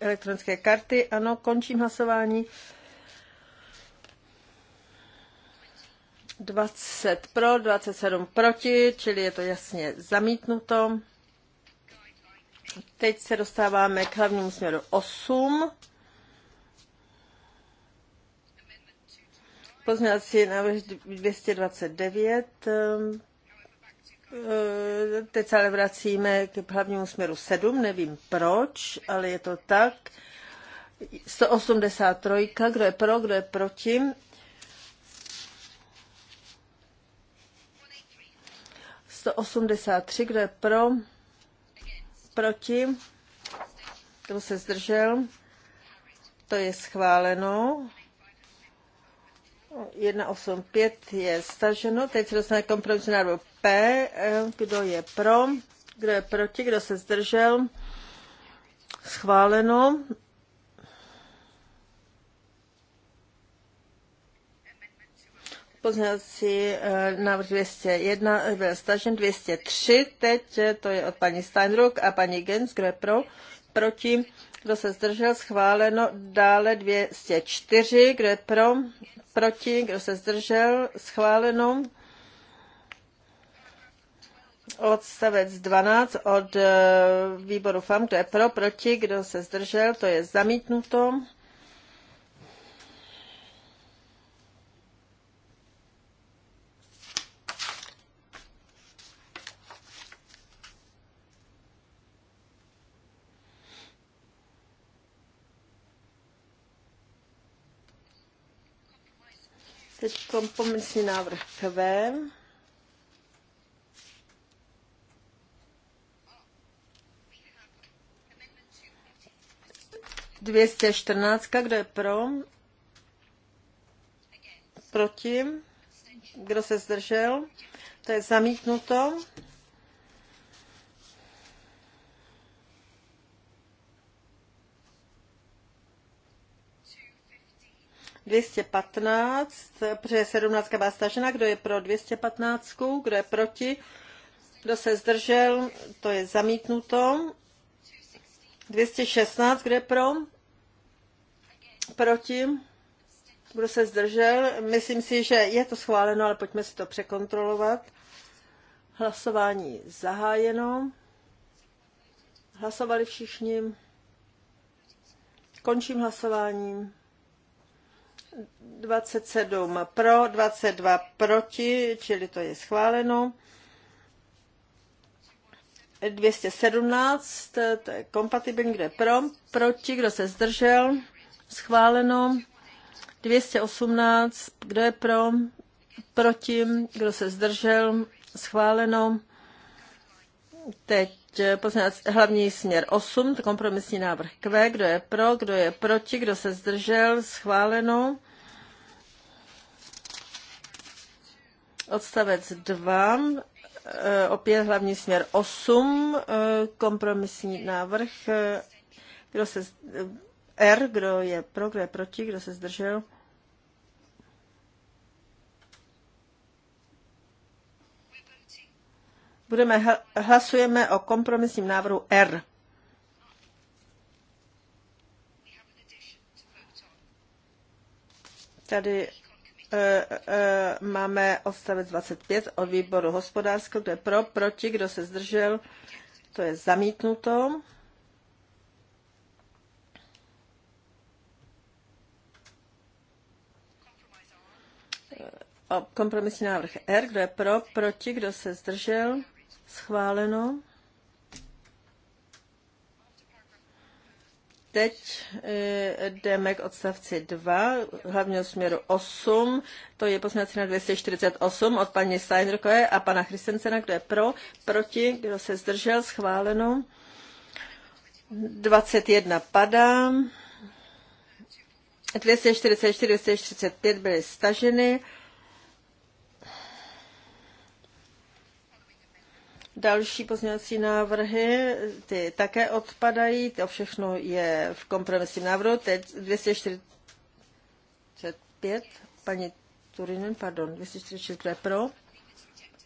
elektronické karty. Ano, končím hlasování. 20 pro, 27 proti, čili je to jasně zamítnuto. Teď se dostáváme k hlavnímu směru 8. Pozměňovací návrh 229. Ehm, ehm, teď se ale vracíme k hlavnímu směru 7. Nevím proč, ale je to tak. 183. Kdo je pro, kdo je proti? 183. Kdo je pro? proti, kdo se zdržel, to je schváleno. 185 je staženo, teď se dostane kompromisní návrh P, kdo je pro, kdo je proti, kdo se zdržel, schváleno. Pozměňovací eh, návrh 201 eh, byl stažen 203, teď eh, to je od paní Steinruck a paní Gens, kdo je pro, proti, kdo se zdržel, schváleno, dále 204, kdo je pro, proti, kdo se zdržel, schváleno, odstavec 12 od výboru FAM, kdo je pro, proti, kdo se zdržel, to je zamítnuto. Kompromisní návrh Q. Dvěstě čtrnáctka, kdo je pro? Proti? Kdo se zdržel? To je zamítnuto. 215, protože 17 byla stažena, kdo je pro 215, kdo je proti, kdo se zdržel, to je zamítnuto. 216, kdo je pro, proti, kdo se zdržel. Myslím si, že je to schváleno, ale pojďme si to překontrolovat. Hlasování zahájeno. Hlasovali všichni. Končím hlasováním. 27 pro, 22 proti, čili to je schváleno. 217, to je kompatibilní, kde pro, proti, kdo se zdržel, schváleno. 218, kdo je pro, proti, kdo se zdržel, schváleno. Teď eh, poznac, hlavní směr 8, kompromisní návrh Q, kdo je pro, kdo je proti, kdo se zdržel, schváleno. Odstavec 2, eh, opět hlavní směr 8, eh, kompromisní návrh, kdo se, R, kdo je pro, kdo je proti, kdo se zdržel, Budeme, hlasujeme o kompromisním návrhu R. Tady e, e, máme odstavec 25 od výboru hospodářského, kde pro, proti, kdo se zdržel, to je zamítnuto. E, kompromisní návrh R, kdo je pro, proti, kdo se zdržel, Schváleno. Teď eh, jdeme k odstavci 2, hlavního směru 8, to je poslanec na 248 od paní Steinrokové a pana Christensena, kdo je pro, proti, kdo se zdržel, schváleno. 21 padá, 244, 245 byly staženy. Další pozměňovací návrhy, ty také odpadají, to všechno je v kompromisním návrhu. Teď 245, paní Turinen, pardon, 244 pro.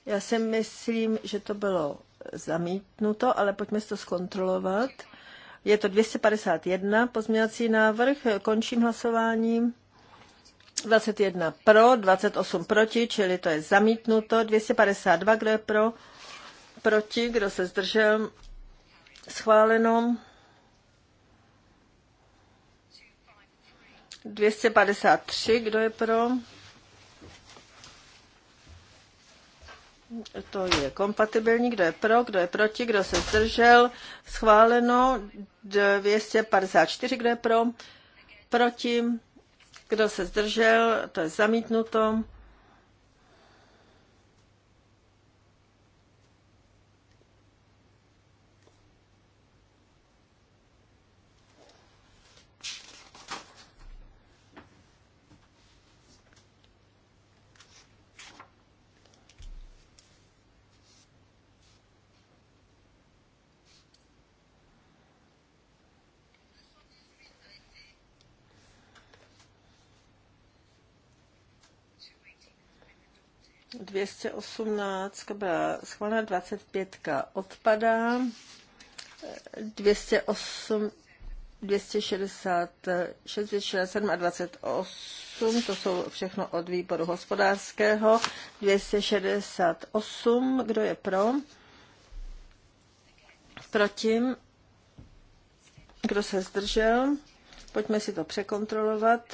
Já si myslím, že to bylo zamítnuto, ale pojďme si to zkontrolovat. Je to 251 pozměňovací návrh, končím hlasováním. 21 pro, 28 proti, čili to je zamítnuto. 252, kdo je pro? proti, kdo se zdržel, schváleno. 253, kdo je pro? To je kompatibilní, kdo je pro, kdo je proti, kdo se zdržel, schváleno. 254, kdo je pro, proti, kdo se zdržel, to je zamítnuto. 218 byla schválena, 25 odpadá, 208, 266, 267 a 28, to jsou všechno od výboru hospodářského, 268, kdo je pro, proti, kdo se zdržel, pojďme si to překontrolovat.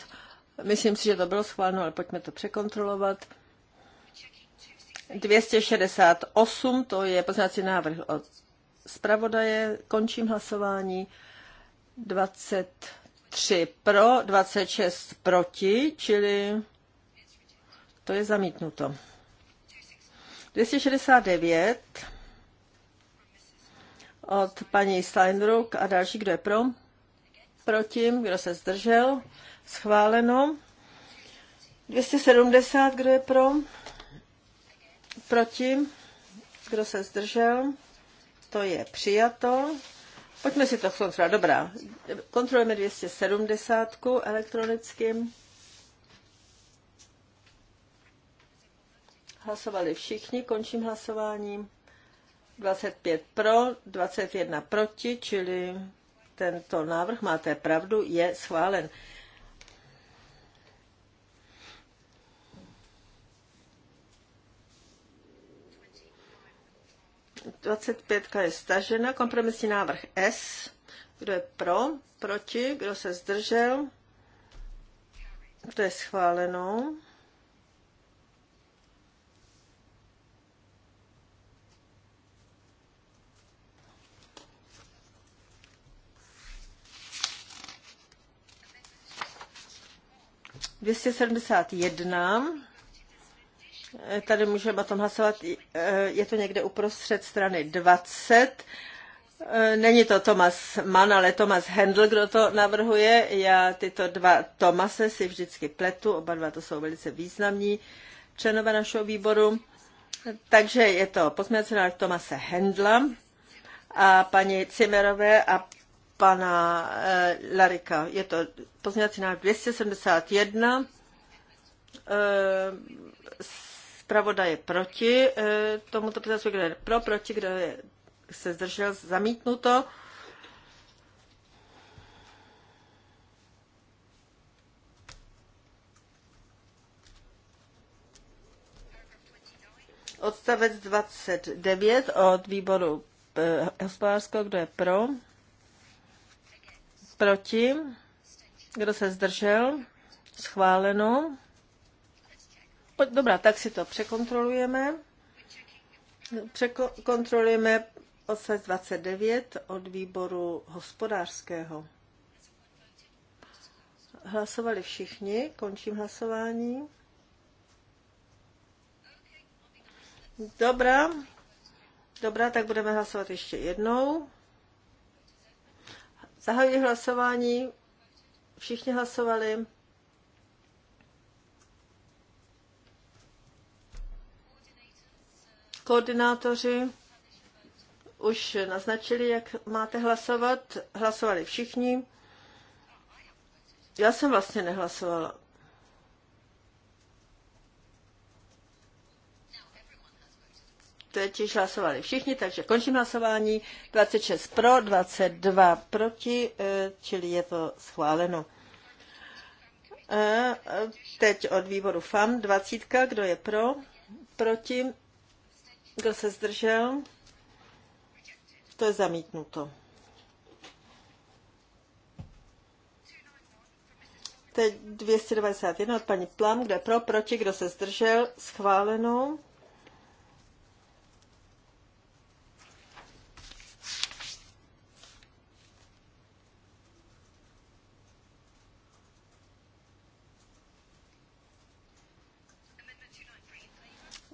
Myslím si, že to bylo schváleno, ale pojďme to překontrolovat. 268, to je poznací návrh od zpravodaje. Končím hlasování. 23 pro, 26 proti, čili to je zamítnuto. 269 od paní Steinruck a další, kdo je pro? Proti, kdo se zdržel? Schváleno. 270, kdo je pro? Proti? Kdo se zdržel? To je přijato. Pojďme si to zkontrolovat. Dobrá. Kontrolujeme 270 elektronicky. Hlasovali všichni, končím hlasováním. 25 pro, 21 proti, čili tento návrh, máte pravdu, je schválen. 25 je stažena. Kompromisní návrh S. Kdo je pro? Proti? Kdo se zdržel? To je schváleno. Dvěstě sedmdesát jedna. Tady můžeme o tom hlasovat. Eh, je to někde uprostřed strany 20. Eh, není to Thomas Mann, ale Thomas Hendl, kdo to navrhuje. Já tyto dva Tomase si vždycky pletu, oba dva to jsou velice významní členové našeho výboru. Takže je to pozměnací návrh Tomase Hendla a paní Cimerové a pana e, Larika. Je to pozměnací návrh 271. E, Zpravodaj je proti eh, tomuto pozdravství, kdo je pro, proti, kdo je, se zdržel, zamítnuto. Odstavec 29 od výboru eh, hospodářského, kdo je pro, proti, kdo se zdržel, schváleno. Dobrá, tak si to překontrolujeme. Překontrolujeme odsaz 29 od výboru hospodářského. Hlasovali všichni, končím hlasování. Dobrá, dobrá, tak budeme hlasovat ještě jednou. Zahajuji hlasování, všichni hlasovali. Koordinátoři už naznačili, jak máte hlasovat. Hlasovali všichni. Já jsem vlastně nehlasovala. Teď již hlasovali všichni, takže končím hlasování. 26 pro, 22 proti, eh, čili je to schváleno. Eh, eh, teď od výboru FAM 20, kdo je pro, proti, kdo se zdržel? To je zamítnuto. Teď 291 od paní Plam, kde pro, proti, kdo se zdržel, schváleno.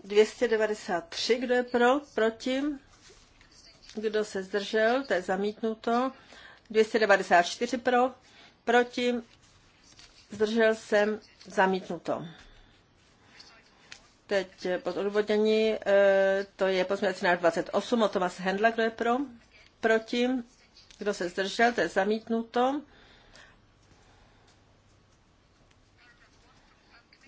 293, kdo je pro, proti, kdo se zdržel, to je zamítnuto. 294 pro, proti, zdržel jsem, zamítnuto. Teď pod odvodnění, eh, to je pozměnací návrh 28 od Tomas Hendla, kdo je pro, proti, kdo se zdržel, to je zamítnuto.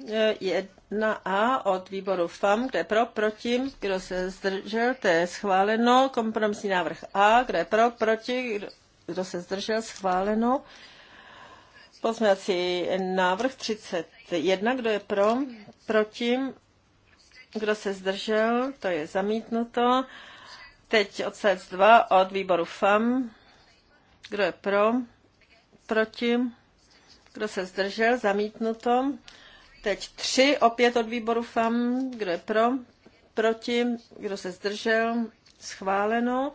1A od výboru FAM, kde pro, proti, kdo se zdržel, to je schváleno. Kompromisní návrh A, kde pro, proti, kdo, kdo se zdržel, schváleno. Pozměňovací návrh 31, kdo je pro, proti, kdo se zdržel, to je zamítnuto. Teď odsec 2 od výboru FAM. Kdo je pro? Proti? Kdo se zdržel? Zamítnuto. Teď tři, opět od výboru FAM, kdo je pro, proti, kdo se zdržel, schváleno.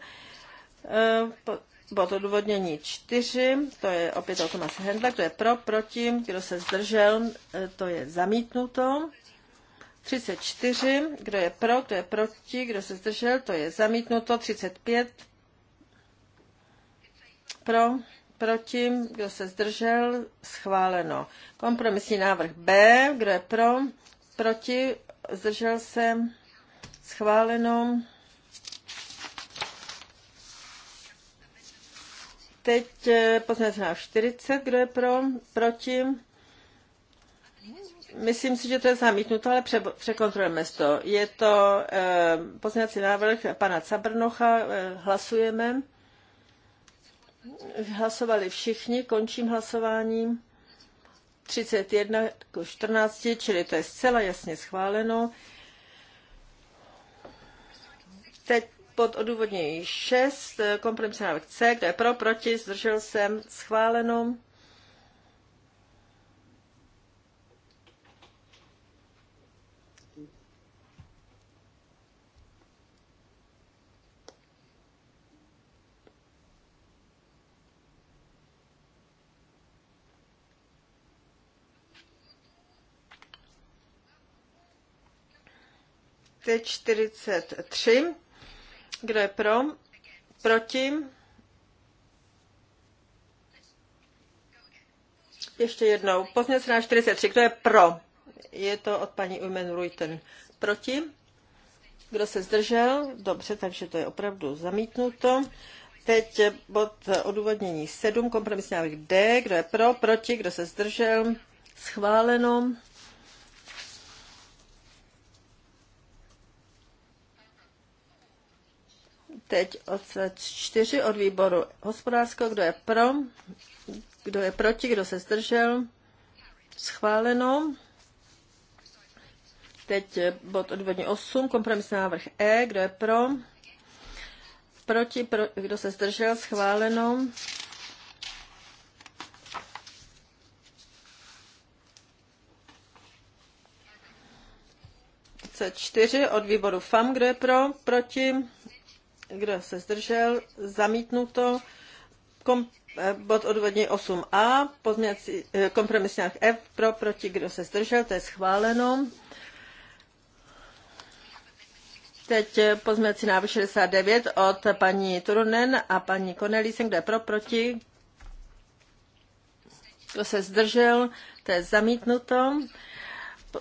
E, bod důvodnění čtyři, to je opět od Tomase Hendla, kdo je pro, proti, kdo se zdržel, e, to je zamítnuto. 34, kdo je pro, kdo je proti, kdo se zdržel, to je zamítnuto. 35, pro, proti, kdo se zdržel, schváleno. Kompromisní návrh B, kdo je pro, proti, zdržel se, schváleno. Teď eh, poslanec 40, kdo je pro, proti. Myslím si, že to je zamítnuto, ale pře- překontrolujeme to. Je to eh, poslanecí návrh pana Cabrnocha, eh, hlasujeme. Hlasovali všichni, končím hlasováním. 31 k 14, čili to je zcela jasně schváleno. Teď pod odůvodnění 6, kompromisní návrh C, kdo je pro, proti, zdržel jsem, schváleno. 43. Kdo je pro? Proti? Ještě jednou. Pozměnit na 43. Kdo je pro? Je to od paní Umen Ruiten. Proti? Kdo se zdržel? Dobře, takže to je opravdu zamítnuto. Teď bod odůvodnění 7, kompromisní návrh D. Kdo je pro? Proti? Kdo se zdržel? Schváleno. Teď odsled 4 od výboru hospodářského, kdo je pro, kdo je proti, kdo se zdržel. Schváleno. Teď bod odvodní 8, kompromisní návrh E, kdo je pro, proti, pro, kdo se zdržel, schváleno. C4 od výboru FAM, kdo je pro, proti, kdo se zdržel? Zamítnuto. Kom, eh, bod odvodní 8a, pozměnací, eh, kompromisní návrh F pro, proti, kdo se zdržel, to je schváleno. Teď eh, pozměnací návrh 69 od paní Turunen a paní Konelísen, kde pro, proti, kdo se zdržel, to je zamítnuto.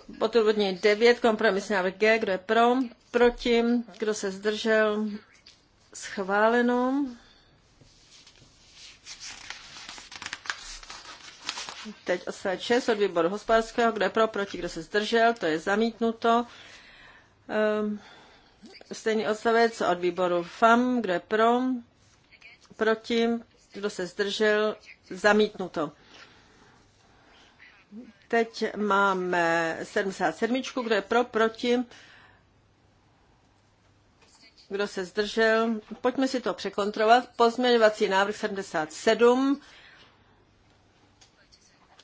Bod odvodní 9, kompromisní návrh G, kdo je pro, proti, kdo se zdržel, Schváleno. Teď 6 od výboru hospodářského, kdo je pro, proti, kdo se zdržel, to je zamítnuto. Um, stejný odstavec od výboru FAM, kdo je pro, proti, kdo se zdržel, zamítnuto. Teď máme 77, kdo je pro, proti, kdo se zdržel? Pojďme si to překontrolovat. Pozměňovací návrh 77.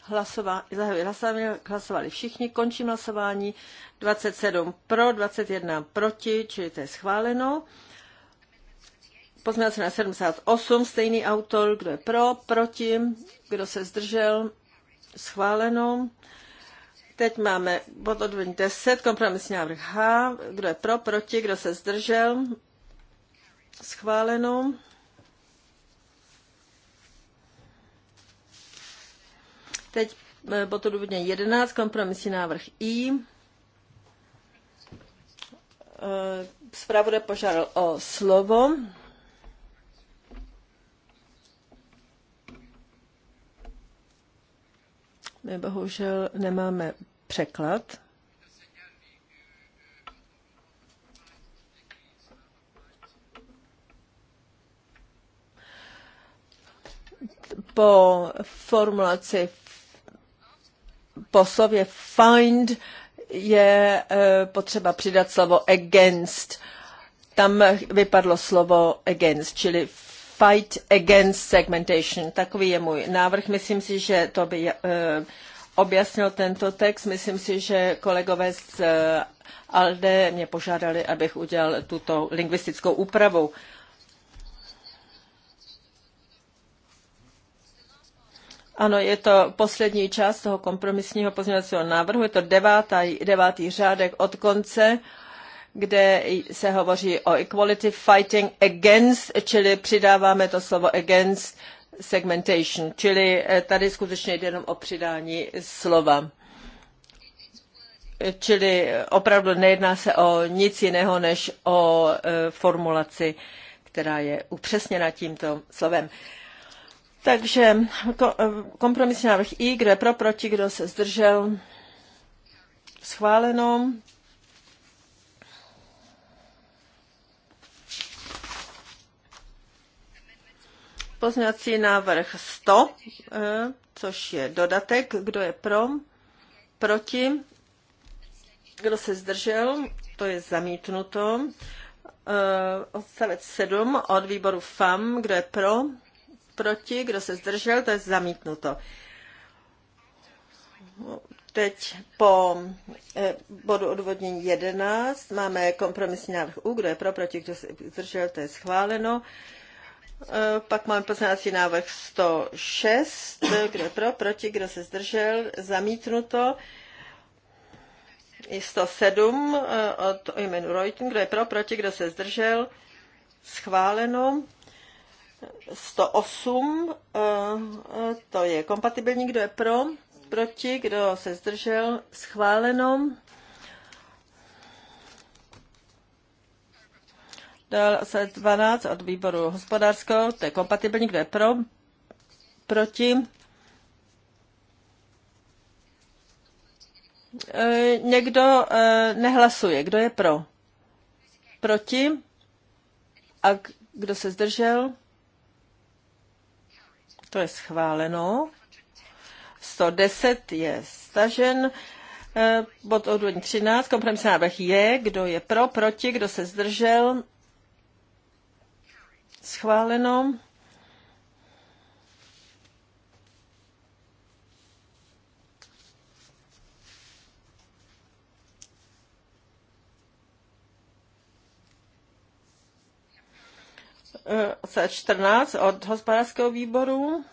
Hlasová, hlasovali všichni, končím hlasování. 27 pro, 21 proti, čili to je schváleno. Pozměňovací na 78, stejný autor, kdo je pro, proti, kdo se zdržel, schváleno. Teď máme bod odvodní 10, kompromisní návrh H. Kdo je pro, proti, kdo se zdržel? Schváleno. Teď eh, bod odvodně 11, kompromisní návrh I. Eh, Zpravodaj požádal o slovo. My bohužel nemáme překlad. Po formulaci po slově find je eh, potřeba přidat slovo against. Tam vypadlo slovo against, čili fight against segmentation. Takový je můj návrh. Myslím si, že to by eh, objasnil tento text. Myslím si, že kolegové z eh, ALDE mě požádali, abych udělal tuto lingvistickou úpravu. Ano, je to poslední část toho kompromisního pozměňovacího návrhu, je to devátý, devátý řádek od konce, kde se hovoří o equality fighting against, čili přidáváme to slovo against segmentation, čili eh, tady skutečně jde jenom o přidání slova. Čili eh, opravdu nejedná se o nic jiného než o eh, formulaci, která je upřesněna tímto slovem. Takže kompromisní návrh I, pro, proti, kdo se zdržel, schváleno. Pozměňovací návrh 100, eh, což je dodatek. Kdo je pro? Proti? Kdo se zdržel? To je zamítnuto. Eh, odstavec 7 od výboru FAM. Kdo je pro? Proti? Kdo se zdržel? To je zamítnuto. Teď po eh, bodu odvodnění 11 máme kompromisní návrh U. Kdo je pro? Proti? Kdo se zdržel? To je schváleno. Eh, pak mám poznávací návrh 106, kdo je pro, proti, kdo se zdržel, zamítnuto. I 107 eh, od jménu Reutin, kdo je pro, proti, kdo se zdržel, schváleno. 108, eh, to je kompatibilní, kdo je pro, proti, kdo se zdržel, schváleno. Dál se 12 od výboru hospodářského, to je kompatibilní, kdo je pro, proti. E, někdo e, nehlasuje, kdo je pro, proti a kdo se zdržel. To je schváleno. 110 je stažen. E, bod odvodní 13, kompromisní návrh je, kdo je pro, proti, kdo se zdržel, Schváleno. Eh, C14 od hospodářského výboru.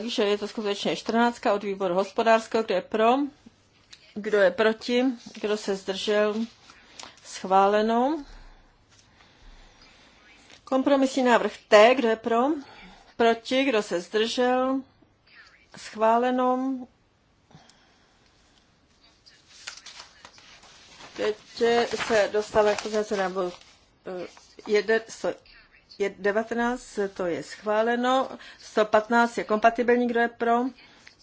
takže je to skutečně 14 od výboru hospodářského, kdo je pro, kdo je proti, kdo se zdržel, schváleno. Kompromisní návrh T, kdo je pro, proti, kdo se zdržel, schváleno. Teď se dostala k pozornosti návrhu eh, 19 to je schváleno, 115 je kompatibilní, kdo je pro,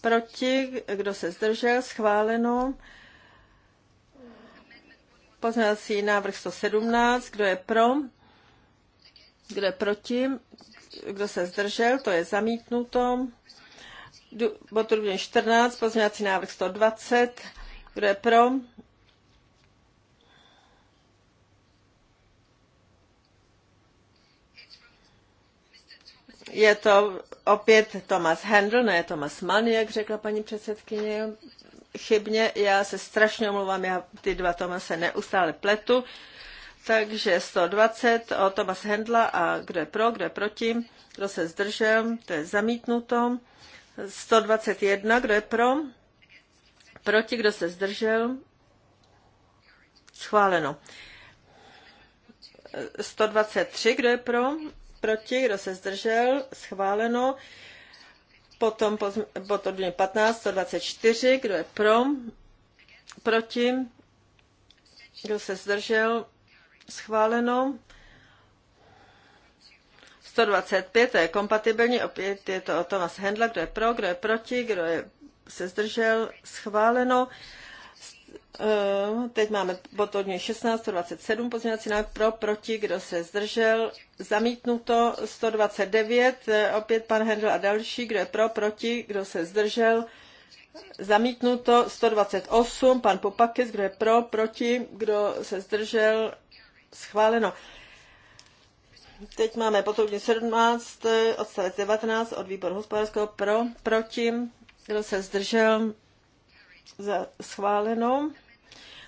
proti, kdo se zdržel, schváleno. Pozměňovací návrh 117, kdo je pro, kdo je proti, kdo se zdržel, to je zamítnuto. Bod 14, pozměňovací návrh 120, kdo je pro, Je to opět Thomas Handel, ne Thomas Mann, jak řekla paní předsedkyně chybně. Já se strašně omluvám, já ty dva Tomase neustále pletu. Takže 120 o Thomas Hendla a kdo je pro, kdo je proti, kdo se zdržel, to je zamítnuto. 121, kdo je pro, proti, kdo se zdržel, schváleno. 123, kdo je pro, proti, kdo se zdržel, schváleno. Potom bod 15, 124, kdo je pro, proti, kdo se zdržel, schváleno. 125, to je kompatibilní, opět je to o Thomas Hendla, kdo je pro, kdo je proti, kdo je, se zdržel, schváleno. Eh, teď máme bod od 16, 127 pozměňovací návrh pro, proti, kdo se zdržel. Zamítnuto 129, eh, opět pan Hendl a další, kdo je pro, proti, kdo se zdržel. Zamítnuto 128, pan Popakis, kdo je pro, proti, kdo se zdržel. Schváleno. Teď máme potom 17, eh, odstavec 19 od výboru hospodářského pro, proti, kdo se zdržel za schváleno.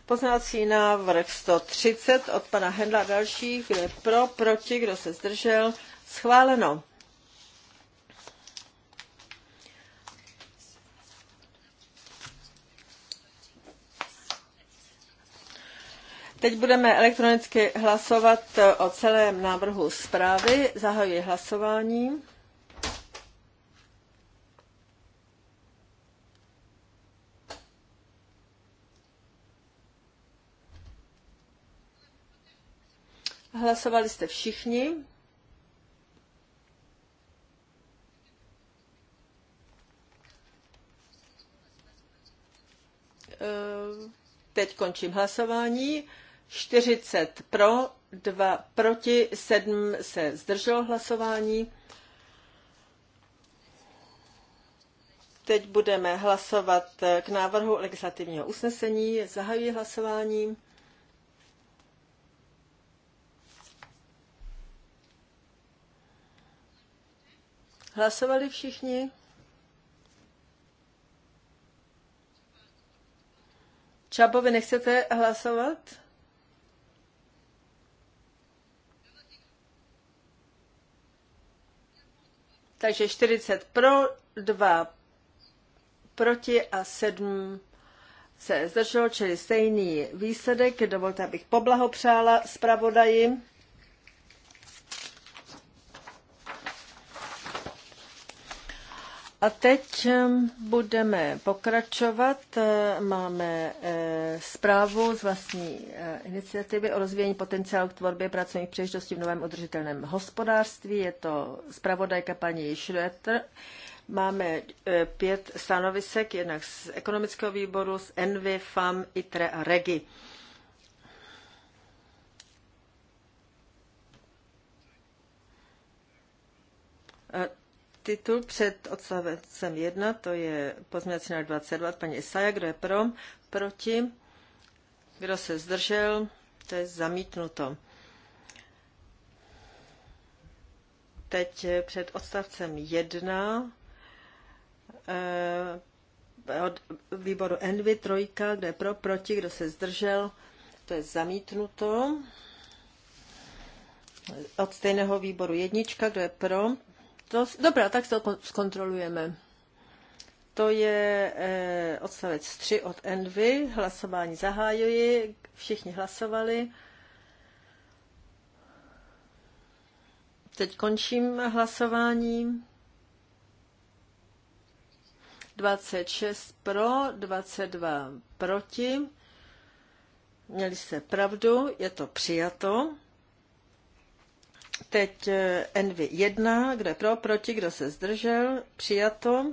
Poznací návrh 130 od pana Hendla a dalších, kdo je pro, proti, kdo se zdržel, schváleno. Teď budeme elektronicky hlasovat o celém návrhu zprávy. Zahajuji hlasování. Hlasovali jste všichni. Eh, teď končím hlasování. 40 pro, 2 proti, 7 se zdrželo hlasování. Teď budeme hlasovat k návrhu legislativního usnesení. Zahajuji hlasování. Hlasovali všichni? Čapo, vy nechcete hlasovat? Takže 40 pro, 2 proti a 7 se zdrželo, čili stejný výsledek. Dovolte, abych poblahopřála zpravodaji. A teď ehm, budeme pokračovat. Eh, máme eh, zprávu z vlastní eh, iniciativy o rozvíjení potenciálu k tvorbě pracovních příležitostí v novém udržitelném hospodářství. Je to zpravodajka paní šletr. Máme pět stanovisek, jednak z ekonomického výboru, z Envy, FAM, ITRE a REGI. Uh, titul před odstavcem 1, to je pozměnací návrh 22, paní Isaja, kdo je pro, proti, kdo se zdržel, to je zamítnuto. Teď před odstavcem 1 eh, od výboru Envy, trojka, kde je pro, proti, kdo se zdržel, to je zamítnuto. Od stejného výboru jednička, kdo je pro, to, dobrá, tak to zkontrolujeme. To je eh, odstavec 3 od Envy. Hlasování zahájuji. Všichni hlasovali. Teď končím hlasování. 26 pro, 22 proti. Měli jste pravdu, je to přijato. Teď eh, Envy 1, kde pro, proti, kdo se zdržel, přijato.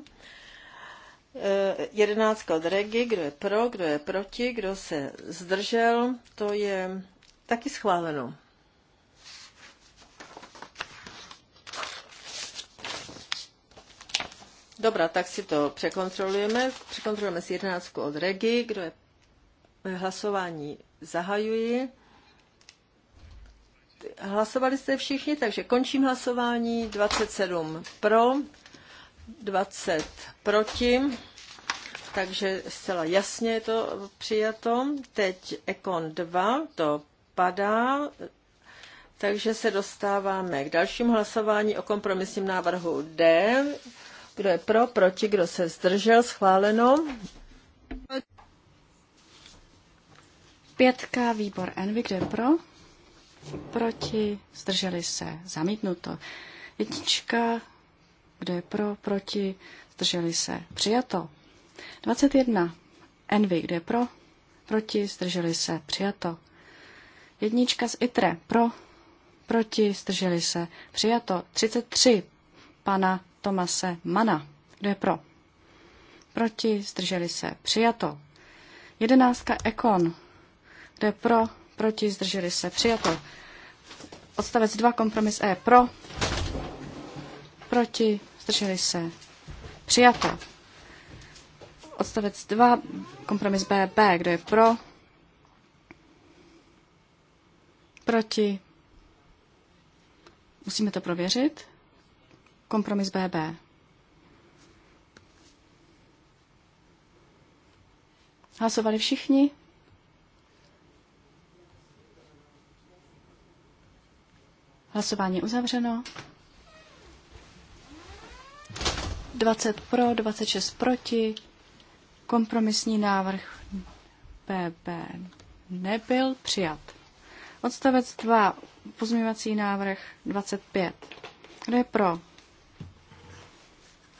Eh, Jedenáctka od Regi, kdo je pro, kdo je proti, kdo se zdržel, to je taky schváleno. Dobrá, tak si to překontrolujeme. Překontrolujeme si jedenáctku od Regi, kdo je eh, hlasování zahajuji. Hlasovali jste všichni, takže končím hlasování. 27 pro, 20 proti, takže zcela jasně je to přijato. Teď Ekon 2, to padá, takže se dostáváme k dalšímu hlasování o kompromisním návrhu D. Kdo je pro, proti, kdo se zdržel, schváleno. Pětka, výbor Envy, kdo je pro? proti, zdrželi se, zamítnuto. Jednička, kdo je pro, proti, zdrželi se, přijato. 21. Envy, kdo je pro, proti, zdrželi se, přijato. Jednička z ITRE, pro, proti, zdrželi se, přijato. 33. Pana Tomase Mana, kdo je pro, proti, zdrželi se, přijato. Jedenáctka Ekon, kdo je pro, proti, zdrželi se, přijato. Odstavec 2, kompromis E, pro, proti, zdrželi se, přijato. Odstavec 2, kompromis B, B, kdo je pro, proti, musíme to prověřit, kompromis B B. Hlasovali všichni? Hlasování uzavřeno. 20 pro, 26 proti. Kompromisní návrh PP nebyl přijat. Odstavec 2, pozměňovací návrh 25. Kdo je pro?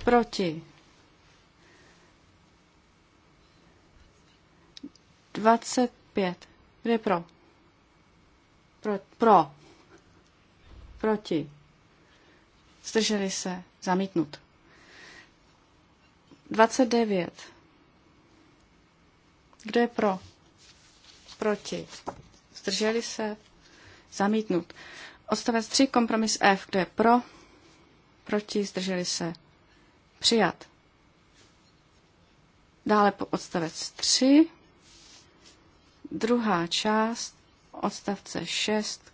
Proti. 25. Kdo je pro? Pro. pro. Proti. Zdrželi se. Zamítnut. 29. Kdo je pro? Proti. Zdrželi se. Zamítnut. Odstavec 3, kompromis F. Kdo je pro? Proti. Zdrželi se. Přijat. Dále po odstavec 3. Druhá část odstavce 6,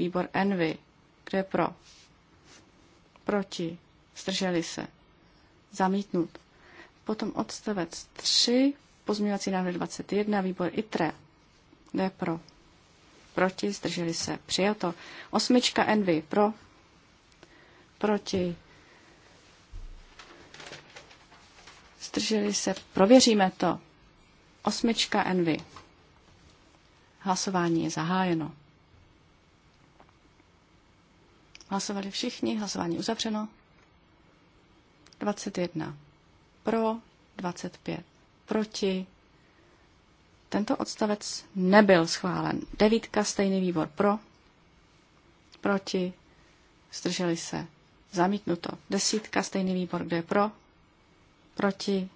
Výbor Envy. Kdo je pro? Proti. Zdrželi se. Zamítnut. Potom odstavec 3, pozměňovací návrh 21, výbor ITRE. Kdo je pro? Proti. Zdrželi se. Přijato. Osmička Envy. Pro. Proti. Zdrželi se. Prověříme to. Osmička Envy. Hlasování je zahájeno. Hlasovali všichni, hlasování uzavřeno. 21 pro, 25 proti. Tento odstavec nebyl schválen. Devítka, stejný výbor pro, proti, zdrželi se, zamítnuto. Desítka, stejný výbor, kde je pro, proti,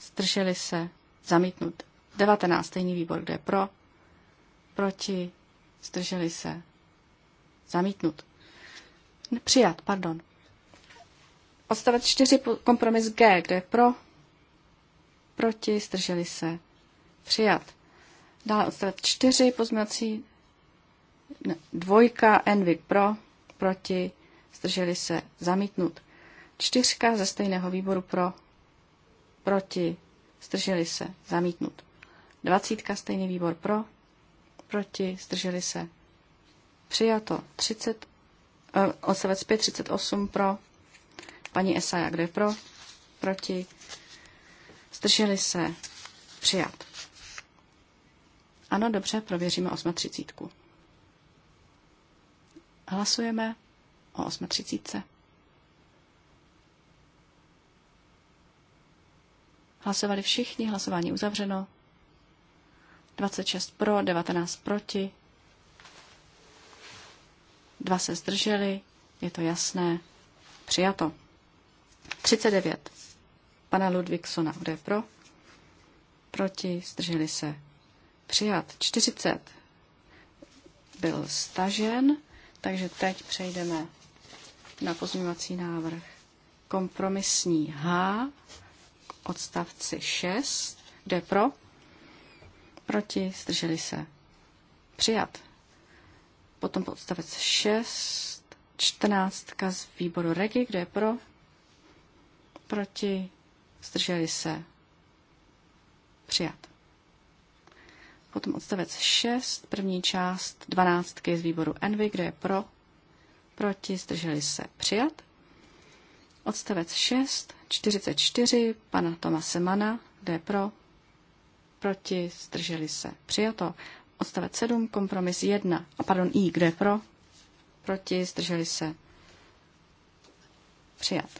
zdrželi se, zamítnut. 19. Stejný výbor, kde je pro, proti, zdrželi se, zamítnut. Přijat, pardon. Odstavec 4, kompromis G, kde je pro, proti, strželi se. Přijat. Dále odstavec 4, pozměnací dvojka, Envik pro, proti, strželi se, zamítnut. Čtyřka ze stejného výboru pro, proti, strželi se, zamítnut. Dvacítka stejný výbor pro, proti, strželi se, přijato. Třicet uh, Odsavec 538 pro. Paní Esaja, kdo je pro? Proti. Zdrželi se. Přijat. Ano, dobře, prověříme 8.30. Hlasujeme o 8.30. Hlasovali všichni, hlasování uzavřeno. 26 pro, 19 proti, Dva se zdrželi, je to jasné. Přijato. 39. Pana Ludvíksona, kde je pro? Proti, zdrželi se. Přijat. 40. Byl stažen, takže teď přejdeme na pozměňovací návrh. Kompromisní H odstavci 6. Kde je pro? Proti, zdrželi se. Přijat. Potom odstavec 6, 14 z výboru Regi, kde je pro, proti, zdrželi se, přijat. Potom odstavec 6, první část 12 z výboru Envy, kde je pro, proti, zdrželi se, přijat. Odstavec 6, 44 pana Tomase Mana, kde je pro, proti, zdrželi se, přijato. Odstavec 7, kompromis 1, a pardon, I, kde pro, proti, zdrželi se, přijat.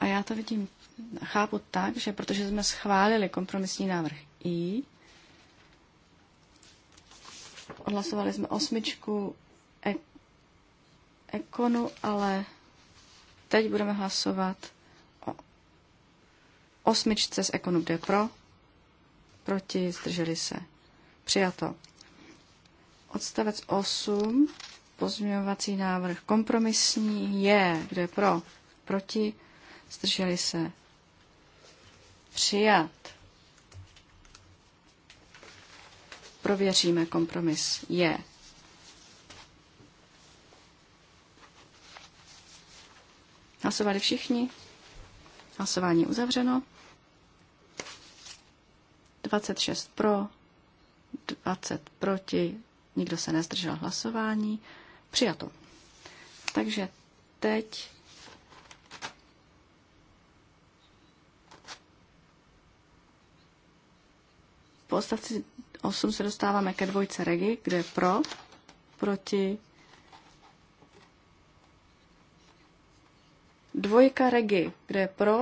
A já to vidím, chápu tak, že protože jsme schválili kompromisní návrh I, odhlasovali jsme osmičku e- ekonu, ale teď budeme hlasovat o osmičce z ekonu, kde pro, proti, zdrželi se. Přijato. Odstavec 8, pozměňovací návrh kompromisní je, kde pro, proti, zdrželi se. Přijat. Prověříme kompromis je. Hlasovali všichni? Hlasování uzavřeno. 26 pro, 20 proti, nikdo se nezdržel hlasování. Přijato. Takže teď po odstavci 8 se dostáváme ke dvojce regi, kde je pro, proti. Dvojka regi, kde je pro,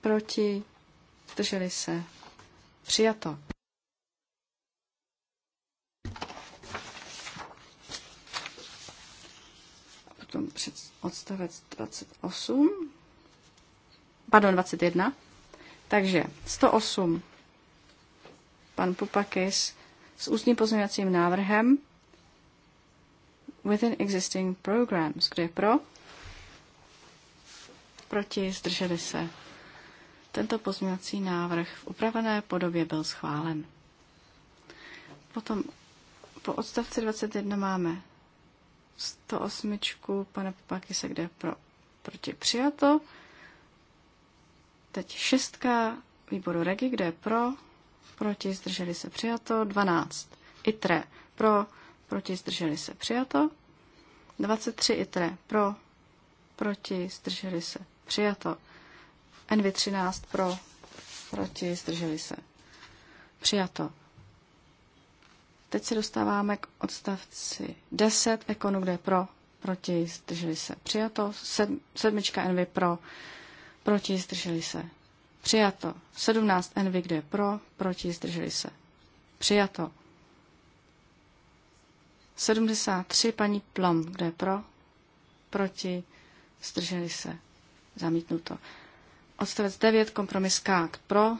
proti, drželi se. Přijato. Potom před odstavec 28, pardon, 21. Takže 108 pan Pupakis s ústním pozměňovacím návrhem within existing programs. Kdo je pro? Proti? Zdrželi se? Tento pozměňovací návrh v upravené podobě byl schválen. Potom po odstavci 21 máme 108. pane Papakise, kde je pro, proti přijato. Teď šestka výboru Regi, kde je pro, proti, zdrželi se přijato. 12. ITRE pro, proti, zdrželi se přijato. 23 ITRE pro, proti, zdrželi se přijato. NV13 pro, proti, zdrželi se přijato. Teď se dostáváme k odstavci 10, ekonu, kde je pro, proti, zdrželi se přijato. sedmička NV pro, proti, zdrželi se Přijato. 17 NV, kdo je pro, proti, zdrželi se. Přijato. 73 paní Plom, kdo je pro, proti, zdrželi se. Zamítnuto. Odstavec 9, kompromis K, pro,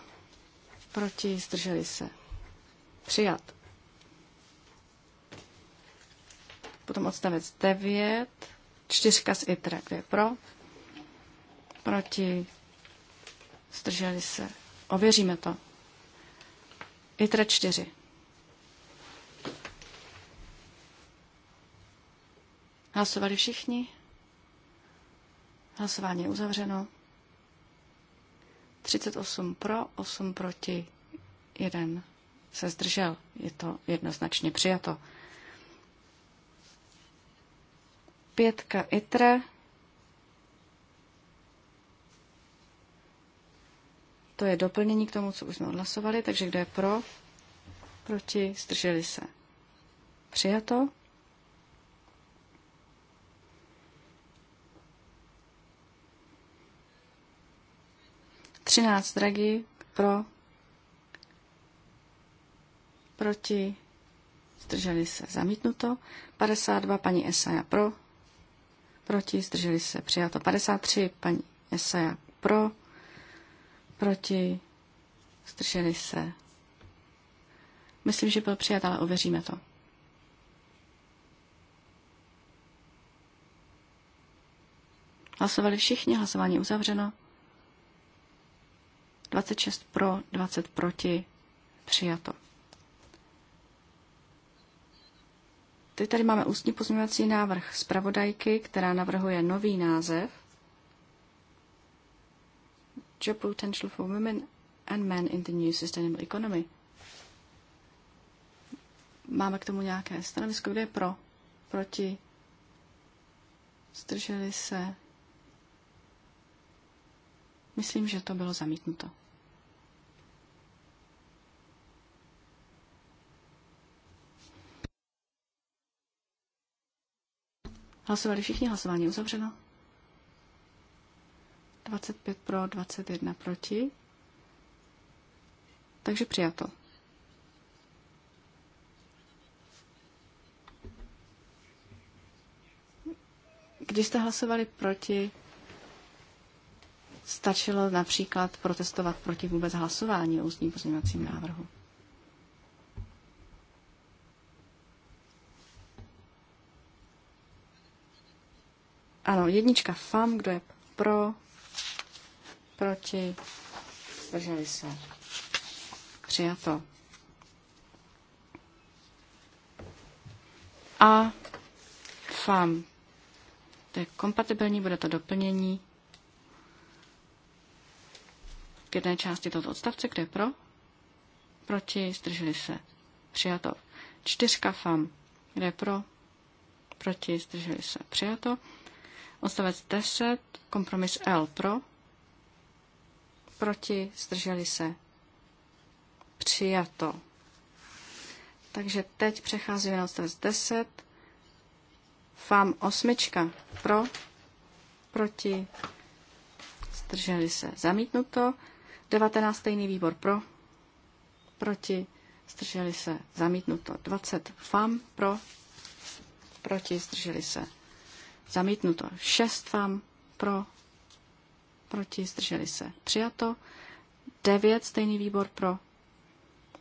proti, zdrželi se. Přijat. Potom odstavec 9, čtyřka z ITRA, kde je pro, proti, Zdrželi se. Ověříme to. ITRE 4. Hlasovali všichni? Hlasování je uzavřeno. 38 pro, 8 proti, 1 se zdržel. Je to jednoznačně přijato. Pětka ITRE To je doplnění k tomu, co už jsme odhlasovali, takže kdo je pro, proti, zdrželi se. Přijato. Třináct dragy pro, proti, zdrželi se, zamítnuto. 52 paní Esaja pro, proti, zdrželi se, přijato. 53 paní Esaja pro, Proti? Zdrželi se. Myslím, že byl přijat, ale ověříme to. Hlasovali všichni, hlasování uzavřeno. 26 pro, 20 proti, přijato. Teď tady máme ústní pozměňovací návrh zpravodajky, která navrhuje nový název job potential for women and men in the new sustainable economy. Máme k tomu nějaké stanovisko, kde je pro, proti, zdrželi se. Myslím, že to bylo zamítnuto. Hlasovali všichni, hlasování uzavřeno. 25 pro, 21 proti. Takže přijato. Když jste hlasovali proti, stačilo například protestovat proti vůbec hlasování o ústním pozměňovacím návrhu. Ano, jednička FAM, kdo je pro, proti, zdrželi se. Přijato. A FAM. To je kompatibilní, bude to doplnění k jedné části tohoto odstavce, kde je pro, proti, zdrželi se. Přijato. Čtyřka FAM, kde je pro, proti, zdrželi se. Přijato. Odstavec 10, kompromis L pro, proti, zdrželi se. Přijato. Takže teď přecházíme na odstavec 10. Fám osmička Pro, proti, zdrželi se. Zamítnuto. 19. stejný výbor pro, proti, zdrželi se. Zamítnuto. 20. Fám pro, proti, zdrželi se. Zamítnuto. 6 Fám pro, proti, zdrželi se, přijato. 9, stejný výbor pro,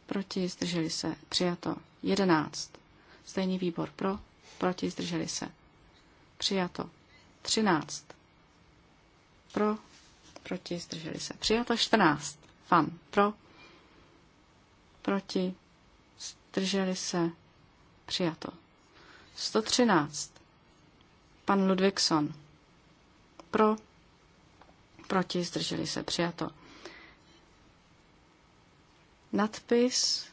proti, zdrželi se, přijato. 11, stejný výbor pro, proti, zdrželi se, přijato. 13, pro, proti, zdrželi se, přijato. 14, fan, pro, proti, zdrželi se, přijato. 113, pan Ludvíkson pro, proti, zdrželi se, přijato. Nadpis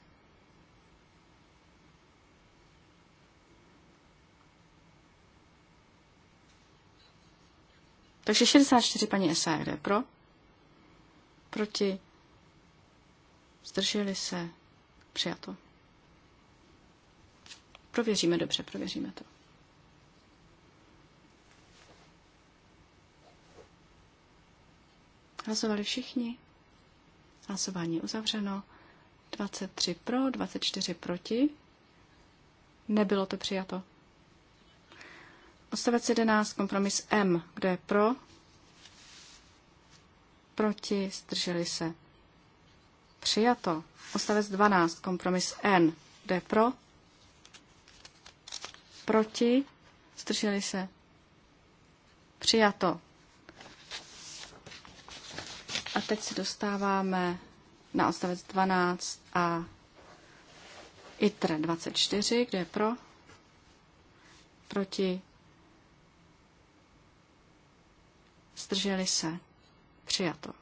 Takže 64 paní SRD pro, proti, zdrželi se, přijato. Prověříme dobře, prověříme to. Hlasovali všichni. Hlasování uzavřeno. 23 pro, 24 proti. Nebylo to přijato. Odstavec 11, kompromis M. Kdo je pro? Proti, zdrželi se. Přijato. Odstavec 12, kompromis N. Kdo je pro? Proti, zdrželi se. Přijato teď se dostáváme na odstavec 12 a ITR 24, kde je pro, proti, zdrželi se, přijato.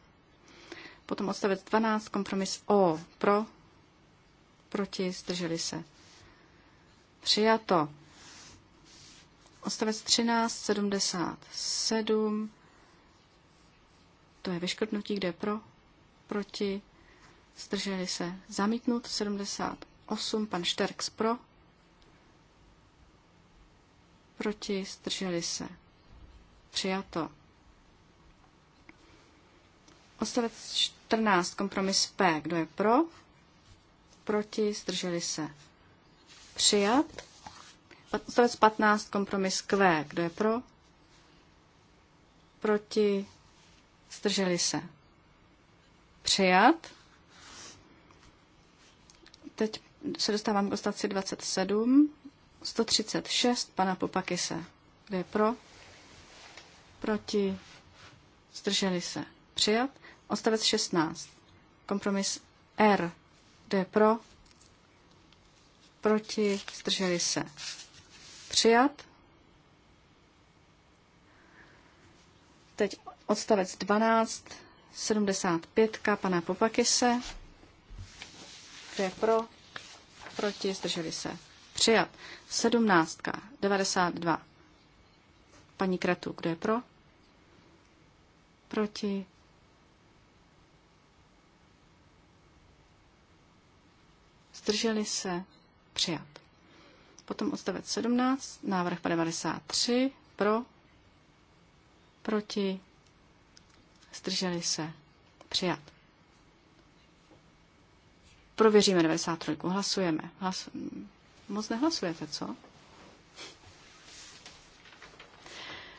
Potom odstavec 12, kompromis O, pro, proti, zdrželi se, přijato. Odstavec 13, 77, to je vyškrtnutí, kde je pro, proti, zdrželi se zamítnut, 78, pan Šterx pro, proti, zdrželi se přijato. Odstavec 14, kompromis P, kdo je pro, proti, zdrželi se přijat. Odstavec 15, kompromis Q, kdo je pro, proti, Zdrželi se. Přijat. Teď se dostávám k odstavci 27. 136 pana Popakise. Kde je pro? Proti? Zdrželi se. Přijat. Ostavec 16. Kompromis R. Kde je pro? Proti? Zdrželi se. Přijat. Teď Odstavec 12, 75 pana Popakise. Kdo je pro? Proti? Zdrželi se. Přijat. 17, 92. Paní Kratu, kdo je pro? Proti? Zdrželi se. Přijat. Potom odstavec 17, návrh 93, pro, proti, Zdrželi se. Přijat. Prověříme 93. Hlasujeme. Hlas... Moc nehlasujete, co?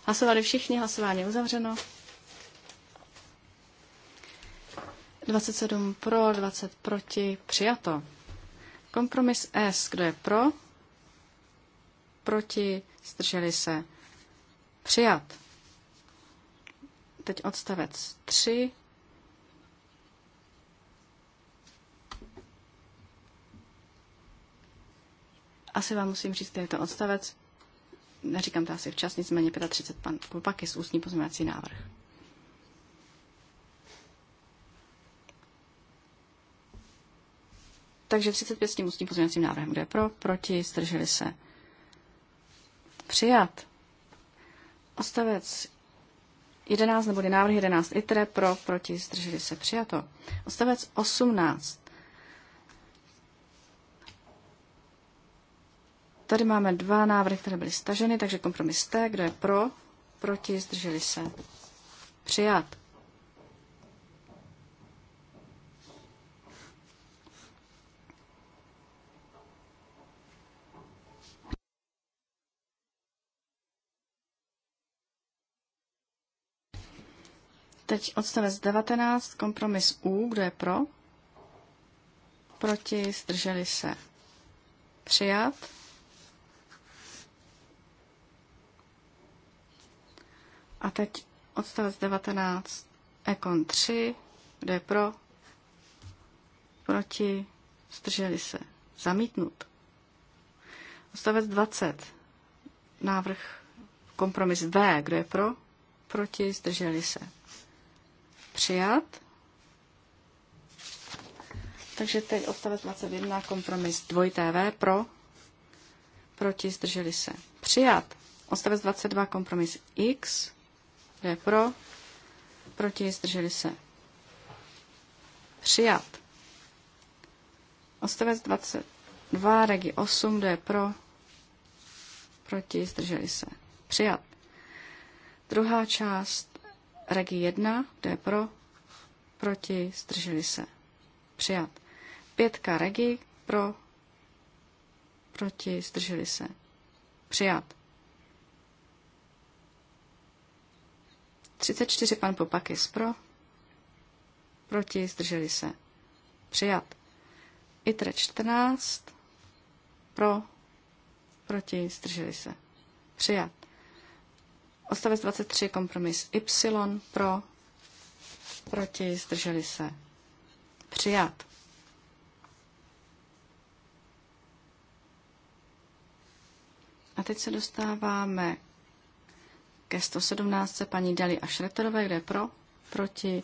Hlasovali všichni, hlasování uzavřeno. 27 pro, 20 proti, přijato. Kompromis S, kdo je pro? Proti, zdrželi se. Přijat. Teď odstavec 3. Asi vám musím říct, je to odstavec. Neříkám to asi včas, nicméně 35 pan Kulpakis, ústní pozměňovací návrh. Takže 35 s tím ústním pozměňovacím návrhem. Kdo je pro? Proti? Strželi se? Přijat. Odstavec 11 nebo návrh 11 ITRE pro, proti, zdrželi se přijato. Odstavec 18. Tady máme dva návrhy, které byly staženy, takže kompromis T, kdo je pro, proti, zdrželi se přijat. Teď odstavec 19, kompromis U, kdo je pro? Proti, zdrželi se. Přijat. A teď odstavec 19, ekon 3, kdo je pro? Proti, zdrželi se. Zamítnut. Odstavec 20, návrh kompromis V, kdo je pro? Proti, zdrželi se přijat. Takže teď odstavec 21, kompromis 2TV pro, proti, zdrželi se. Přijat. Odstavec 22, kompromis X, je pro, proti, zdrželi se. Přijat. Odstavec 22, regi 8, kdo je pro, proti, zdrželi se. Přijat. Druhá část Regi 1, kdo je pro, proti, zdrželi se. Přijat. Pětka Regi, pro, proti, zdrželi se. Přijat. 34 pan Popakis pro, proti, zdrželi se. Přijat. ITRE 14, pro, proti, zdrželi se. Přijat. Odstavec 23, kompromis Y, pro, proti, zdrželi se. Přijat. A teď se dostáváme ke 117. paní Dali a Šreterové, kde pro, proti,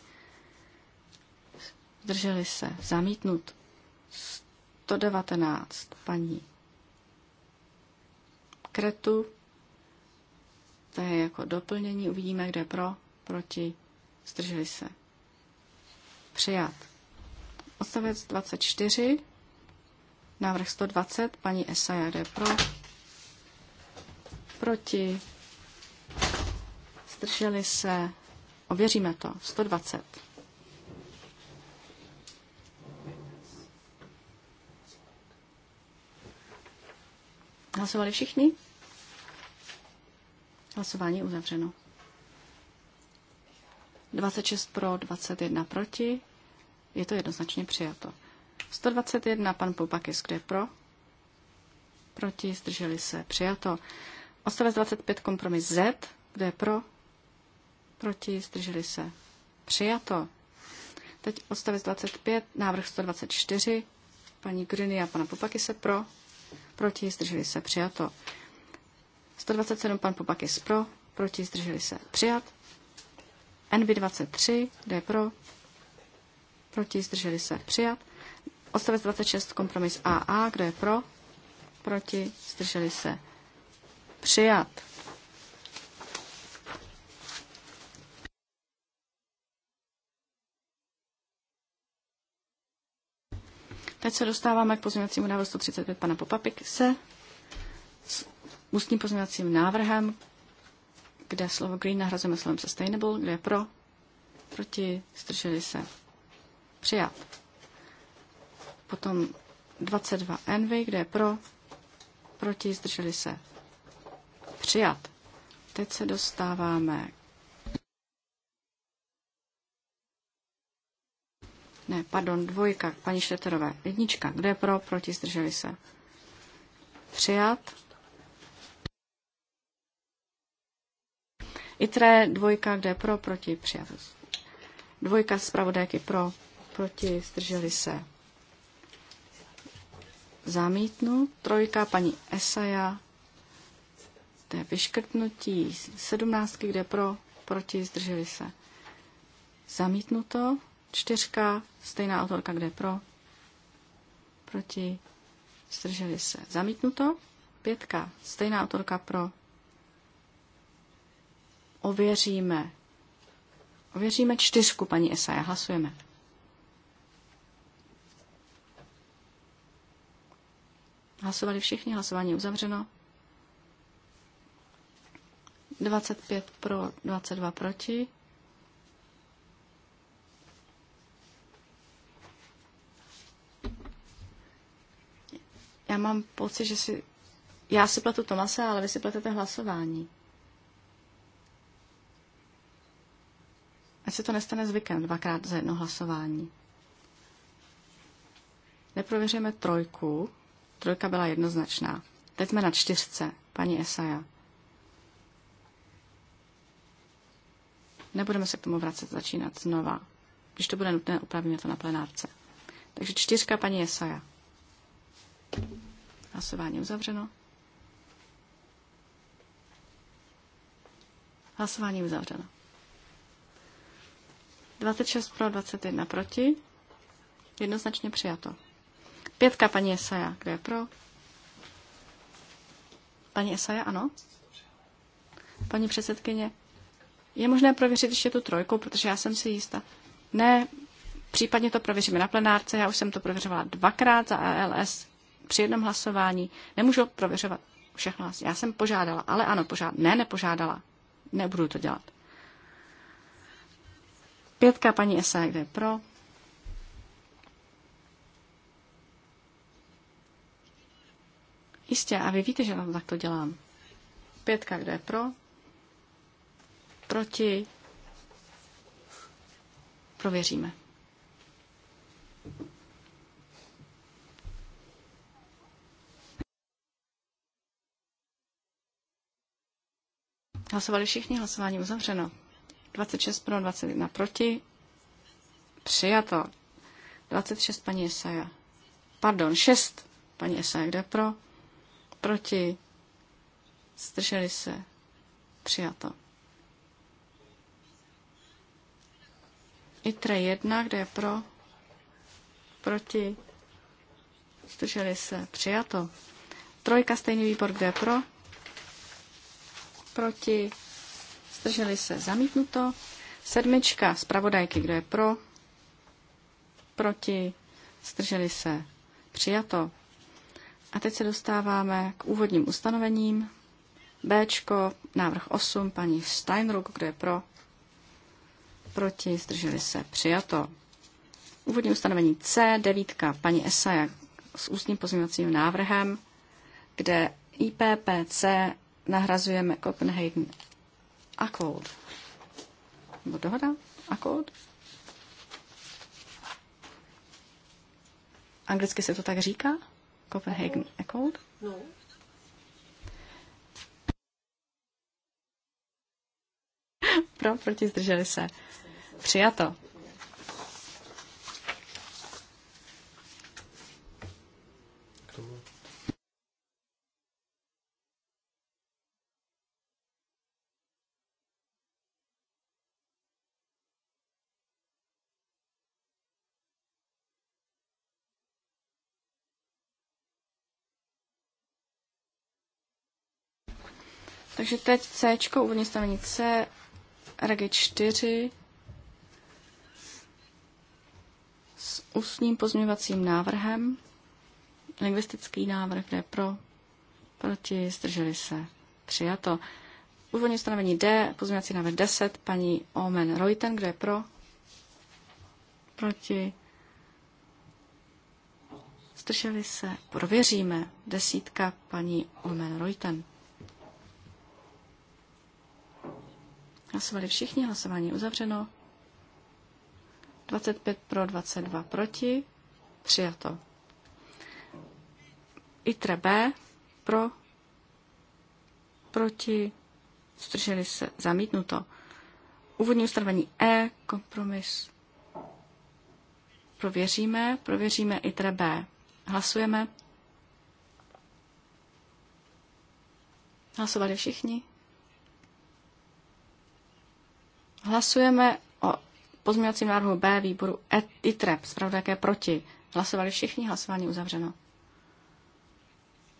zdrželi se, zamítnut. 119. paní Kretu, to je jako doplnění. Uvidíme, kde pro, proti, zdrželi se. Přijat. Odstavec 24. Návrh 120. Paní Esaja jde pro. Proti. Zdrželi se. Ověříme to. 120. Hlasovali všichni? Hlasování je uzavřeno. 26 pro, 21 proti. Je to jednoznačně přijato. 121 pan Pupakis, kde pro? Proti, zdrželi se, přijato. Odstavec 25 kompromis Z, kde je pro? Proti, zdrželi se, přijato. Teď odstavec 25, návrh 124, paní Griny a pana se pro, proti, zdrželi se, přijato. 127 pan Popakis pro, proti zdrželi se přijat. NB23 jde pro, proti zdrželi se přijat. Odstavec 26 kompromis AA, kdo je pro, proti zdrželi se přijat. Teď se dostáváme k pozměňovacímu návrhu 135 pana se ústním pozměňovacím návrhem, kde slovo green nahrazujeme slovem sustainable, kde je pro, proti, zdrželi se, přijat. Potom 22 envy, kde je pro, proti, zdrželi se, přijat. Teď se dostáváme Ne, pardon, dvojka, paní Šleterové. Jednička, kde je pro, proti, zdrželi se. Přijat. ITRE dvojka, kde je pro, proti, přijat. Dvojka zpravodajky pro, proti, zdrželi se. Zamítnu. Trojka paní Esaja, to je vyškrtnutí sedmnáctky, kde pro, proti, zdrželi se. Zamítnuto. Čtyřka, stejná autorka, kde pro, proti, zdrželi se. Zamítnuto. Pětka, stejná autorka pro, Ověříme. Ověříme čtyřku, paní Esaja. Hlasujeme. Hlasovali všichni, hlasování uzavřeno. 25 pro, 22 proti. Já mám pocit, že si... Já si platu Tomase, ale vy si platete hlasování. Ať se to nestane zvykem dvakrát za jedno hlasování. Neprověřujeme trojku. Trojka byla jednoznačná. Teď jsme na čtyřce, paní Esaja. Nebudeme se k tomu vracet, začínat znova. Když to bude nutné, upravíme to na plenárce. Takže čtyřka paní Esaja. Hlasování uzavřeno. Hlasování uzavřeno. 26 pro, 21 proti. Jednoznačně přijato. Pětka paní Esaja, kde je pro? Paní Esaja, ano? Paní předsedkyně, je možné prověřit ještě tu trojku, protože já jsem si jistá. Ne, případně to prověříme na plenárce, já už jsem to prověřovala dvakrát za ALS při jednom hlasování. Nemůžu prověřovat všechno. Já jsem požádala, ale ano, požádala. Ne, nepožádala. Nebudu to dělat. Pětka paní Esá, kde pro? Jistě, a vy víte, že vám to dělám. Pětka, kde je pro? Proti? Prověříme. Hlasovali všichni, hlasování uzavřeno. 26 pro, 21 proti. Přijato. 26 paní Esaja. Pardon, 6 paní Esaja, kde pro? Proti. Zdrželi se. Přijato. ITRE 1, kde je pro? Proti. Zdrželi se. Přijato. Trojka stejný výbor, kde je pro? Proti Zdrželi se zamítnuto. Sedmička zpravodajky, kdo je pro? Proti? Zdrželi se přijato. A teď se dostáváme k úvodním ustanovením. Bčko, návrh 8, paní Steinruck, kdo je pro? Proti? Zdrželi se přijato. Úvodní ustanovení C, devítka, paní Esaja s ústním pozměňovacím návrhem, kde IPPC nahrazujeme Copenhagen kód. Nebo dohoda? kód. Anglicky se to tak říká? Copenhagen kód? No. Pro, proti, zdrželi se. Přijato. Takže teď C, úvodní stavení C, regi 4 s ústním pozměňovacím návrhem. Lingvistický návrh, kde pro, proti, zdrželi se, přijato. Úvodní stanovení D, pozměňovací návrh 10, paní Omen Reuten, kde je pro, proti, zdrželi se, prověříme, desítka, paní Omen Reuten. Hlasovali všichni, hlasování uzavřeno. 25 pro, 22 proti, přijato. ITRE B pro, proti, zdrželi se, zamítnuto. Úvodní ustanovení E, kompromis. Prověříme, prověříme ITRE B. Hlasujeme. Hlasovali všichni. Hlasujeme o pozměňovacím návrhu B výboru e- ITREP. Zpravodajka je proti. Hlasovali všichni, hlasování uzavřeno.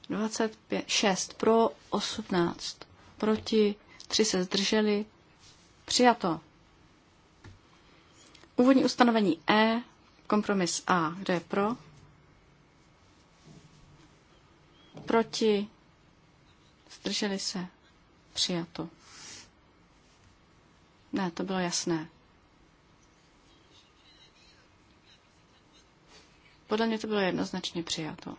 26 pro, 18 proti, 3 se zdrželi. Přijato. Úvodní ustanovení E, kompromis A. Kdo je pro? Proti, zdrželi se. Přijato. Ne, to bylo jasné. Podle mě to bylo jednoznačně přijato.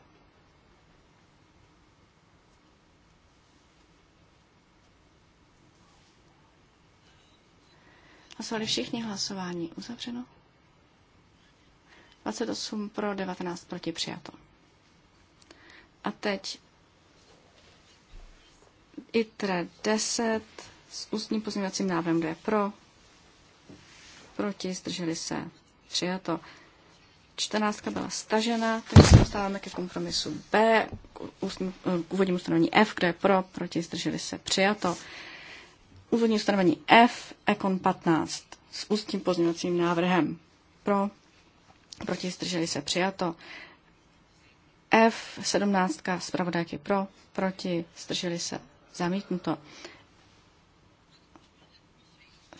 Hlasovali všichni hlasování uzavřeno. 28 pro, 19 proti přijato. A teď ITRE 10 s ústním pozměňovacím návrhem, kdo je pro, proti, zdrželi se, přijato. čtrnáctka byla stažena, takže se dostáváme ke kompromisu B, k, ústním, eh, k úvodnímu ustanovení F, kdo je pro, proti, zdrželi se, přijato. Úvodní ustanovení F, Ekon 15 s ústním pozměňovacím návrhem. Pro, proti, zdrželi se, přijato. F, 17, zpravodajky pro, proti, zdrželi se, zamítnuto.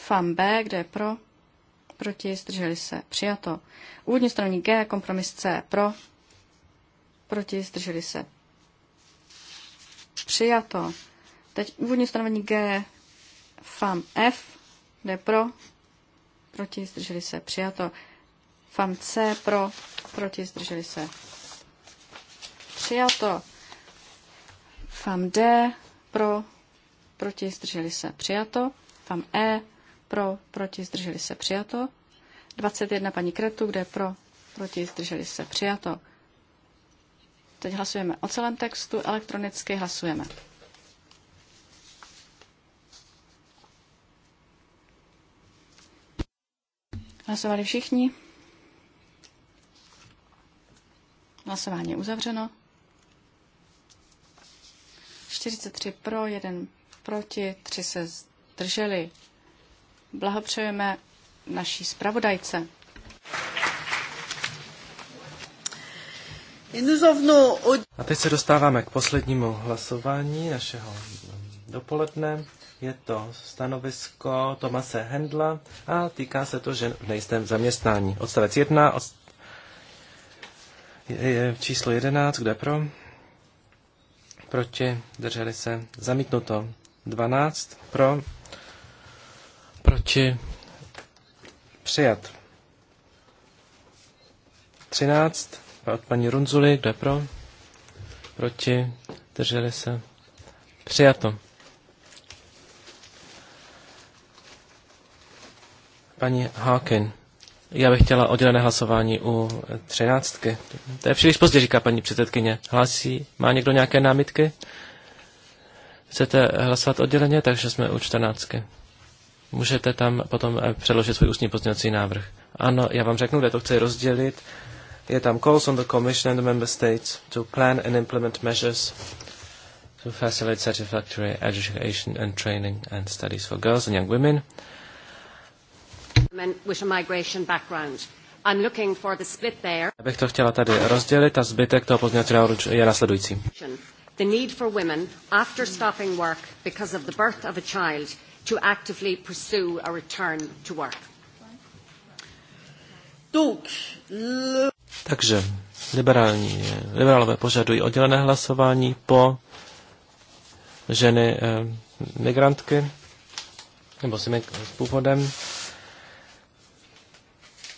FAM B, kde je pro, proti, zdrželi se, přijato. Úvodní ustanovení G, kompromis C, pro, proti, zdrželi se, přijato. Teď úvodní stanovení G, FAM F, kde je pro, proti, zdrželi se, přijato. FAM C, pro, proti, zdrželi se, přijato. FAM D, pro, proti, zdrželi se, přijato. FAM E, pro, proti, zdrželi se přijato. 21 paní Kretu, kde pro, proti, zdrželi se přijato. Teď hlasujeme o celém textu, elektronicky hlasujeme. Hlasovali všichni. Hlasování je uzavřeno. 43 pro, 1 proti, 3 se zdrželi. Blahopřejeme naší zpravodajce. A teď se dostáváme k poslednímu hlasování našeho dopoledne. Je to stanovisko Tomase Hendla a týká se to žen v nejistém zaměstnání. Odstavec 1, je, je číslo 11, kde pro? Proti, drželi se, zamítnuto 12, pro, je Přijat. 13 od paní Runzuli, kdo je pro? Proti? Drželi se? Přijato. Paní Hawkin, já bych chtěla oddělené hlasování u třináctky. To je příliš pozdě, říká paní předsedkyně. Hlásí, má někdo nějaké námitky? Chcete hlasovat odděleně, takže jsme u čtrnáctky. Můžete tam potom eh, předložit svůj ústní pozměňovací návrh. Ano, já vám řeknu, kde to chci rozdělit. Je tam calls on the Commission and the Member States to plan and implement measures to facilitate satisfactory education and training and studies for girls and young women. With a migration background. I'm looking for the split there. Abych to chtěla tady rozdělit a zbytek toho pozměňovacího návrhu je následující. The need for women after stopping work because of the birth of a child to actively pursue a return to work. Takže liberální, liberálové požadují oddělené hlasování po ženy eh, migrantky nebo s, s původem.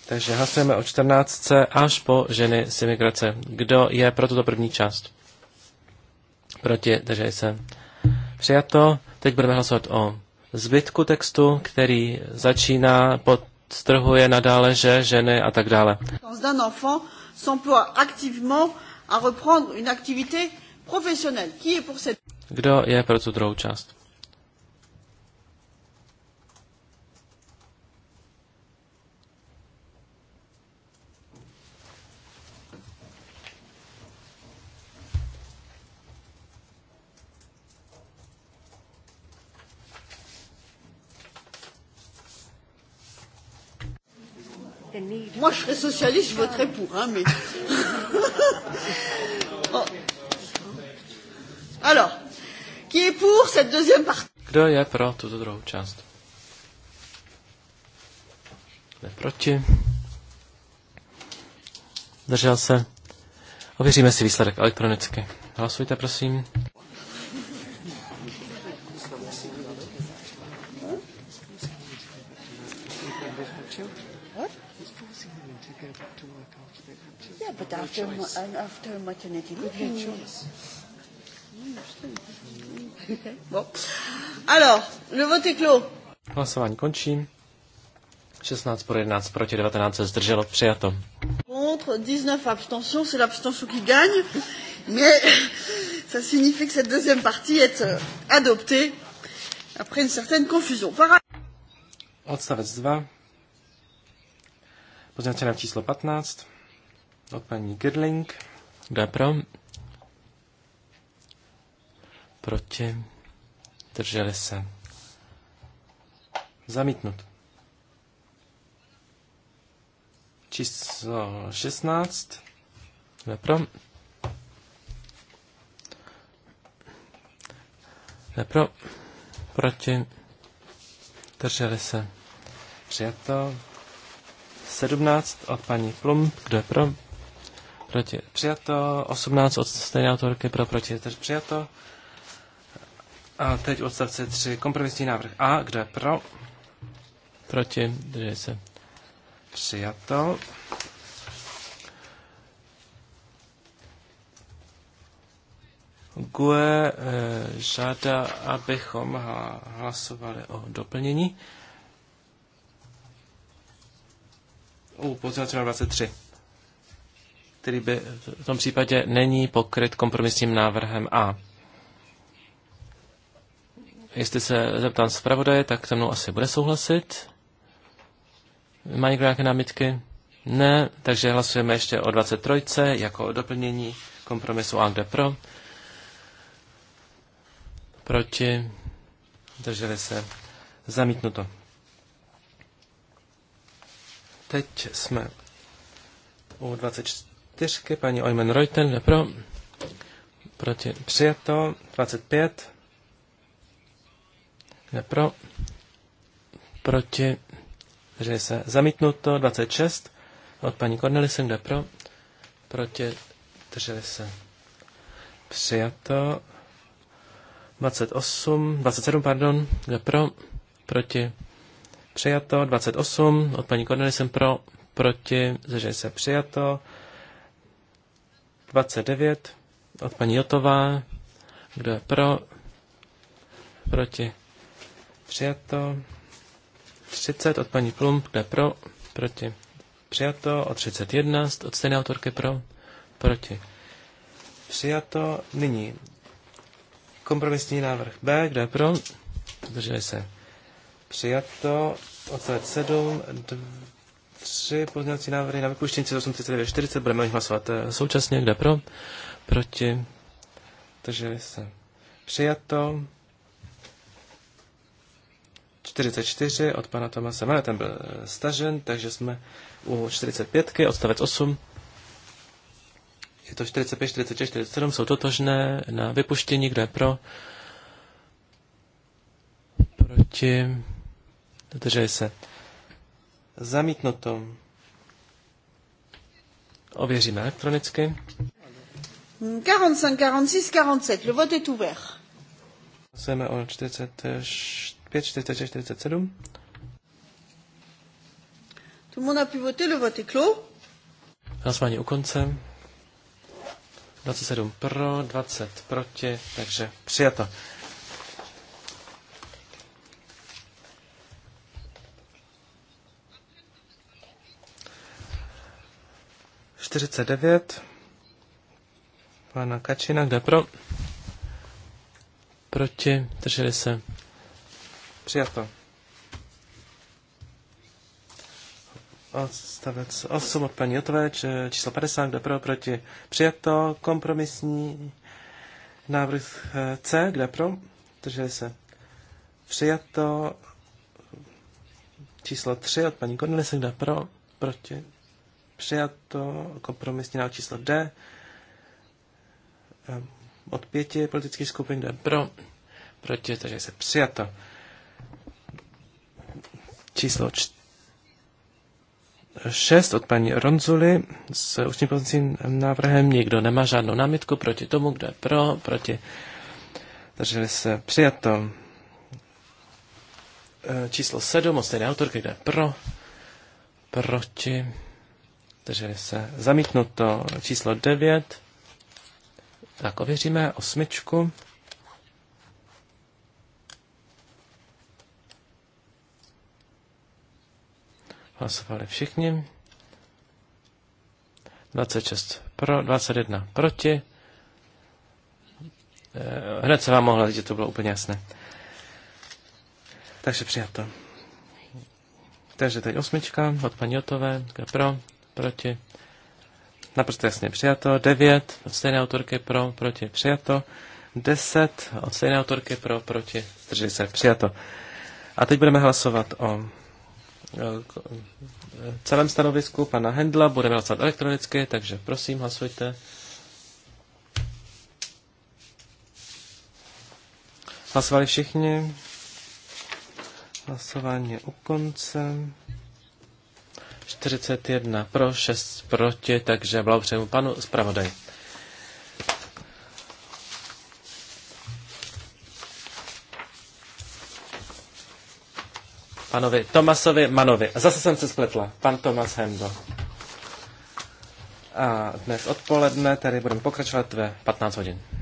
Takže hlasujeme o 14. až po ženy s imigrace. Kdo je pro tuto první část? Proti, takže se. Přijato. Teď budeme hlasovat o zbytku textu, který začíná podtrhuje nadále, že ženy a tak dále. enfant s'emploie activement à reprendre une activité professionnelle. Qui est pour cette... Kdo je pro tu druhou část? Moi, je serais socialiste, je voterais pour, hein, mais. bon. Alors, qui est pour cette deuxième partie Kdo je pro tuto druhou část? Jsme proti. Držel se. Ověříme si výsledek elektronicky. Hlasujte, prosím. But no after, no and after maternity leave, you no have mm-hmm. choice. Bon. Alors, le vote est clos. Hlasování končí. 16 pro 11 proti 19 se zdrželo přijato. Contre 19 abstentions, c'est l'abstention qui gagne, mais ça signifie que cette deuxième partie est euh, adoptée après une certaine confusion. Par... Odstavec 2. Pozměňovací návrh číslo 15 od no, paní Girling. Dobro. Proti? Drželi se. Zamítnut. Číslo 16. Kdo je proti, drželi se. Přijato. 17 od paní Plum, kdo je pro? proti přijato, 18 od stejné autorky pro proti tež přijato. A teď odstavce 3, kompromisní návrh A, kdo je pro? Proti, drží se. Přijato. GUE e, žádá, abychom hlasovali o doplnění. U pozdělacího 23 který by v tom případě není pokryt kompromisním návrhem A. Jestli se zeptám zpravodaje, tak se mnou asi bude souhlasit. Mají nějaké námitky? Ne, takže hlasujeme ještě o 23 jako o doplnění kompromisu A kde pro. Proti. Drželi se. Zamítnuto. Teď jsme u 24 24, paní Oymen Reuten, pro, proti, přijato, 25, jde pro, proti, že se zamítnuto, 26, od paní Cornelisen, jde pro, proti, drželi se přijato, 28, 27, pardon, jde pro, proti, přijato, 28, od paní Cornelisen pro, proti, že se přijato, 29 od paní Jotová. Kdo je pro? Proti? Přijato. 30 od paní Plump. Kdo je pro? Proti? Přijato. O 31 od stejné autorky pro? Proti? Přijato. Nyní kompromisní návrh B. Kdo je pro? Zdrželi se. Přijato. Odstavec 7 tři pozměňovací návrhy na vypuštění 83940, budeme o hlasovat eh, současně, kde pro, proti, takže se přijato. 44 od pana Tomase Mane, ten byl eh, stažen, takže jsme u 45, odstavec 8. Je to 45, 46, 47, jsou totožné na vypuštění, kdo je pro, proti, Dodržuje se Zamítnuto. Ověříme elektronicky. 45, 46, 47. Le vote est ouvert. Hlasujeme o 45, 46, 47. Tout le monde a pu voter, le vote est clos. Hlasování u konce. 27 pro, 20 proti, takže přijato. 49 pana Kačina, kde pro? Proti, drželi se. Přijato. Odstavec 8 od paní Jotové, číslo 50, kde pro, proti. Přijato, kompromisní návrh eh, C, kde pro, drželi se. Přijato, číslo 3 od paní Kornelise, kde pro, proti přijato. Kompromisní návrh číslo D ehm, od pěti politických skupin, kdo pro, proti, takže se přijato. Číslo šest od paní Ronzuli s ústním pozicím návrhem. Nikdo nemá žádnou námitku proti tomu, kdo je pro, proti. takže se přijato. Ehm, číslo sedm od stejné autorky, kdo je pro, proti. Takže se to číslo 9. Tak ověříme osmičku. Hlasovali všichni. 26 pro, 21 proti. Eh, hned se vám mohlo říct, že to bylo úplně jasné. Takže přijato. Takže teď osmička od paní Jotové. Kdo pro, proti, naprosto jasně přijato, 9 od stejné autorky pro, proti, přijato, 10 od stejné autorky pro, proti, Zdrží se, přijato. A teď budeme hlasovat o celém stanovisku pana Hendla, budeme hlasovat elektronicky, takže prosím, hlasujte. Hlasovali všichni. Hlasování je u konce. 41 pro, 6 proti, takže blahopřeju panu zpravodaj. Panovi Tomasovi Manovi. A zase jsem se spletla. Pan Tomas Hendo. A dnes odpoledne tady budeme pokračovat ve 15 hodin.